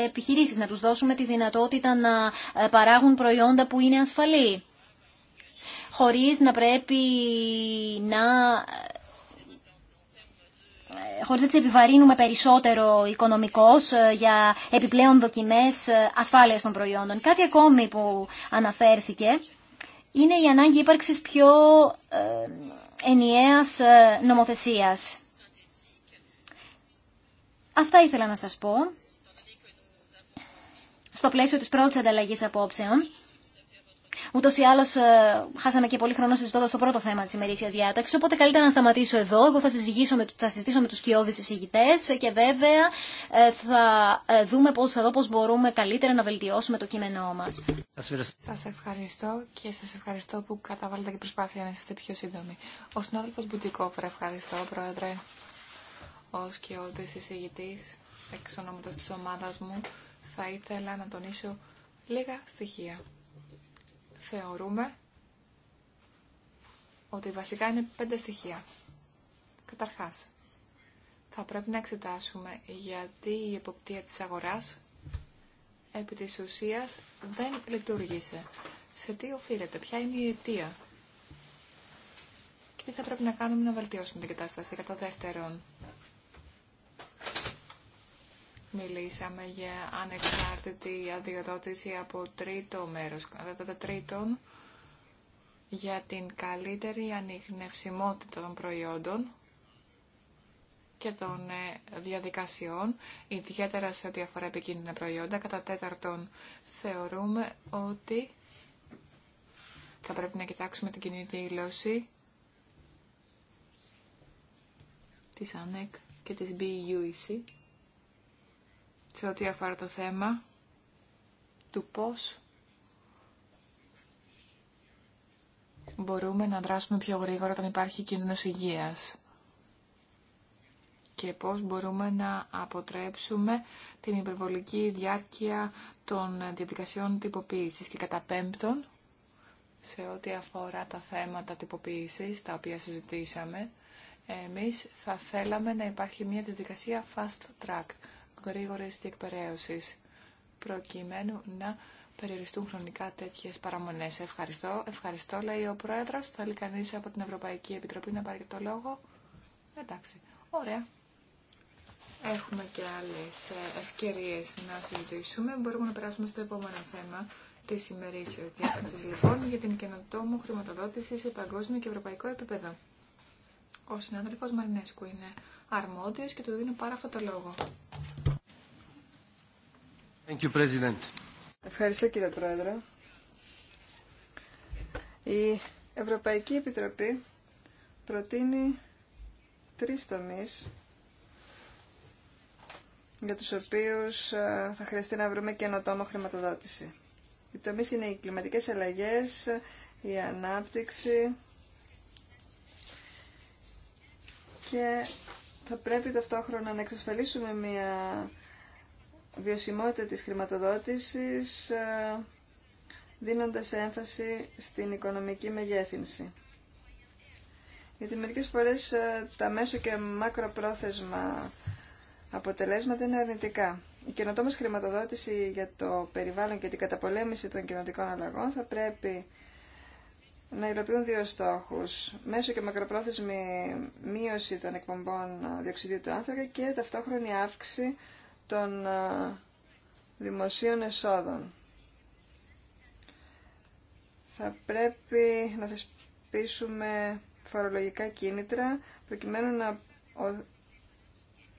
επιχειρήσεις, να τους δώσουμε τη δυνατότητα να ε, παράγουν προϊόντα που είναι ασφαλή, χωρίς να πρέπει να ε, χωρίς να επιβαρύνουμε περισσότερο οικονομικώς ε, για επιπλέον δοκιμές ε, ασφάλειας των προϊόντων. Κάτι ακόμη που αναφέρθηκε είναι η ανάγκη ύπαρξης πιο ενιαίας νομοθεσίας. Αυτά ήθελα να σας πω στο πλαίσιο της πρώτης ανταλλαγής απόψεων. Ούτω ή άλλω ε, χάσαμε και πολύ χρόνο συζητώντα το πρώτο θέμα τη ημερήσια διάταξη, οπότε καλύτερα να σταματήσω εδώ. Εγώ θα, συζητήσω με, θα συζητήσω με τους κοιόδης εισηγητές και βέβαια ε, θα ε, δούμε πώ θα δω πώ μπορούμε καλύτερα να βελτιώσουμε το κείμενό μα. Σα ευχαριστώ και σα ευχαριστώ που καταβάλλετε και προσπάθεια να είστε πιο σύντομοι. Ο συνάδελφο Μπουτικόφερ, ευχαριστώ Πρόεδρε, ω κοιόδη εισηγητής εξ ονόματο τη ομάδα μου, θα ήθελα να τονίσω λίγα στοιχεία θεωρούμε ότι βασικά είναι πέντε στοιχεία. Καταρχάς, θα πρέπει να εξετάσουμε γιατί η εποπτεία της αγοράς επί της ουσίας δεν λειτουργήσε. Σε τι οφείλεται, ποια είναι η αιτία και τι θα πρέπει να κάνουμε να βελτιώσουμε την κατάσταση. Κατά δεύτερον, μιλήσαμε για ανεξάρτητη αδειοδότηση από τρίτο μέρος. Κατά τρίτον, για την καλύτερη ανιχνευσιμότητα των προϊόντων και των ε, διαδικασιών, ιδιαίτερα σε ό,τι αφορά επικίνδυνα προϊόντα. Κατά τέταρτον, θεωρούμε ότι θα πρέπει να κοιτάξουμε την κοινή δήλωση της ΑΝΕΚ και της BUEC σε ό,τι αφορά το θέμα του πώς μπορούμε να δράσουμε πιο γρήγορα όταν υπάρχει κίνδυνος υγείας και πώς μπορούμε να αποτρέψουμε την υπερβολική διάρκεια των διαδικασιών τυποποίησης και κατά πέμπτον, σε ό,τι αφορά τα θέματα τυποποίησης τα οποία συζητήσαμε, εμείς θα θέλαμε να υπάρχει μια διαδικασία fast track γρήγορης διεκπαιρέωσης προκειμένου να περιοριστούν χρονικά τέτοιες παραμονές. Ευχαριστώ, ευχαριστώ, λέει ο Πρόεδρος. Θέλει κανεί από την Ευρωπαϊκή Επιτροπή να πάρει το λόγο. Εντάξει, ωραία. Έχουμε και άλλες ε, ευκαιρίες να συζητήσουμε. Μπορούμε να περάσουμε στο επόμενο θέμα τη ημερήσια διάταξη λοιπόν για την καινοτόμο χρηματοδότηση σε παγκόσμιο και ευρωπαϊκό επίπεδο. Ο συνάδελφο Μαρινέσκου είναι αρμόδιο και του δίνω πάρα αυτό το λόγο. Ευχαριστώ κύριε Πρόεδρε. Η Ευρωπαϊκή Επιτροπή προτείνει τρεις τομείς για τους οποίους θα χρειαστεί να βρούμε καινοτόμο χρηματοδότηση. Οι τομείς είναι οι κλιματικές αλλαγές, η ανάπτυξη και θα πρέπει ταυτόχρονα να εξασφαλίσουμε μια βιωσιμότητα της χρηματοδότησης ε, δίνοντας έμφαση στην οικονομική μεγέθυνση. Γιατί μερικές φορές ε, τα μέσο και μακροπρόθεσμα αποτελέσματα είναι αρνητικά. Η καινοτόμως χρηματοδότηση για το περιβάλλον και την καταπολέμηση των κοινωνικών αλλαγών θα πρέπει να υλοποιούν δύο στόχους. Μέσο και μακροπρόθεσμη μείωση των εκπομπών διοξιδίου του άνθρακα και ταυτόχρονη αύξηση των ε, δημοσίων εσόδων. Θα πρέπει να θεσπίσουμε φορολογικά κίνητρα προκειμένου να,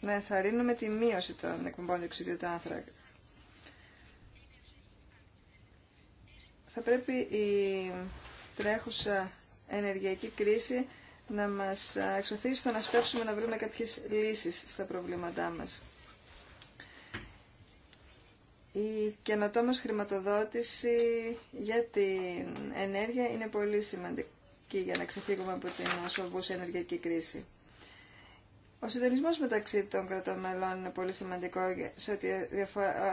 να ενθαρρύνουμε τη μείωση των εκπομπών διοξιδίου του άνθρακα. Θα πρέπει η τρέχουσα ενεργειακή κρίση να μας εξωθήσει στο να σπεύσουμε να βρούμε κάποιες λύσεις στα προβλήματά μας. Η καινοτόμο χρηματοδότηση για την ενέργεια είναι πολύ σημαντική για να ξεφύγουμε από την σοβούσα ενεργειακή κρίση. Ο συντονισμό μεταξύ των κρατών μελών είναι πολύ σημαντικό σε ό,τι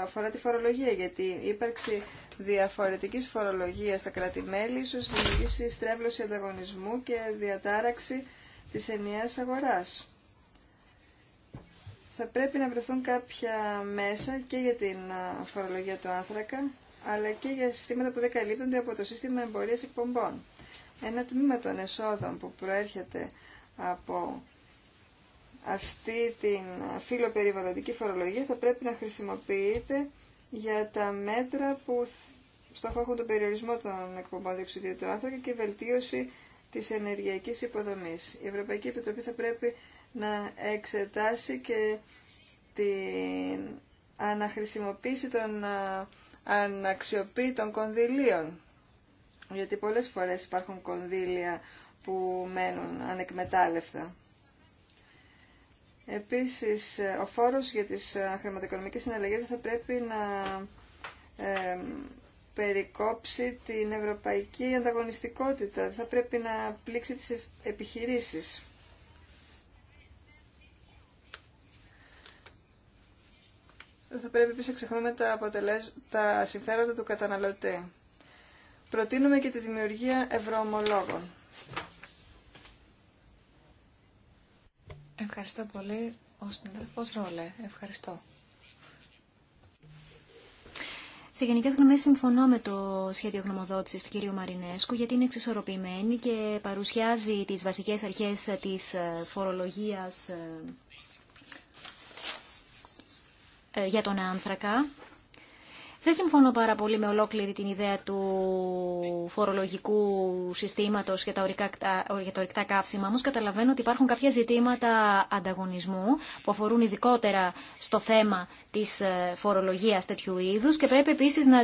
αφορά τη φορολογία, γιατί η ύπαρξη διαφορετική φορολογία στα κράτη-μέλη ίσω δημιουργήσει στρέβλωση ανταγωνισμού και διατάραξη τη ενιαία αγορά θα πρέπει να βρεθούν κάποια μέσα και για την φορολογία του άνθρακα, αλλά και για συστήματα που δεν καλύπτονται από το σύστημα εμπορίας εκπομπών. Ένα τμήμα των εσόδων που προέρχεται από αυτή την φιλοπεριβαλλοντική φορολογία θα πρέπει να χρησιμοποιείται για τα μέτρα που στόχο τον περιορισμό των εκπομπών διοξιδίου του άνθρακα και βελτίωση της ενεργειακής υποδομής. Η Ευρωπαϊκή Επιτροπή θα πρέπει να εξετάσει και την αναχρησιμοποίηση των αναξιοποίητων κονδυλίων. Γιατί πολλές φορές υπάρχουν κονδύλια που μένουν ανεκμετάλλευτα. Επίσης, ε, ο φόρος για τις ε, χρηματοοικονομικές συναλλαγές θα πρέπει να ε, περικόψει την ευρωπαϊκή ανταγωνιστικότητα. Θα πρέπει να πλήξει τις επιχειρήσεις. θα πρέπει επίσης να ξεχνούμε τα, αποτελέσ... τα συμφέροντα του καταναλωτή. Προτείνουμε και τη δημιουργία ευρωομολόγων. Ευχαριστώ πολύ. Ο Ρόλε. Ευχαριστώ. Σε γενικέ γραμμέ συμφωνώ με το σχέδιο γνωμοδότηση του κ. Μαρινέσκου, γιατί είναι εξισορροπημένη και παρουσιάζει τι βασικέ αρχέ τη φορολογία ε, ε, για τον άνθρακα. Δεν συμφωνώ πάρα πολύ με ολόκληρη την ιδέα του φορολογικού συστήματος για τα ορυκτά καύσιμα. Όμως καταλαβαίνω ότι υπάρχουν κάποια ζητήματα ανταγωνισμού που αφορούν ειδικότερα στο θέμα της ε, φορολογίας τέτοιου είδους και πρέπει επίσης να,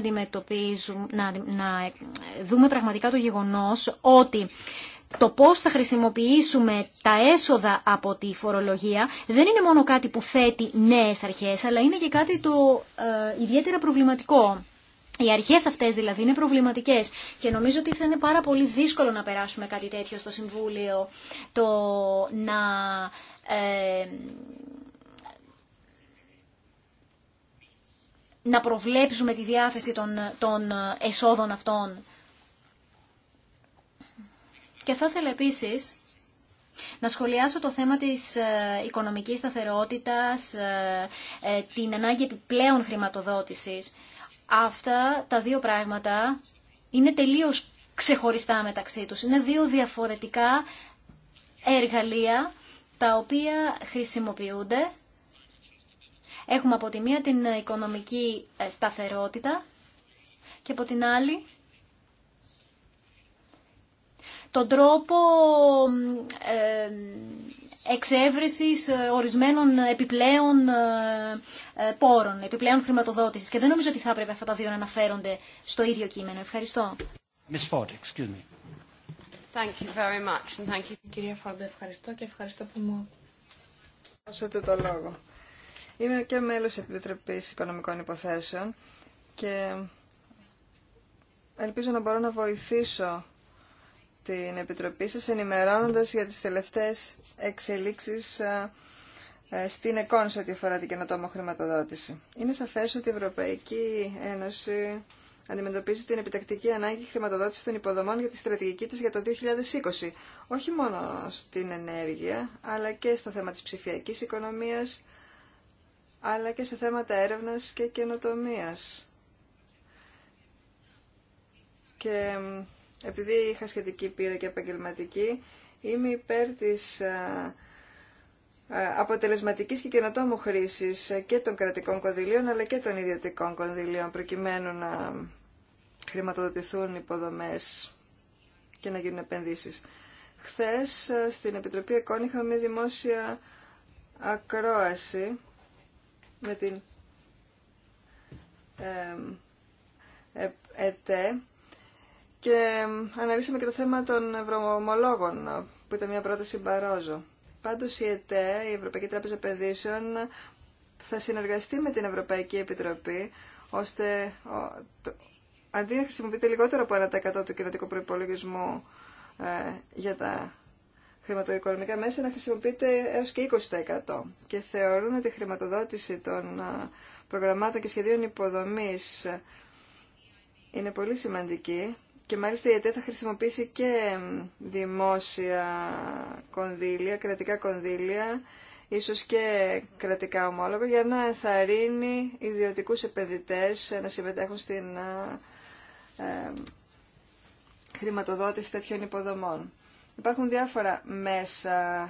να, να δούμε πραγματικά το γεγονός ότι το πώς θα χρησιμοποιήσουμε τα έσοδα από τη φορολογία δεν είναι μόνο κάτι που θέτει νέες αρχές, αλλά είναι και κάτι το ε, ιδιαίτερα προβληματικό. Οι αρχές αυτές δηλαδή είναι προβληματικές και νομίζω ότι θα είναι πάρα πολύ δύσκολο να περάσουμε κάτι τέτοιο στο Συμβούλιο, το να... Ε, να προβλέψουμε τη διάθεση των, των εσόδων αυτών. Και θα ήθελα επίσης να σχολιάσω το θέμα της ε, οικονομικής σταθερότητας, ε, ε, την ανάγκη επιπλέον χρηματοδότησης. Αυτά τα δύο πράγματα είναι τελείως ξεχωριστά μεταξύ τους. Είναι δύο διαφορετικά εργαλεία τα οποία χρησιμοποιούνται. Έχουμε από τη μία την οικονομική σταθερότητα και από την άλλη τον τρόπο ε, εξέβρεσης ε, ορισμένων επιπλέον ε, πόρων, επιπλέον χρηματοδότησης. Και δεν νομίζω ότι θα έπρεπε αυτά τα δύο να αναφέρονται στο ίδιο κείμενο. Ευχαριστώ. Miss Ford, excuse me. Thank you very much and thank you. Κυρία Φόρντε, ευχαριστώ και ευχαριστώ που μου δώσατε το λόγο. Είμαι και μέλος της Επιτροπής Οικονομικών Υποθέσεων και ελπίζω να μπορώ να βοηθήσω την Επιτροπή σας ενημερώνοντας για τις τελευταίες εξελίξεις ε, ε, στην ΕΚΟΝ σε ό,τι αφορά την καινοτόμο χρηματοδότηση. Είναι σαφές ότι η Ευρωπαϊκή Ένωση αντιμετωπίζει την επιτακτική ανάγκη χρηματοδότηση των υποδομών για τη στρατηγική της για το 2020, όχι μόνο στην ενέργεια, αλλά και στο θέμα της ψηφιακής οικονομίας, αλλά και σε θέματα έρευνας και καινοτομίας. Και επειδή είχα σχετική πείρα και επαγγελματική, είμαι υπέρ της ε, ε, αποτελεσματικής και καινοτόμου χρήσης ε, και των κρατικών κονδυλίων αλλά και των ιδιωτικών κονδυλίων προκειμένου να χρηματοδοτηθούν υποδομές και να γίνουν επενδύσεις. Χθες στην Επιτροπή Εκών είχαμε δημόσια ακρόαση με την ΕΤΕ και αναλύσαμε και το θέμα των ευρωομολόγων, που ήταν μια πρόταση Μπαρόζο. Πάντω η ΕΤΕ, η Ευρωπαϊκή Τράπεζα Επενδύσεων, θα συνεργαστεί με την Ευρωπαϊκή Επιτροπή, ώστε αντί να χρησιμοποιείται λιγότερο από 1% του κοινοτικού προπολογισμού ε, για τα χρηματοοικονομικά μέσα, να χρησιμοποιείται έω και 20%. Και θεωρούν ότι η χρηματοδότηση των ε, προγραμμάτων και σχεδίων υποδομή ε, είναι πολύ σημαντική και μάλιστα η ΕΤΕ θα χρησιμοποιήσει και δημόσια κονδύλια, κρατικά κονδύλια, ίσως και κρατικά ομόλογα, για να ενθαρρύνει ιδιωτικούς επενδυτές να συμμετέχουν στην ε, χρηματοδότηση τέτοιων υποδομών. Υπάρχουν διάφορα μέσα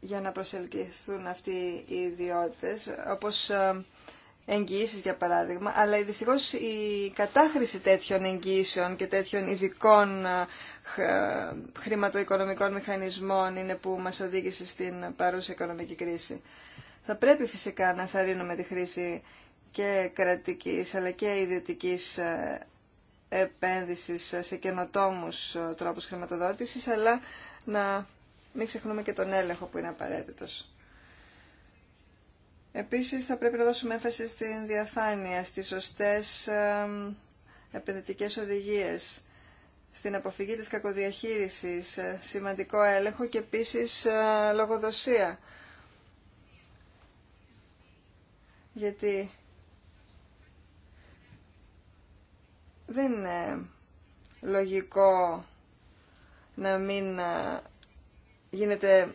για να προσελκυθούν αυτοί οι ιδιώτες, όπως εγγυήσει, για παράδειγμα, αλλά δυστυχώ η κατάχρηση τέτοιων εγγυήσεων και τέτοιων ειδικών ε, χρηματοοικονομικών μηχανισμών είναι που μας οδήγησε στην παρούσα οικονομική κρίση. Θα πρέπει φυσικά να θαρρύνουμε τη χρήση και κρατική, αλλά και ιδιωτική ε, επένδυσης σε καινοτόμου ε, τρόπους χρηματοδότηση, αλλά να μην ξεχνούμε και τον έλεγχο που είναι απαραίτητος. Επίσης θα πρέπει να δώσουμε έμφαση στην διαφάνεια, στις σωστές επενδυτικές οδηγίες, στην αποφυγή της κακοδιαχείρισης, ε, σημαντικό έλεγχο και επίσης ε, λογοδοσία. Γιατί δεν είναι λογικό να μην ε, γίνεται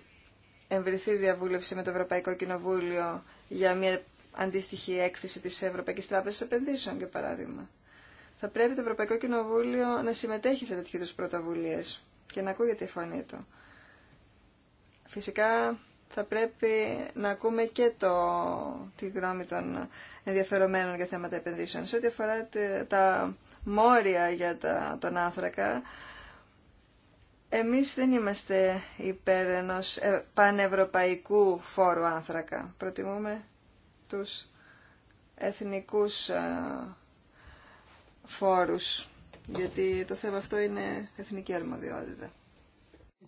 εμβριθής διαβούλευση με το Ευρωπαϊκό Κοινοβούλιο για μια αντίστοιχη έκθεση της Ευρωπαϊκής Τράπεζας Επενδύσεων, για παράδειγμα. Θα πρέπει το Ευρωπαϊκό Κοινοβούλιο να συμμετέχει σε τέτοιου είδους πρωτοβουλίες και να ακούγεται τη φωνή του. Φυσικά θα πρέπει να ακούμε και το, τη γνώμη των ενδιαφερομένων για θέματα επενδύσεων. Σε ό,τι αφορά τα μόρια για τα, τον άνθρακα, εμείς δεν είμαστε υπέρ ενός ε, πανευρωπαϊκού φόρου άνθρακα. Προτιμούμε τους εθνικούς ε, φόρους, γιατί το θέμα αυτό είναι εθνική αρμοδιότητα.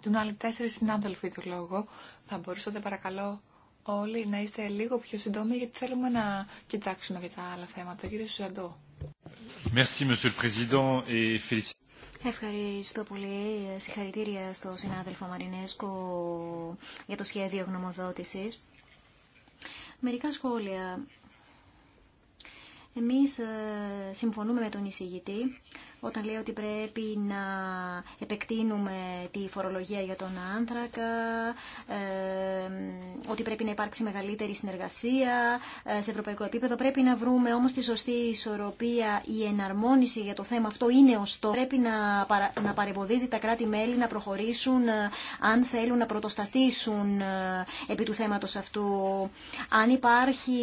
Τούν άλλοι τέσσερις συνάδελφοι του λόγου. Θα μπορούσατε παρακαλώ όλοι να είστε λίγο πιο σύντομοι, γιατί θέλουμε να κοιτάξουμε για τα άλλα θέματα. Κύριε Σουζαντό. Ευχαριστώ πολύ. Συγχαρητήρια στο συνάδελφο Μαρινέσκο για το σχέδιο γνωμοδότησης. Μερικά σχόλια. Εμείς ε, συμφωνούμε με τον εισηγητή όταν λέει ότι πρέπει να επεκτείνουμε τη φορολογία για τον άνθρακα, ε, ότι πρέπει να υπάρξει μεγαλύτερη συνεργασία ε, σε ευρωπαϊκό επίπεδο. Πρέπει να βρούμε όμως τη σωστή ισορροπία, η εναρμόνιση για το θέμα αυτό είναι ώστό. Πρέπει να, να παρεμποδίζει τα κράτη-μέλη να προχωρήσουν ε, αν θέλουν να πρωτοσταθήσουν επί του θέματος αυτού. Αν υπάρχει,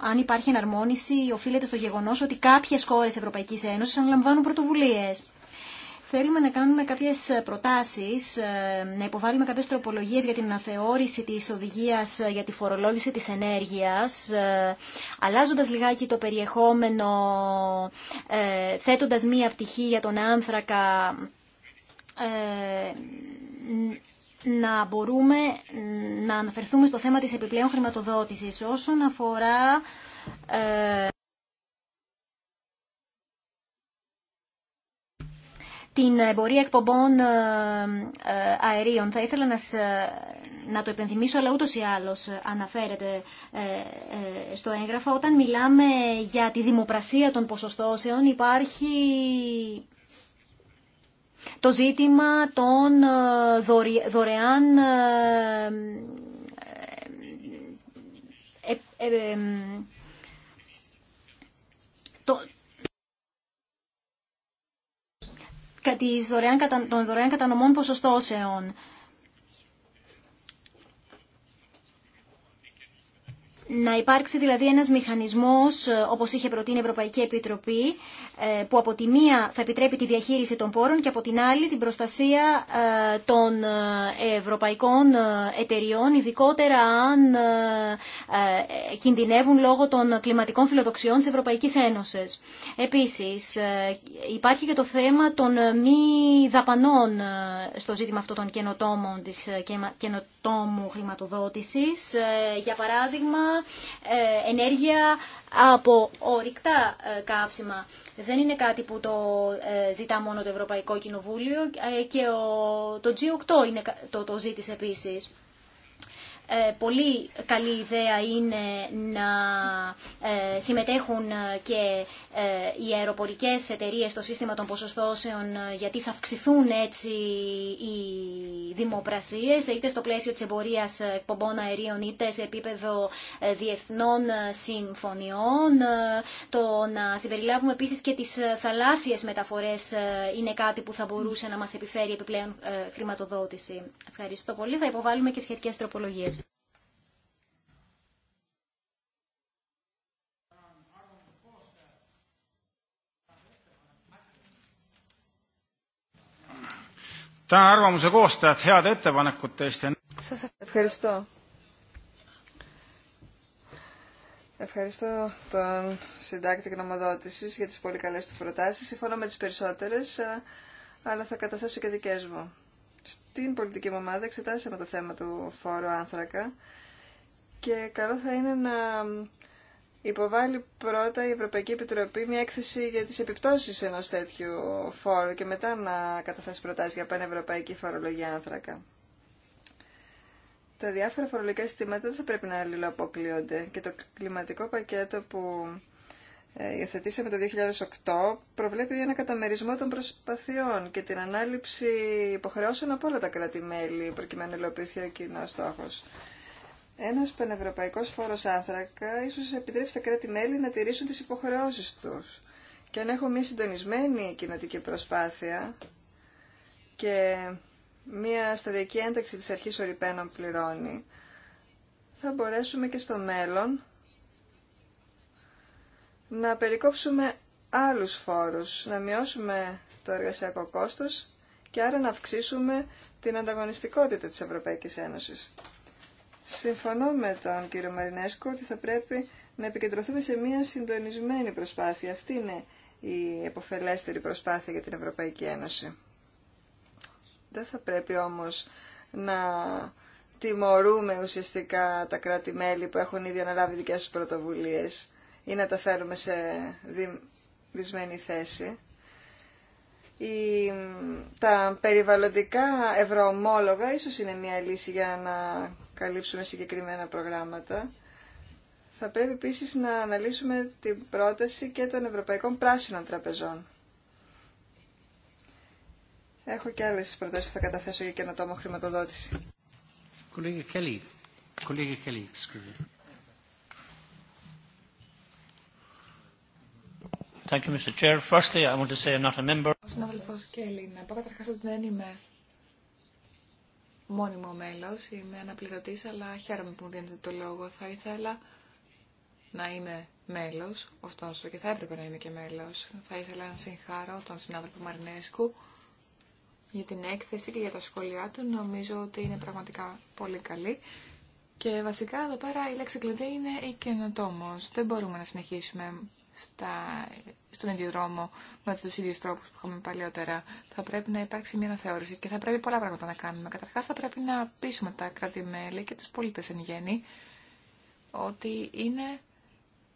αν υπάρχει εναρμόνιση, οφείλεται στο γεγονός ότι κάποιες χώρες Ευρωπαϊκής Ένωσης αναλαμβάνουν πρωτοβουλίες. Θέλουμε να κάνουμε κάποιες προτάσεις, ε, να υποβάλουμε κάποιε τροπολογίες για την αναθεώρηση τη οδηγία ε, για τη φορολόγηση της ενέργειας, ε, αλλάζοντα λιγάκι το περιεχόμενο, θέτοντα μία πτυχή για τον άνθρακα, να μπορούμε να αναφερθούμε στο θέμα της επιπλέον χρηματοδότησης όσον αφορά την εμπορία εκπομπών αερίων. Θα ήθελα να, να το επενθυμίσω, αλλά ούτως ή άλλως αναφέρεται στο έγγραφο. Όταν μιλάμε για τη δημοπρασία των ποσοστώσεων υπάρχει το ζήτημα των δωρεάν των δωρεάν κατανομών ποσοστώσεων. Να υπάρξει δηλαδή ένας μηχανισμός, ε, όπως είχε προτείνει η Ευρωπαϊκή Επιτροπή, ε, που από τη μία θα επιτρέπει τη διαχείριση των πόρων και από την άλλη την προστασία ε, των ευρωπαϊκών εταιριών, ειδικότερα αν κινδυνεύουν λόγω των κλιματικών φιλοδοξιών της Ευρωπαϊκής Ένωσης. Επίσης, υπάρχει και το θέμα των μη δαπανών στο ζήτημα αυτών των καινοτόμων, της τόμου χρηματοδότησης, ε, για παράδειγμα ε, ενέργεια από ορυκτά ε, καύσιμα. Δεν είναι κάτι που το ζητά μόνο το Ευρωπαϊκό Κοινοβούλιο και το G8 είναι, το, το ζήτησε επίσης. Ε, πολύ καλή ιδέα είναι να ε, συμμετέχουν ε, και οι αεροπορικές εταιρείες στο σύστημα των ποσοστώσεων γιατί θα αυξηθούν έτσι οι δημοπρασίες είτε στο πλαίσιο της εμπορίας εκπομπών αερίων είτε σε επίπεδο διεθνών συμφωνιών. Το να συμπεριλάβουμε επίσης και τις θαλάσσιες μεταφορές είναι κάτι που θα μπορούσε να μας επιφέρει επιπλέον χρηματοδότηση. Ευχαριστώ πολύ. Θα υποβάλουμε και σχετικές τροπολογίες. tänan arvamuse Ευχαριστώ. Ευχαριστώ τον συντάκτη γνωμοδότηση για τις πολύ καλέ του προτάσεις. Συμφωνώ με τις περισσότερες, αλλά θα καταθέσω και δικέ μου. Στην πολιτική μου ομάδα εξετάσαμε το θέμα του φόρου άνθρακα και καλό θα είναι να Υποβάλλει πρώτα η Ευρωπαϊκή Επιτροπή μια έκθεση για τις επιπτώσεις ενός τέτοιου φόρου και μετά να καταθέσει προτάσεις για πανευρωπαϊκή φορολογία άνθρακα. Τα διάφορα φορολογικά συστήματα δεν θα πρέπει να αλληλοαποκλείονται και το κλιματικό πακέτο που ε, υιοθετήσαμε το 2008 προβλέπει ένα καταμερισμό των προσπαθειών και την ανάληψη υποχρεώσεων από όλα τα κράτη-μέλη προκειμένου να υλοποιηθεί ο κοινό στόχος. Ένας πανευρωπαϊκός φόρος άνθρακα ίσως επιτρέψει τα κράτη-μέλη να τηρήσουν τις υποχρεώσεις τους. Και αν έχουμε μια συντονισμένη κοινοτική προσπάθεια και μια σταδιακή ένταξη της αρχή ορυπαίνων πληρώνει, θα μπορέσουμε και στο μέλλον να περικόψουμε άλλους φόρους, να μειώσουμε το εργασιακό κόστος και άρα να αυξήσουμε την ανταγωνιστικότητα της Ευρωπαϊκής Ένωσης. Συμφωνώ με τον κύριο Μαρινέσκο ότι θα πρέπει να επικεντρωθούμε σε μια συντονισμένη προσπάθεια. Αυτή είναι η εποφελέστερη προσπάθεια για την Ευρωπαϊκή Ένωση. Δεν θα πρέπει όμως να τιμωρούμε ουσιαστικά τα κράτη-μέλη που έχουν ήδη αναλάβει δικές τους πρωτοβουλίες ή να τα φέρουμε σε δυσμένη θέση. Η... Τα περιβαλλοντικά ευρωομόλογα ίσως είναι μια λύση για να καλύψουμε συγκεκριμένα προγράμματα. Θα πρέπει επίσης να αναλύσουμε την πρόταση και των Ευρωπαϊκών Πράσινων Τραπεζών. Έχω και άλλες προτάσεις που θα καταθέσω για καινοτόμο χρηματοδότηση. Thank you, Mr. Chair. Firstly, I want to say I'm not a member. Ο συνάδελφος Κέλλη, να πω καταρχάς ότι δεν είμαι μόνιμο μέλος, είμαι αναπληρωτής, αλλά χαίρομαι που μου δίνετε το λόγο. Θα ήθελα να είμαι μέλος, ωστόσο και θα έπρεπε να είμαι και μέλος. Θα ήθελα να συγχαρώ τον συνάδελφο Μαρινέσκου για την έκθεση και για τα σχόλιά του. Νομίζω ότι είναι πραγματικά πολύ καλή. Και βασικά εδώ πέρα η λέξη κλειδί είναι η καινοτόμος. Δεν μπορούμε να συνεχίσουμε στα, στον ίδιο δρόμο με του ίδιου τρόπου που είχαμε παλιότερα. Θα πρέπει να υπάρξει μια αναθεώρηση και θα πρέπει πολλά πράγματα να κάνουμε. Καταρχά, θα πρέπει να πείσουμε τα κράτη-μέλη και του πολίτε εν γέννη ότι είναι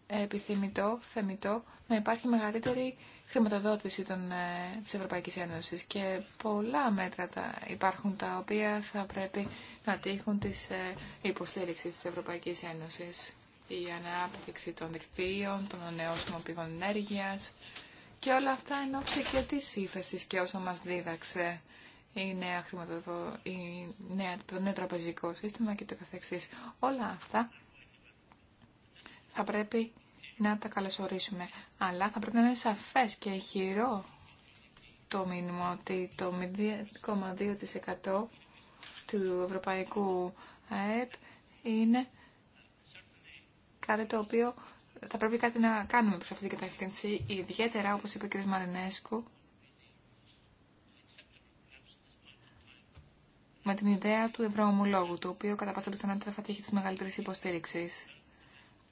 επιθυμητό, θεμητό να υπάρχει μεγαλύτερη χρηματοδότηση των, ε, της Ευρωπαϊκής Ένωσης και πολλά μέτρα τα υπάρχουν τα οποία θα πρέπει να τύχουν της ε, υποστήριξης της Ευρωπαϊκής Ένωσης η ανάπτυξη των δικτύων, των ανανεώσιμων πηγών ενέργειας και όλα αυτά εν ώψη και της ύφεσης και όσο μας δίδαξε η νέα χρηματοδο... η νέα... το νέο τραπεζικό σύστημα και το καθεξής. Όλα αυτά θα πρέπει να τα καλωσορίσουμε. Αλλά θα πρέπει να είναι σαφές και χειρό το μήνυμα ότι το 0,2% του ευρωπαϊκού ΑΕΠ είναι κάτι το οποίο θα πρέπει κάτι να κάνουμε προς αυτή την κατεύθυνση, ιδιαίτερα όπως είπε ο κ. Μαρινέσκου, με την ιδέα του ευρωομολόγου, το οποίο κατά πάσα πιθανότητα θα τύχει τη μεγαλύτερη υποστήριξη.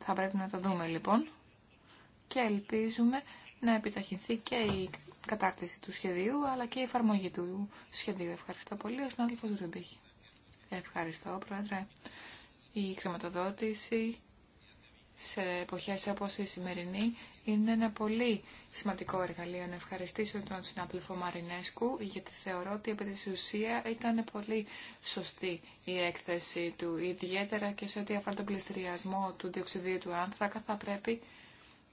Θα πρέπει να το δούμε λοιπόν και ελπίζουμε να επιταχυνθεί και η κατάρτιση του σχεδίου, αλλά και η εφαρμογή του σχεδίου. Ευχαριστώ πολύ. Ο συνάδελφος Ρουμπίχη. Ευχαριστώ, Πρόεδρε. Η χρηματοδότηση σε εποχές όπως η σημερινή είναι ένα πολύ σημαντικό εργαλείο. Να ευχαριστήσω τον συνάδελφο Μαρινέσκου γιατί θεωρώ ότι επί της ουσία ήταν πολύ σωστή η έκθεση του. Ιδιαίτερα και σε ό,τι αφορά τον πληστηριασμό του διοξιδίου του άνθρακα θα πρέπει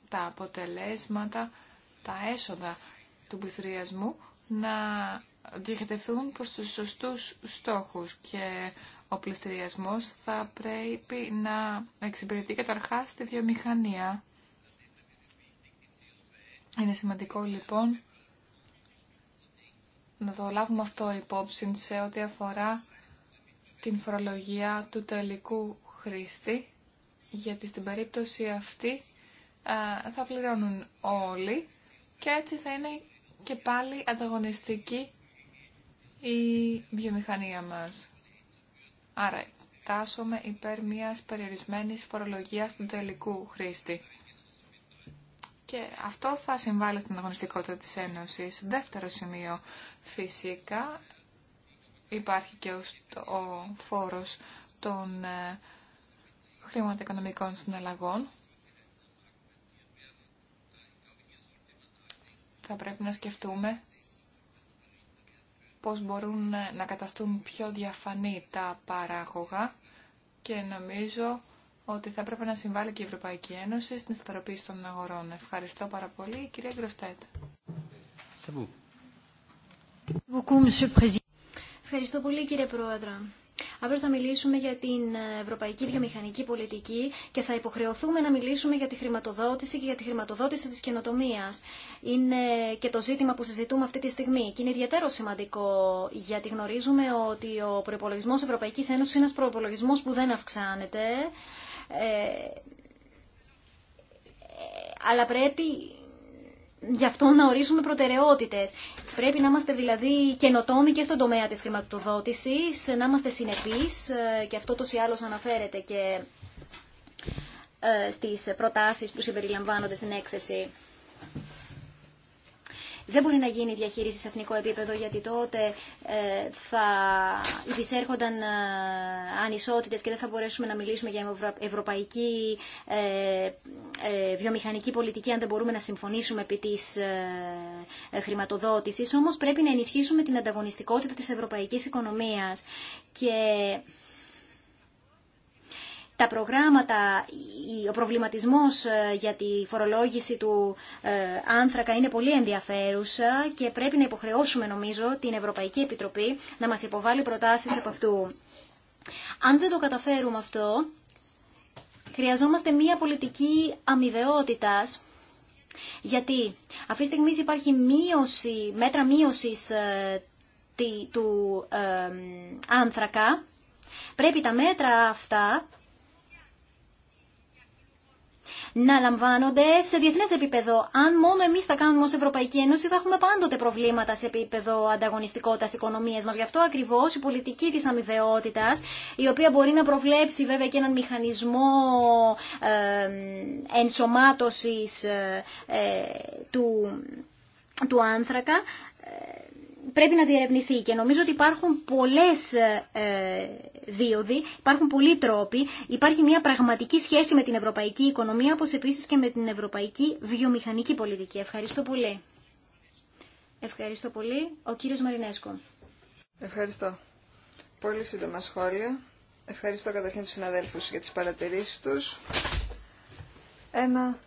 τα αποτελέσματα, τα έσοδα του πληστηριασμού να διοχετευθούν προς τους σωστούς στόχους και ο πληστηριασμός θα πρέπει να εξυπηρετεί καταρχάς τη βιομηχανία. Είναι σημαντικό λοιπόν να το λάβουμε αυτό υπόψη σε ό,τι αφορά την φορολογία του τελικού χρήστη, γιατί στην περίπτωση αυτή θα πληρώνουν όλοι και έτσι θα είναι και πάλι ανταγωνιστική η βιομηχανία μας. Άρα, τάσσομαι υπέρ μιας περιορισμένης φορολογίας του τελικού χρήστη. Και αυτό θα συμβάλλει στην αγωνιστικότητα της Ένωσης. Δεύτερο σημείο, φυσικά, υπάρχει και ο φόρος των ε, χρηματοοικονομικών συναλλαγών. Θα πρέπει να σκεφτούμε πώς μπορούν να καταστούν πιο διαφανή τα παράγωγα και νομίζω ότι θα έπρεπε να συμβάλλει και η Ευρωπαϊκή Ένωση στην σταθεροποίηση των αγορών. Ευχαριστώ πάρα πολύ, κυρία Γκροστέτ. Ευχαριστώ πολύ, κύριε Πρόεδρε. Αύριο θα μιλήσουμε για την ευρωπαϊκή βιομηχανική πολιτική και θα υποχρεωθούμε να μιλήσουμε για τη χρηματοδότηση και για τη χρηματοδότηση της καινοτομία. Είναι και το ζήτημα που συζητούμε αυτή τη στιγμή και είναι ιδιαίτερο σημαντικό γιατί γνωρίζουμε ότι ο προπολογισμό Ευρωπαϊκής Ένωσης είναι ένας προπολογισμό που δεν αυξάνεται ε, ε, αλλά πρέπει γι' αυτό να ορίσουμε προτεραιότητες. Πρέπει να είμαστε δηλαδή καινοτόμοι και στον τομέα της χρηματοδότηση, να είμαστε συνεπεί ε, και αυτό το ή άλλως αναφέρεται και ε, στις προτάσεις που συμπεριλαμβάνονται στην έκθεση δεν μπορεί να γίνει διαχείριση σε εθνικό επίπεδο γιατί τότε ε, θα υπησέρχονταν ε, ανισότητες και δεν θα μπορέσουμε να μιλήσουμε για ευρωπαϊκή ε, βιομηχανική πολιτική αν δεν μπορούμε να συμφωνήσουμε επί της χρηματοδότησης. Όμως πρέπει να ενισχύσουμε την ανταγωνιστικότητα της ευρωπαϊκής οικονομίας και τα προγράμματα, ο προβληματισμός ε, για τη φορολόγηση του ε, άνθρακα είναι πολύ ενδιαφέρουσα και πρέπει να υποχρεώσουμε νομίζω την Ευρωπαϊκή Επιτροπή να μας υποβάλει προτάσεις από αυτού. Αν δεν το καταφέρουμε αυτό, χρειαζόμαστε μία πολιτική αμοιβαιότητας γιατί αυτή τη στιγμή υπάρχει μείωση, μέτρα μείωσης ε, του άνθρακα. Πρέπει τα μέτρα αυτά να λαμβάνονται σε διεθνέ επίπεδο. Αν μόνο εμείς τα κάνουμε ως Ευρωπαϊκή Ένωση θα έχουμε πάντοτε προβλήματα σε επίπεδο ανταγωνιστικότητας οικονομίας μα Γι' αυτό ακριβώς η πολιτική της αμοιβαιότητα, η οποία μπορεί να προβλέψει βέβαια και έναν μηχανισμό ενσωμάτωσης ε, ε, του, του άνθρακα, ε, πρέπει να διερευνηθεί και νομίζω ότι υπάρχουν πολλές ε, ε, δίωδοι, υπάρχουν πολλοί τρόποι, υπάρχει μια πραγματική σχέση με την ευρωπαϊκή οικονομία, όπως επίσης και με την ευρωπαϊκή βιομηχανική πολιτική. Ευχαριστώ πολύ. Ευχαριστώ πολύ. Ο κύριος Μαρινέσκο. Ευχαριστώ. Πολύ σύντομα σχόλια. Ευχαριστώ καταρχήν τους συναδέλφους για τις παρατηρήσεις τους. Ένα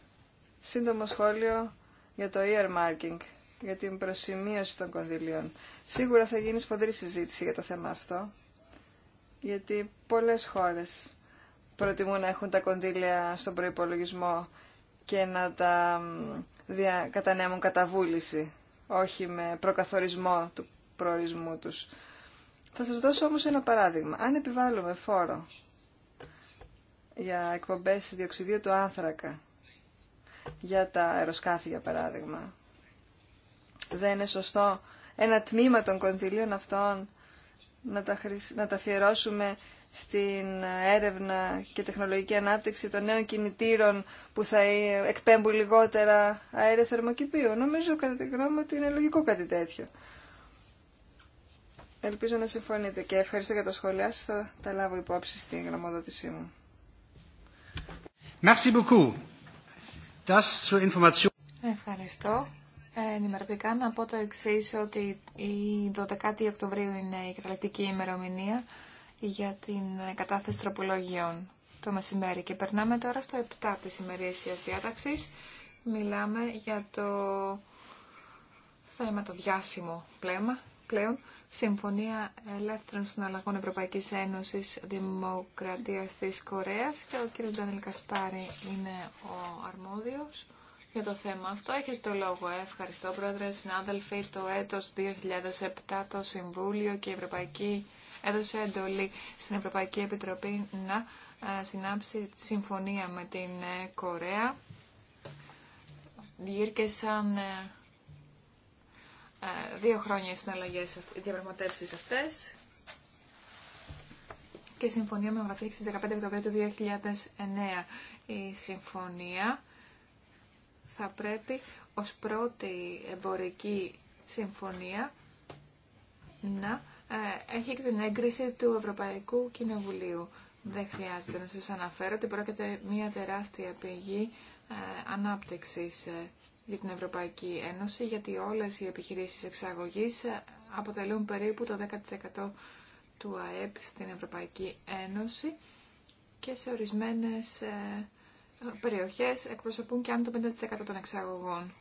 σύντομο σχόλιο για το earmarking για την προσημείωση των κονδυλίων. Σίγουρα θα γίνει σφοδρή συζήτηση για το θέμα αυτό, γιατί πολλές χώρες προτιμούν να έχουν τα κονδύλια στον προϋπολογισμό και να τα δια... κατανέμουν κατά βούληση, όχι με προκαθορισμό του προορισμού τους. Θα σας δώσω όμως ένα παράδειγμα. Αν επιβάλλουμε φόρο για εκπομπές διοξιδίου του άνθρακα, για τα αεροσκάφη για παράδειγμα, δεν είναι σωστό ένα τμήμα των κονδυλίων αυτών να τα, να τα αφιερώσουμε στην έρευνα και τεχνολογική ανάπτυξη των νέων κινητήρων που θα ε- εκπέμπουν λιγότερα αέρα θερμοκηπίου. Νομίζω κατά τη γνώμη μου ότι είναι λογικό κάτι τέτοιο. Ελπίζω να συμφωνείτε και ευχαριστώ για τα σχόλιά σας. Θα τα λάβω υπόψη στην γραμμοδότησή μου. Ευχαριστώ ενημερωτικά να πω το εξή ότι η 12η Οκτωβρίου είναι η καταληκτική ημερομηνία για την κατάθεση τροπολογιών το μεσημέρι. Και περνάμε τώρα στο 7 της ημερήσιας διάταξης. Μιλάμε για το θέμα το διάσημο πλέμα, πλέον. Συμφωνία Ελεύθερων Συναλλαγών Ευρωπαϊκής Ένωσης Δημοκρατίας της Κορέας και ο κ. Ντανίλ Κασπάρη είναι ο αρμόδιος για το θέμα αυτό. Έχετε το λόγο. Ε, ευχαριστώ, Πρόεδρε, συνάδελφοι. Το έτος 2007 το Συμβούλιο και η Ευρωπαϊκή έδωσε εντολή στην Ευρωπαϊκή Επιτροπή να ε, συνάψει συμφωνία με την ε, Κορέα. Διήρκεσαν δύο χρόνια οι συναλλαγές, οι διαπραγματεύσεις αυτές και συμφωνία με γραφή στις 15 Οκτωβρίου του 2009. Η συμφωνία θα πρέπει ως πρώτη εμπορική συμφωνία να ε, έχει την έγκριση του Ευρωπαϊκού Κοινοβουλίου. Δεν χρειάζεται να σας αναφέρω ότι πρόκειται μια τεράστια πηγή ε, ανάπτυξης ε, για την Ευρωπαϊκή Ένωση, γιατί όλες οι επιχειρήσεις εξαγωγής αποτελούν περίπου το 10% του ΑΕΠ στην Ευρωπαϊκή Ένωση και σε ορισμένες περιοχές εκπροσωπούν και αν το 50% των εξαγωγών.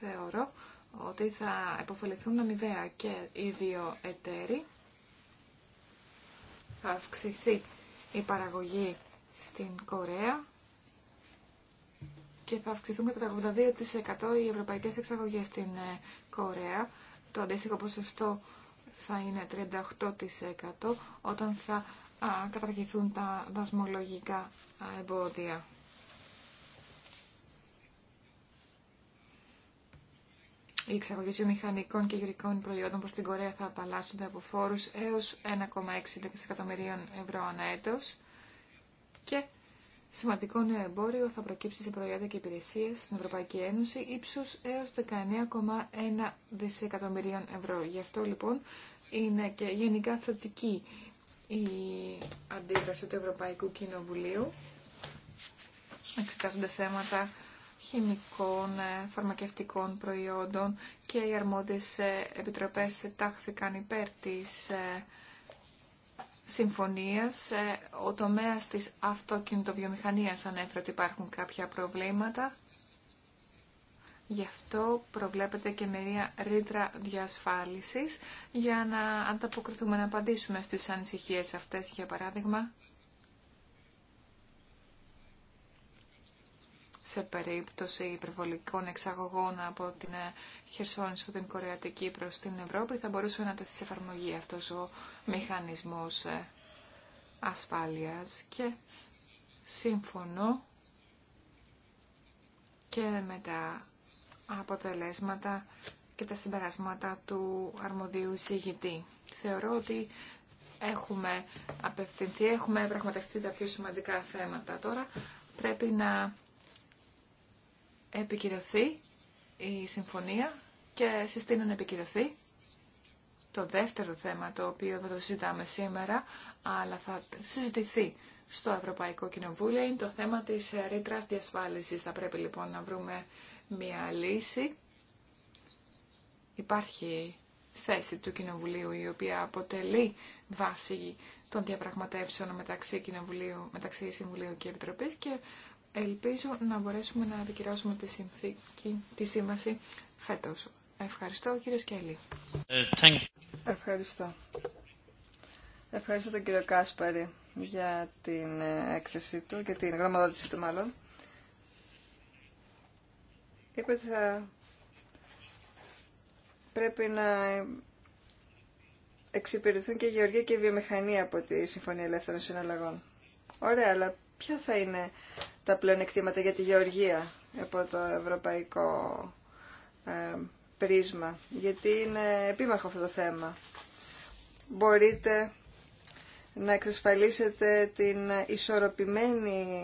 Θεωρώ ότι θα επωφεληθούν αμοιβαία και οι δύο εταίροι. Θα αυξηθεί η παραγωγή στην Κορέα και θα αυξηθούν κατά 82% οι ευρωπαϊκές εξαγωγές στην ε, Κορέα. Το αντίστοιχο ποσοστό θα είναι 38% όταν θα καταργηθούν τα δασμολογικά εμπόδια. Οι εξαγωγές μηχανικών και γυρικών προϊόντων προς την Κορέα θα απαλλάσσονται από φόρους έως 1,6 δισεκατομμυρίων ευρώ ανά έτος και σημαντικό νέο εμπόριο θα προκύψει σε προϊόντα και υπηρεσίες στην Ευρωπαϊκή Ένωση ύψους έως 19,1 δισεκατομμυρίων ευρώ. Γι' αυτό λοιπόν είναι και γενικά θετική η αντίδραση του Ευρωπαϊκού Κοινοβουλίου εξετάζονται θέματα χημικών, ε, φαρμακευτικών προϊόντων και οι αρμόδιες ε, επιτροπές τάχθηκαν υπέρ της ε, συμφωνίας. Ο τομέας της αυτοκινητοβιομηχανίας ανέφερε ότι υπάρχουν κάποια προβλήματα Γι' αυτό προβλέπεται και μερία ρήτρα διασφάλισης για να ανταποκριθούμε να απαντήσουμε στις ανησυχίες αυτές, για παράδειγμα. σε περίπτωση υπερβολικών εξαγωγών από την Χερσόνησο, την Κορεατική προς την Ευρώπη, θα μπορούσε να τεθεί σε εφαρμογή αυτός ο μηχανισμός ε, ασφάλειας και σύμφωνο και μετά αποτελέσματα και τα συμπεράσματα του αρμοδίου εισηγητή. Θεωρώ ότι έχουμε απευθυνθεί, έχουμε πραγματευτεί τα πιο σημαντικά θέματα τώρα. Πρέπει να επικυρωθεί η συμφωνία και συστήνω να επικυρωθεί. Το δεύτερο θέμα, το οποίο θα το συζητάμε σήμερα, αλλά θα συζητηθεί στο Ευρωπαϊκό Κοινοβούλιο, είναι το θέμα της ρήτρας διασφάλισης. Θα πρέπει λοιπόν να βρούμε μία λύση. Υπάρχει θέση του Κοινοβουλίου η οποία αποτελεί βάση των διαπραγματεύσεων μεταξύ, Κοινοβουλίου, μεταξύ Συμβουλίου και Επιτροπής και ελπίζω να μπορέσουμε να επικυρώσουμε τη, συνθήκη, τη σύμβαση φέτος. Ευχαριστώ, κύριο Σκέλη. Ε, Ευχαριστώ. Ευχαριστώ τον κύριο Κάσπαρη για την ε, έκθεση του και την γραμματότηση του μάλλον είπε θα πρέπει να εξυπηρετηθούν και η γεωργία και η βιομηχανία από τη Συμφωνία Ελεύθερων Συναλλαγών. Ωραία, αλλά ποια θα είναι τα πλεονεκτήματα για τη γεωργία από το ευρωπαϊκό ε, πρίσμα, γιατί είναι επίμαχο αυτό το θέμα. Μπορείτε να εξασφαλίσετε την ισορροπημένη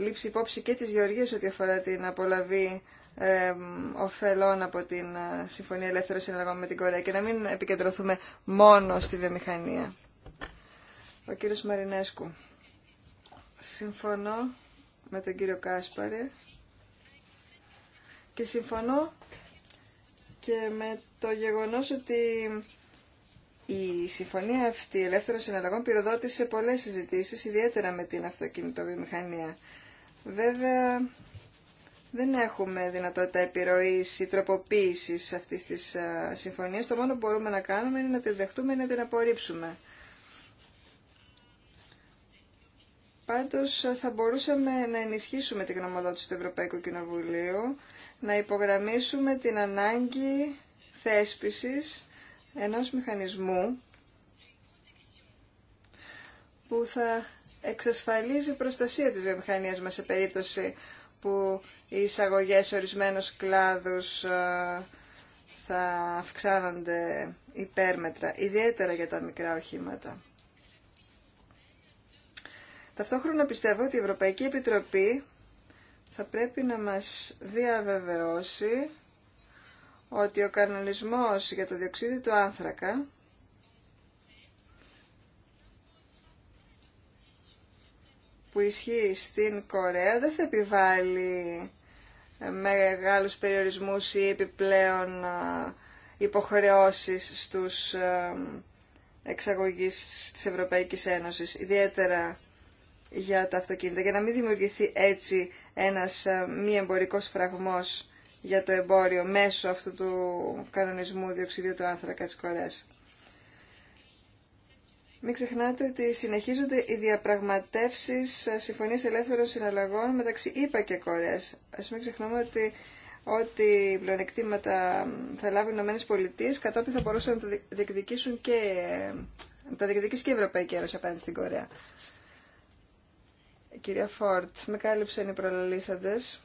λήψη υπόψη και της Γεωργίας ό,τι αφορά την απολαβή ε, ωφελών από την ε, Συμφωνία Ελεύθερων Συνεργών με την Κορέα και να μην επικεντρωθούμε μόνο στη βιομηχανία. Ο κύριος Μαρινέσκου. Συμφωνώ με τον κύριο Κάσπαρη και συμφωνώ και με το γεγονός ότι η συμφωνία αυτή ελεύθερων συναλλαγών πυροδότησε πολλές συζητήσεις, ιδιαίτερα με την αυτοκινητοβιομηχανία. Βέβαια, δεν έχουμε δυνατότητα επιρροής ή τροποποίησης αυτής της συμφωνίας. Το μόνο που μπορούμε να κάνουμε είναι να τη δεχτούμε ή να την απορρίψουμε. Πάντως θα μπορούσαμε να ενισχύσουμε την γνωμοδότηση του Ευρωπαϊκού Κοινοβουλίου, να υπογραμμίσουμε την ανάγκη θέσπισης ενός μηχανισμού που θα εξασφαλίζει προστασία της βιομηχανίας μας σε περίπτωση που οι εισαγωγέ σε ορισμένους κλάδους ε, θα αυξάνονται υπέρμετρα, ιδιαίτερα για τα μικρά οχήματα. Ταυτόχρονα πιστεύω ότι η Ευρωπαϊκή Επιτροπή θα πρέπει να μας διαβεβαιώσει ότι ο κανονισμός για το διοξίδι του άνθρακα που ισχύει στην Κορέα δεν θα επιβάλλει ε, μεγάλους περιορισμούς ή επιπλέον υποχρεώσεις στους ε, εξαγωγείς της Ευρωπαϊκής Ένωσης, ιδιαίτερα για τα αυτοκίνητα, για να μην δημιουργηθεί έτσι ένας ε, μη εμπορικός φραγμός για το εμπόριο μέσω αυτού του κανονισμού διοξιδίου του άνθρακα της Κορέας. Μην ξεχνάτε ότι συνεχίζονται οι διαπραγματεύσει ε, συμφωνία ελεύθερων συναλλαγών μεταξύ ΗΠΑ και Κορέας. Ας μην ξεχνούμε ότι ό,τι πλεονεκτήματα θα λάβουν οι Ηνωμένες κατόπιν θα μπορούσαν να τα διεκδικήσουν και ε, τα διεκδικήσει και η Ευρωπαϊκή Ένωση απέναντι στην Κορέα. Κυρία Φόρτ, με κάλυψαν οι προλαλήσαντες.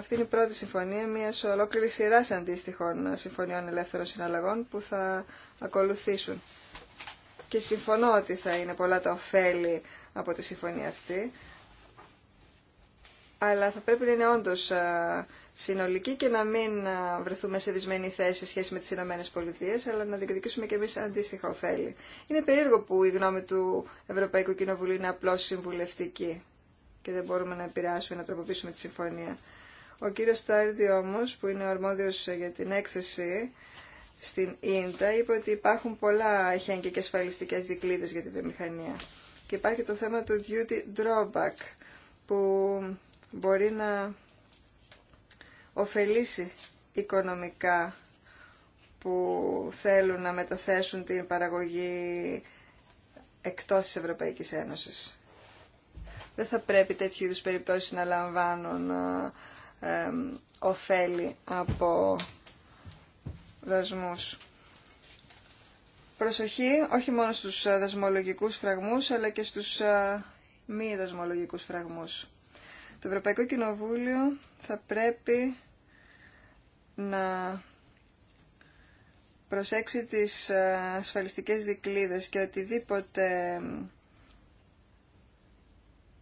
Αυτή είναι η πρώτη συμφωνία μια ολόκληρη σειρά αντίστοιχων συμφωνιών ελεύθερων συναλλαγών που θα ακολουθήσουν. Και συμφωνώ ότι θα είναι πολλά τα ωφέλη από τη συμφωνία αυτή, αλλά θα πρέπει να είναι όντω συνολική και να μην βρεθούμε σε δυσμενή θέση σε σχέση με τι Ηνωμένε Πολιτείε, αλλά να διεκδικήσουμε και εμεί αντίστοιχα ωφέλη. Είναι περίεργο που η γνώμη του Ευρωπαϊκού Κοινοβουλίου είναι απλώ συμβουλευτική και δεν μπορούμε να επηρεάσουμε να τροποποιήσουμε τη συμφωνία. Ο κύριος Στάρντι όμως, που είναι ο αρμόδιος για την έκθεση στην ΙΝΤΑ, είπε ότι υπάρχουν πολλά εχέγγυα και ασφαλιστικές δικλείδες για τη βιομηχανία. Και υπάρχει το θέμα του duty drawback, που μπορεί να ωφελήσει οικονομικά που θέλουν να μεταθέσουν την παραγωγή εκτός της Ευρωπαϊκής Ένωσης. Δεν θα πρέπει τέτοιου είδους περιπτώσεις να λαμβάνουν ωφέλη από δασμούς. Προσοχή όχι μόνο στους ε, δασμολογικούς φραγμούς, αλλά και στους ε, μη δασμολογικούς φραγμούς. Το Ευρωπαϊκό Κοινοβούλιο θα πρέπει να προσέξει τις ε, ασφαλιστικές δικλίδες και οτιδήποτε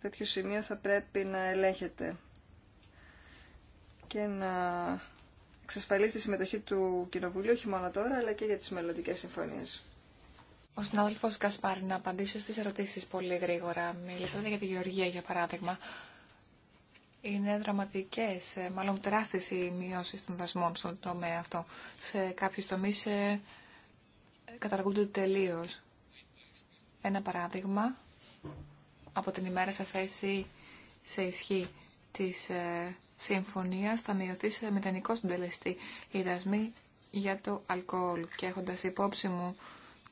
τέτοιο σημείο θα πρέπει να ελέγχεται και να εξασφαλίσει τη συμμετοχή του Κοινοβουλίου, όχι μόνο τώρα, αλλά και για τις μελλοντικέ συμφωνίες. Ο συνάδελφος Κασπάρη, να απαντήσω στις ερωτήσεις πολύ γρήγορα. Μιλήσατε για τη Γεωργία, για παράδειγμα. Είναι δραματικές, ε, μάλλον τεράστιε οι μειώσει των δασμών στον τομέα αυτό. Σε κάποιους τομείς ε, καταργούνται τελείω. Ένα παράδειγμα, από την ημέρα σε θέση σε ισχύ της ε, Συμφωνία θα μειωθεί σε μηδενικό συντελεστή η δασμή για το αλκοόλ και έχοντα υπόψη μου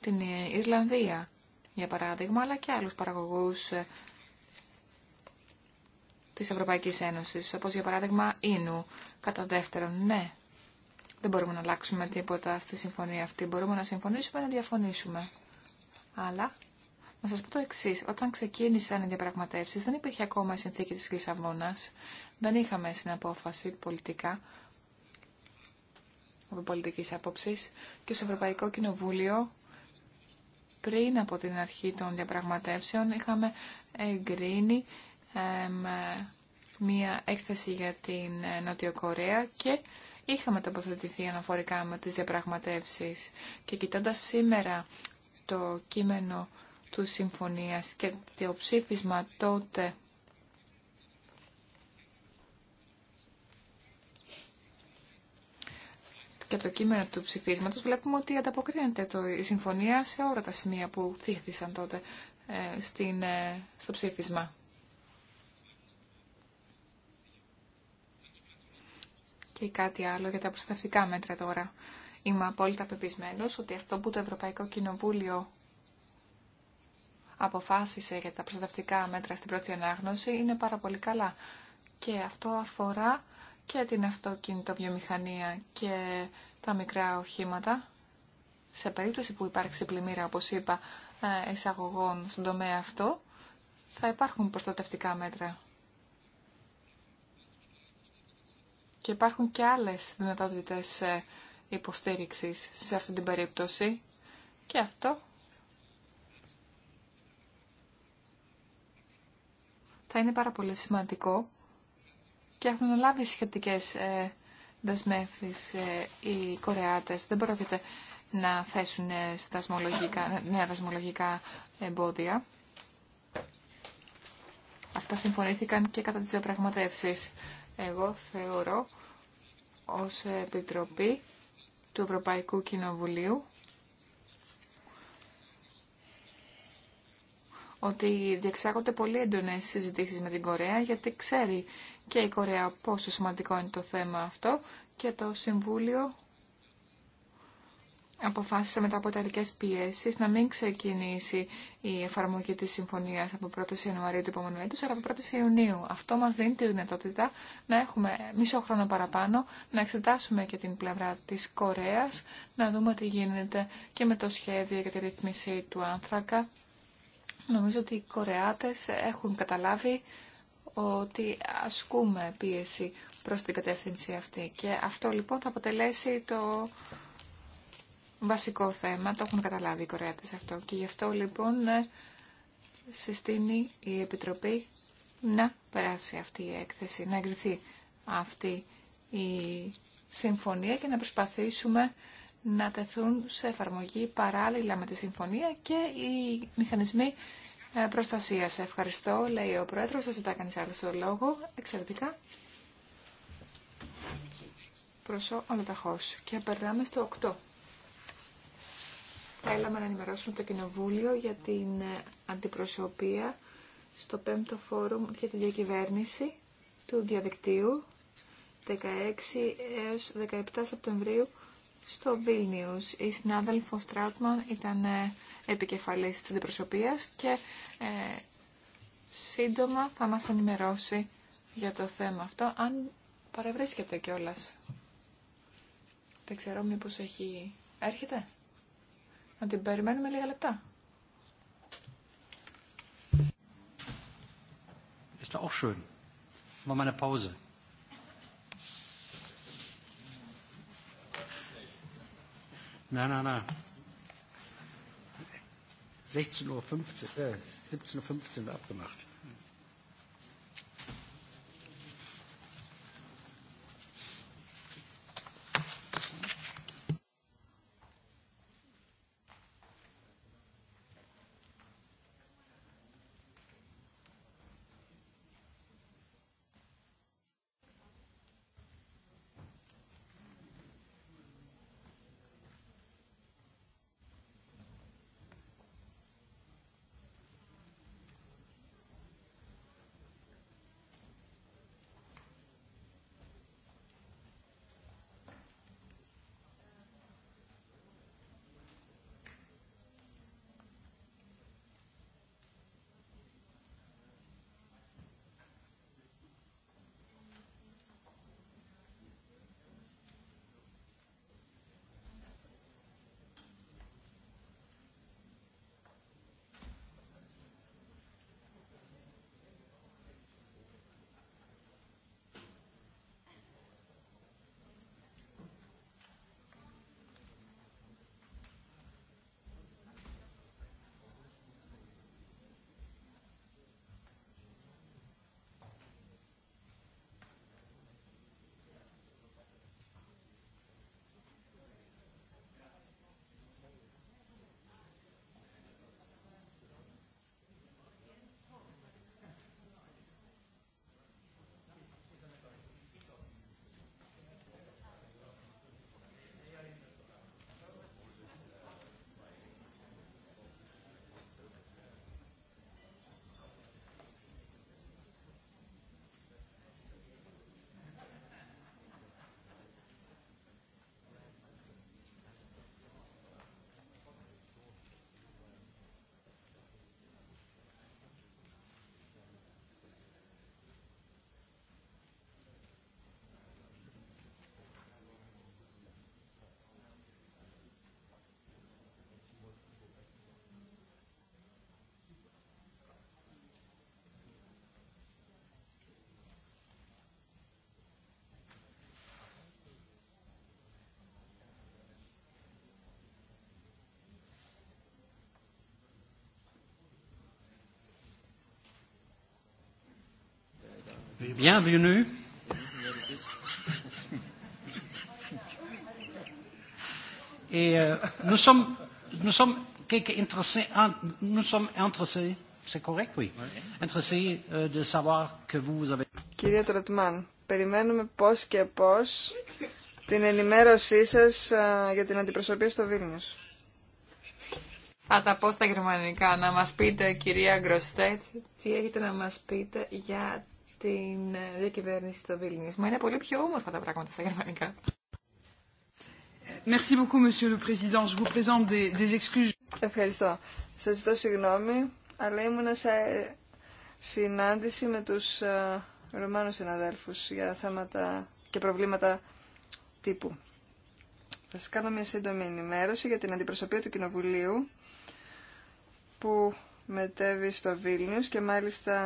την Ιρλανδία για παράδειγμα αλλά και άλλου παραγωγού ε, τη Ευρωπαϊκή Ένωση, όπω για παράδειγμα Ίνου κατά δεύτερον ναι δεν μπορούμε να αλλάξουμε τίποτα στη συμφωνία αυτή μπορούμε να συμφωνήσουμε να διαφωνήσουμε αλλά να σα πω το εξή. Όταν ξεκίνησαν οι διαπραγματεύσει, δεν υπήρχε ακόμα η συνθήκη τη Λισαβόνα δεν είχαμε συναπόφαση πολιτικά από πολιτικής άποψης και στο Ευρωπαϊκό Κοινοβούλιο πριν από την αρχή των διαπραγματεύσεων είχαμε εγκρίνει μία έκθεση για την ε, Νότιο Κορέα και είχαμε τοποθετηθεί αναφορικά με τις διαπραγματεύσεις και κοιτώντας σήμερα το κείμενο του συμφωνίας και το ψήφισμα τότε και το κείμενο του ψηφίσματος βλέπουμε ότι ανταποκρίνεται το, η συμφωνία σε όλα τα σημεία που θύχθησαν τότε ε, στην, ε, στο ψήφισμα. Και κάτι άλλο για τα προστατευτικά μέτρα τώρα. Είμαι απόλυτα πεπισμένος ότι αυτό που το Ευρωπαϊκό Κοινοβούλιο αποφάσισε για τα προστατευτικά μέτρα στην πρώτη ανάγνωση είναι πάρα πολύ καλά. Και αυτό αφορά και την αυτοκίνητο βιομηχανία και τα μικρά οχήματα. Σε περίπτωση που υπάρξει πλημμύρα, όπως είπα, ε, εισαγωγών στον τομέα αυτό, θα υπάρχουν προστατευτικά μέτρα. Και υπάρχουν και άλλες δυνατότητες ε, υποστήριξης σε αυτή την περίπτωση. Και αυτό θα είναι πάρα πολύ σημαντικό και έχουν λάβει σχετικές ε, δεσμεύσεις ε, οι Κορεάτες. Δεν πρόκειται να θέσουν ε, νέα δασμολογικά εμπόδια. Αυτά συμφωνήθηκαν και κατά τις διαπραγματεύσεις. Εγώ θεωρώ ως Επιτροπή του Ευρωπαϊκού Κοινοβουλίου ότι διεξάγονται πολύ έντονες συζητήσεις με την Κορέα γιατί ξέρει και η Κορέα πόσο σημαντικό είναι το θέμα αυτό και το Συμβούλιο αποφάσισε μετά από τελικές πιέσει, να μην ξεκινήσει η εφαρμογή τη συμφωνία απο από 1η Ιανουαρίου του επομενου ετου έτους, αλλά από 1η Ιουνίου. Αυτό μα δίνει τη δυνατότητα να έχουμε μισό χρόνο παραπάνω, να εξετάσουμε και την πλευρά τη Κορέα, να δούμε τι γίνεται και με το σχέδιο για τη ρυθμίση του άνθρακα Νομίζω ότι οι Κορεάτες έχουν καταλάβει ότι ασκούμε πίεση προς την κατεύθυνση αυτή. Και αυτό λοιπόν θα αποτελέσει το βασικό θέμα. Το έχουν καταλάβει οι Κορεάτες αυτό. Και γι' αυτό λοιπόν συστήνει η Επιτροπή να περάσει αυτή η έκθεση, να εγκριθεί αυτή η συμφωνία και να προσπαθήσουμε να τεθούν σε εφαρμογή παράλληλα με τη συμφωνία και οι μηχανισμοί ε, προστασίας. Ευχαριστώ, λέει ο Πρόεδρος. Σας ζητά κανείς άλλο το λόγο. Εξαιρετικά. Προσώ ολοταχώς. Και περνάμε στο 8. Θέλαμε να ενημερώσουμε το Κοινοβούλιο για την ε, αντιπροσωπεία στο 5ο Φόρουμ για τη διακυβέρνηση του διαδικτύου 16 έως 17 Σεπτεμβρίου στο News, Η συνάδελφο Στράουτμαν ήταν ε, επικεφαλής της αντιπροσωπείας και ε, σύντομα θα μας ενημερώσει για το θέμα αυτό, αν παρευρίσκεται κιόλα. Δεν ξέρω μήπως έχει... Έρχεται. Να την περιμένουμε λίγα λεπτά. Ist auch schön. Machen wir Nein, nein, nein. 16.15 Uhr, äh, 17.15 Uhr abgemacht. Bienvenue. Et euh, nous sommes, nous sommes quelque intéressés, nous sommes intéressés, c'est correct, oui, intéressés euh, de savoir que vous avez. Κύριε Τροτμάν, περιμένουμε πώς και πώς την ενημέρωσή σας α, για την αντιπροσωπεία στο Βίλνιος. Θα τα πω στα γερμανικά. Να μας πείτε, κυρία Γκροστέτ, τι έχετε να μας πείτε για την διακυβέρνηση στο Βίλνις. Μα είναι πολύ πιο όμορφα τα πράγματα στα γερμανικά. Ευχαριστώ. Σα ζητώ συγγνώμη, αλλά ήμουν σε συνάντηση με του ε, Ρωμανους συναδέλφου για θέματα και προβλήματα τύπου. Θα σα κάνω μια σύντομη ενημέρωση για την αντιπροσωπεία του Κοινοβουλίου που μετέβει στο Βίλνιους και μάλιστα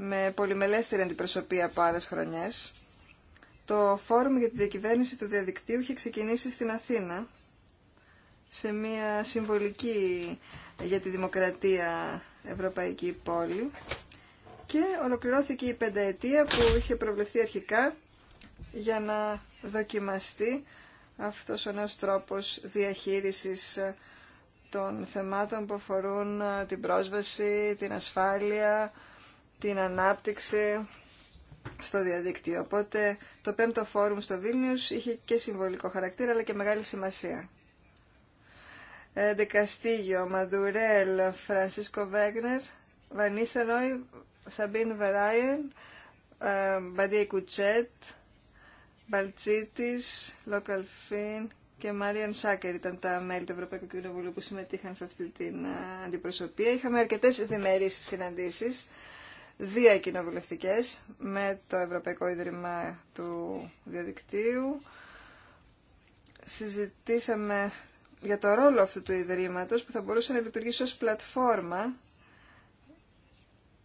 με πολυμελέστερη αντιπροσωπεία από άλλε χρονιές. Το Φόρουμ για τη Διακυβέρνηση του Διαδικτύου είχε ξεκινήσει στην Αθήνα σε μια συμβολική για τη δημοκρατία ευρωπαϊκή πόλη και ολοκληρώθηκε η πενταετία που είχε προβλεφθεί αρχικά για να δοκιμαστεί αυτός ο νέος τρόπος διαχείρισης των θεμάτων που αφορούν την πρόσβαση, την ασφάλεια, την ανάπτυξη στο διαδίκτυο. Οπότε το πέμπτο φόρουμ στο Βίλνιους είχε και συμβολικό χαρακτήρα αλλά και μεγάλη σημασία. Ε, Δεκαστήγιο, Μαδουρέλ, Φρανσίσκο Βέγνερ, Βανίστα Ρόι, Σαμπίν Βεράιεν, ε, Μπαντία Κουτσέτ, Μπαλτσίτης, Φιν και Μάριαν Σάκερ ήταν τα μέλη του Ευρωπαϊκού Κοινοβουλίου που συμμετείχαν σε αυτή την ε, αντιπροσωπεία. Είχαμε αρκετές διμερείς συναντήσεις κοινοβουλευτικέ με το Ευρωπαϊκό Ίδρυμα του Διαδικτύου. Συζητήσαμε για το ρόλο αυτού του Ιδρύματος που θα μπορούσε να λειτουργήσει ως πλατφόρμα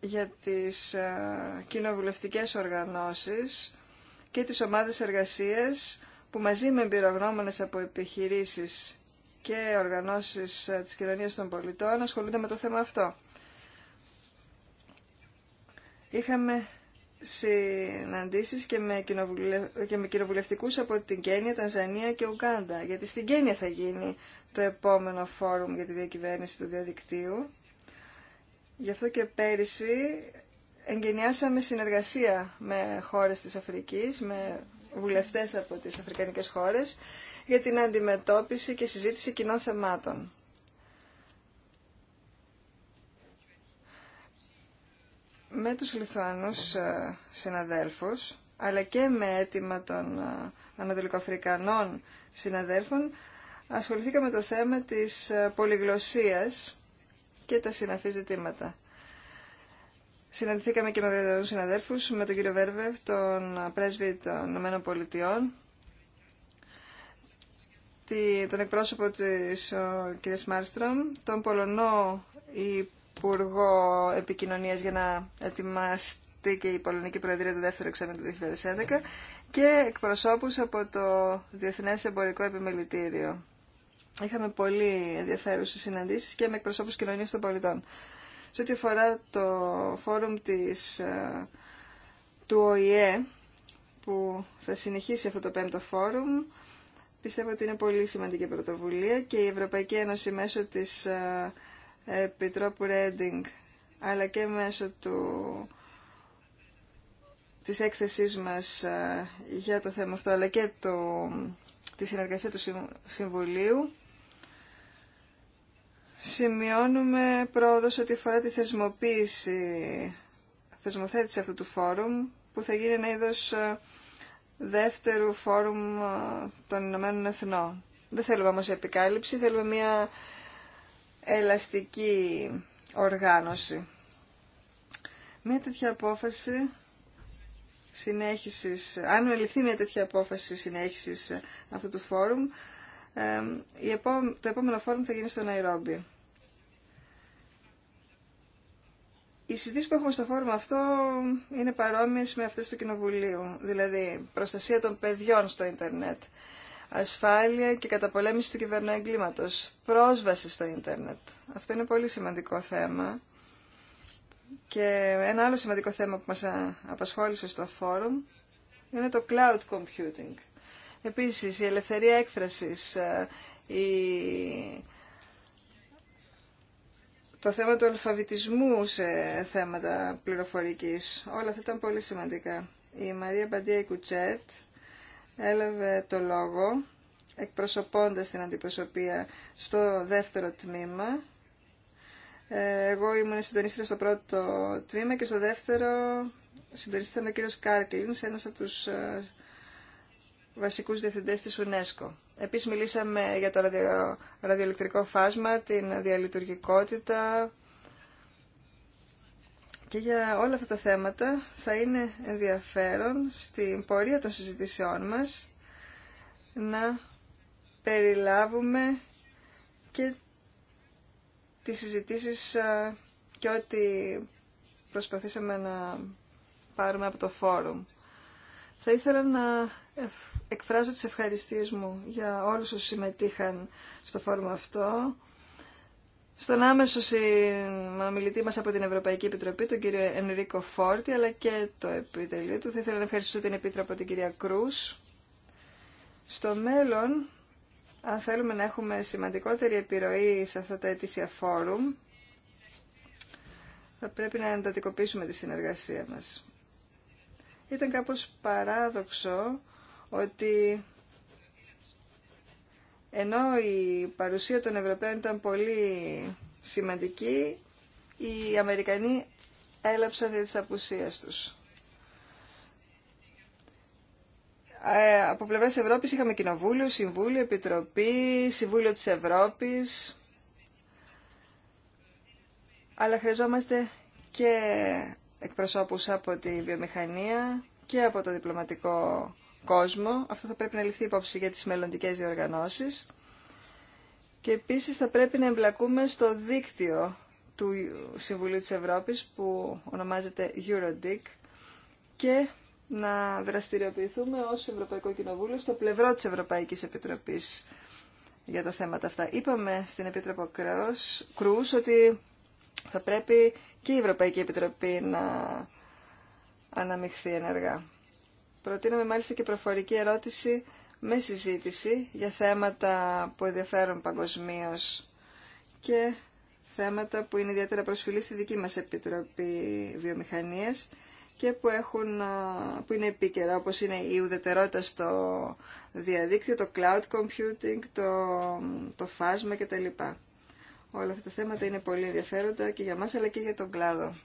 για τις ε, κοινοβουλευτικές οργανώσεις και τις ομάδες εργασίας που μαζί με εμπειρογνώμονες από επιχειρήσεις και οργανώσεις ε, της κοινωνίας των πολιτών ασχολούνται με το θέμα αυτό. Είχαμε συναντήσεις και με, κοινοβουλε... και με από την Κένια, Τανζανία και Ουγκάντα. Γιατί στην Κένια θα γίνει το επόμενο φόρουμ για τη διακυβέρνηση του διαδικτύου. Γι' αυτό και πέρυσι εγκαινιάσαμε συνεργασία με χώρες της Αφρικής, με βουλευτές από τις αφρικανικές χώρες, για την αντιμετώπιση και συζήτηση κοινών θεμάτων. με τους Λιθουανούς ε, συναδέλφους, αλλά και με αίτημα των ε, Ανατολικοαφρικανών συναδέλφων, ασχοληθήκαμε το θέμα της ε, πολυγλωσίας και τα συναφή ζητήματα. Συναντηθήκαμε και με Βρετανούς συναδέλφους, με τον κύριο Βέρβευ, τον πρέσβη των ΗΠΑ, τον εκπρόσωπο της κυρία Μάρστρομ, τον Πολωνό Υπουργό Επικοινωνίας για να ετοιμαστεί και η Πολωνική Προεδρία του δεύτερου εξάμεινου του 2011 και εκπροσώπους από το Διεθνές Εμπορικό Επιμελητήριο. Είχαμε πολύ ενδιαφέρουσες συναντήσεις και με εκπροσώπους κοινωνίας των πολιτών. Σε ό,τι αφορά το φόρουμ της, ε, του ΟΗΕ που θα συνεχίσει αυτό το πέμπτο φόρουμ, πιστεύω ότι είναι πολύ σημαντική πρωτοβουλία και η Ευρωπαϊκή Ένωση μέσω της ε, Επιτρόπου Ρέντινγκ αλλά και μέσω του, της έκθεσής μας ε, για το θέμα αυτό αλλά και το, τη συνεργασία του Συμβουλίου σημειώνουμε πρόοδος ότι αφορά τη θεσμοποίηση θεσμοθέτηση αυτού του φόρουμ που θα γίνει ένα είδος ε, δεύτερου φόρουμ ε, των Ηνωμένων Εθνών. Δεν θέλουμε όμως επικάλυψη, θέλουμε μια ελαστική οργάνωση. Μια τέτοια απόφαση συνέχισης, αν ληφθεί μια τέτοια απόφαση συνέχισης αυτού του φόρουμ, το επόμενο φόρουμ θα γίνει στο Ναϊρόμπι. Οι συζητήσει που έχουμε στο φόρουμ αυτό είναι παρόμοιες με αυτές του Κοινοβουλίου, δηλαδή προστασία των παιδιών στο ίντερνετ ασφάλεια και καταπολέμηση του εγκλήματος, πρόσβαση στο ίντερνετ. Αυτό είναι πολύ σημαντικό θέμα. Και ένα άλλο σημαντικό θέμα που μας απασχόλησε στο φόρουμ είναι το cloud computing. Επίσης, η ελευθερία έκφρασης, ε, η... το θέμα του αλφαβητισμού σε θέματα πληροφορικής, όλα αυτά ήταν πολύ σημαντικά. Η Μαρία Μπαντία Κουτσέτ έλαβε το λόγο εκπροσωπώντας την αντιπροσωπεία στο δεύτερο τμήμα. Ε, εγώ ήμουν συντονίστρια στο πρώτο τμήμα και στο δεύτερο συντονίστρια ο κύριος Κάρκλινς, ένας από τους ε, βασικούς διευθυντές της UNESCO. Επίσης μιλήσαμε για το ραδιοελεκτρικό φάσμα, την διαλειτουργικότητα, και για όλα αυτά τα θέματα θα είναι ενδιαφέρον στην πορεία των συζητήσεών μας να περιλάβουμε και τις συζητήσεις και ό,τι προσπαθήσαμε να πάρουμε από το φόρουμ. Θα ήθελα να εκφράζω τις ευχαριστίες μου για όλους όσους συμμετείχαν στο φόρουμ αυτό, στον άμεσο συνομιλητή μας από την Ευρωπαϊκή Επιτροπή, τον κύριο Ενρίκο Φόρτη, αλλά και το επιτελείο του. Θα ήθελα να ευχαριστήσω την Επίτροπο την κυρία Κρούς. Στο μέλλον, αν θέλουμε να έχουμε σημαντικότερη επιρροή σε αυτά τα αιτήσια φόρουμ, θα πρέπει να εντατικοποιήσουμε τη συνεργασία μας. Ήταν κάπως παράδοξο ότι ενώ η παρουσία των Ευρωπαίων ήταν πολύ σημαντική, οι Αμερικανοί έλαψαν τη της απουσίας τους. Ε, από πλευρά Ευρώπης είχαμε Κοινοβούλιο, Συμβούλιο, Επιτροπή, Συμβούλιο της Ευρώπης, Αλλά χρειαζόμαστε και εκπροσώπους από τη βιομηχανία και από το διπλωματικό κόσμο. Αυτό θα πρέπει να ληφθεί υπόψη για τις μελλοντικέ διοργανώσεις. Και επίσης θα πρέπει να εμπλακούμε στο δίκτυο του Συμβουλίου της Ευρώπης που ονομάζεται Eurodic και να δραστηριοποιηθούμε ως Ευρωπαϊκό Κοινοβούλιο στο πλευρό της Ευρωπαϊκής Επιτροπής για τα θέματα αυτά. Είπαμε στην Επίτροπο Κρούς ότι θα πρέπει και η Ευρωπαϊκή Επιτροπή να αναμειχθεί ενεργά. Προτείναμε μάλιστα και προφορική ερώτηση με συζήτηση για θέματα που ενδιαφέρουν παγκοσμίω και θέματα που είναι ιδιαίτερα προσφυλή στη δική μας Επιτροπή Βιομηχανίας και που, έχουν, που είναι επίκαιρα, όπως είναι η ουδετερότητα στο διαδίκτυο, το cloud computing, το, το φάσμα κτλ. Όλα αυτά τα θέματα είναι πολύ ενδιαφέροντα και για μας αλλά και για τον κλάδο.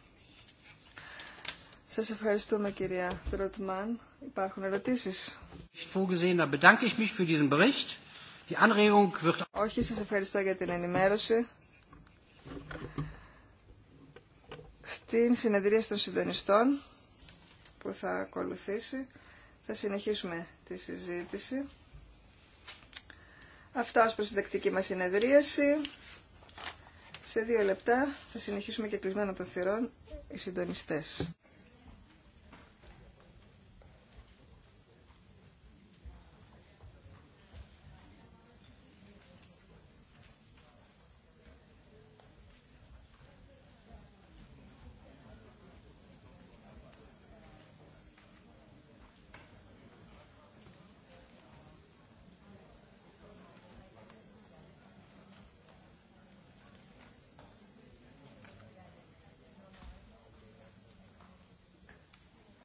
Σας ευχαριστούμε κυρία Τροτμάν. Υπάρχουν ερωτήσεις. Όχι, σας ευχαριστώ για την ενημέρωση. Στην συνεδρία των συντονιστών που θα ακολουθήσει θα συνεχίσουμε τη συζήτηση. Αυτά ως προς την τακτική μας συνεδρίαση. Σε δύο λεπτά θα συνεχίσουμε και κλεισμένο το θυρών οι συντονιστές.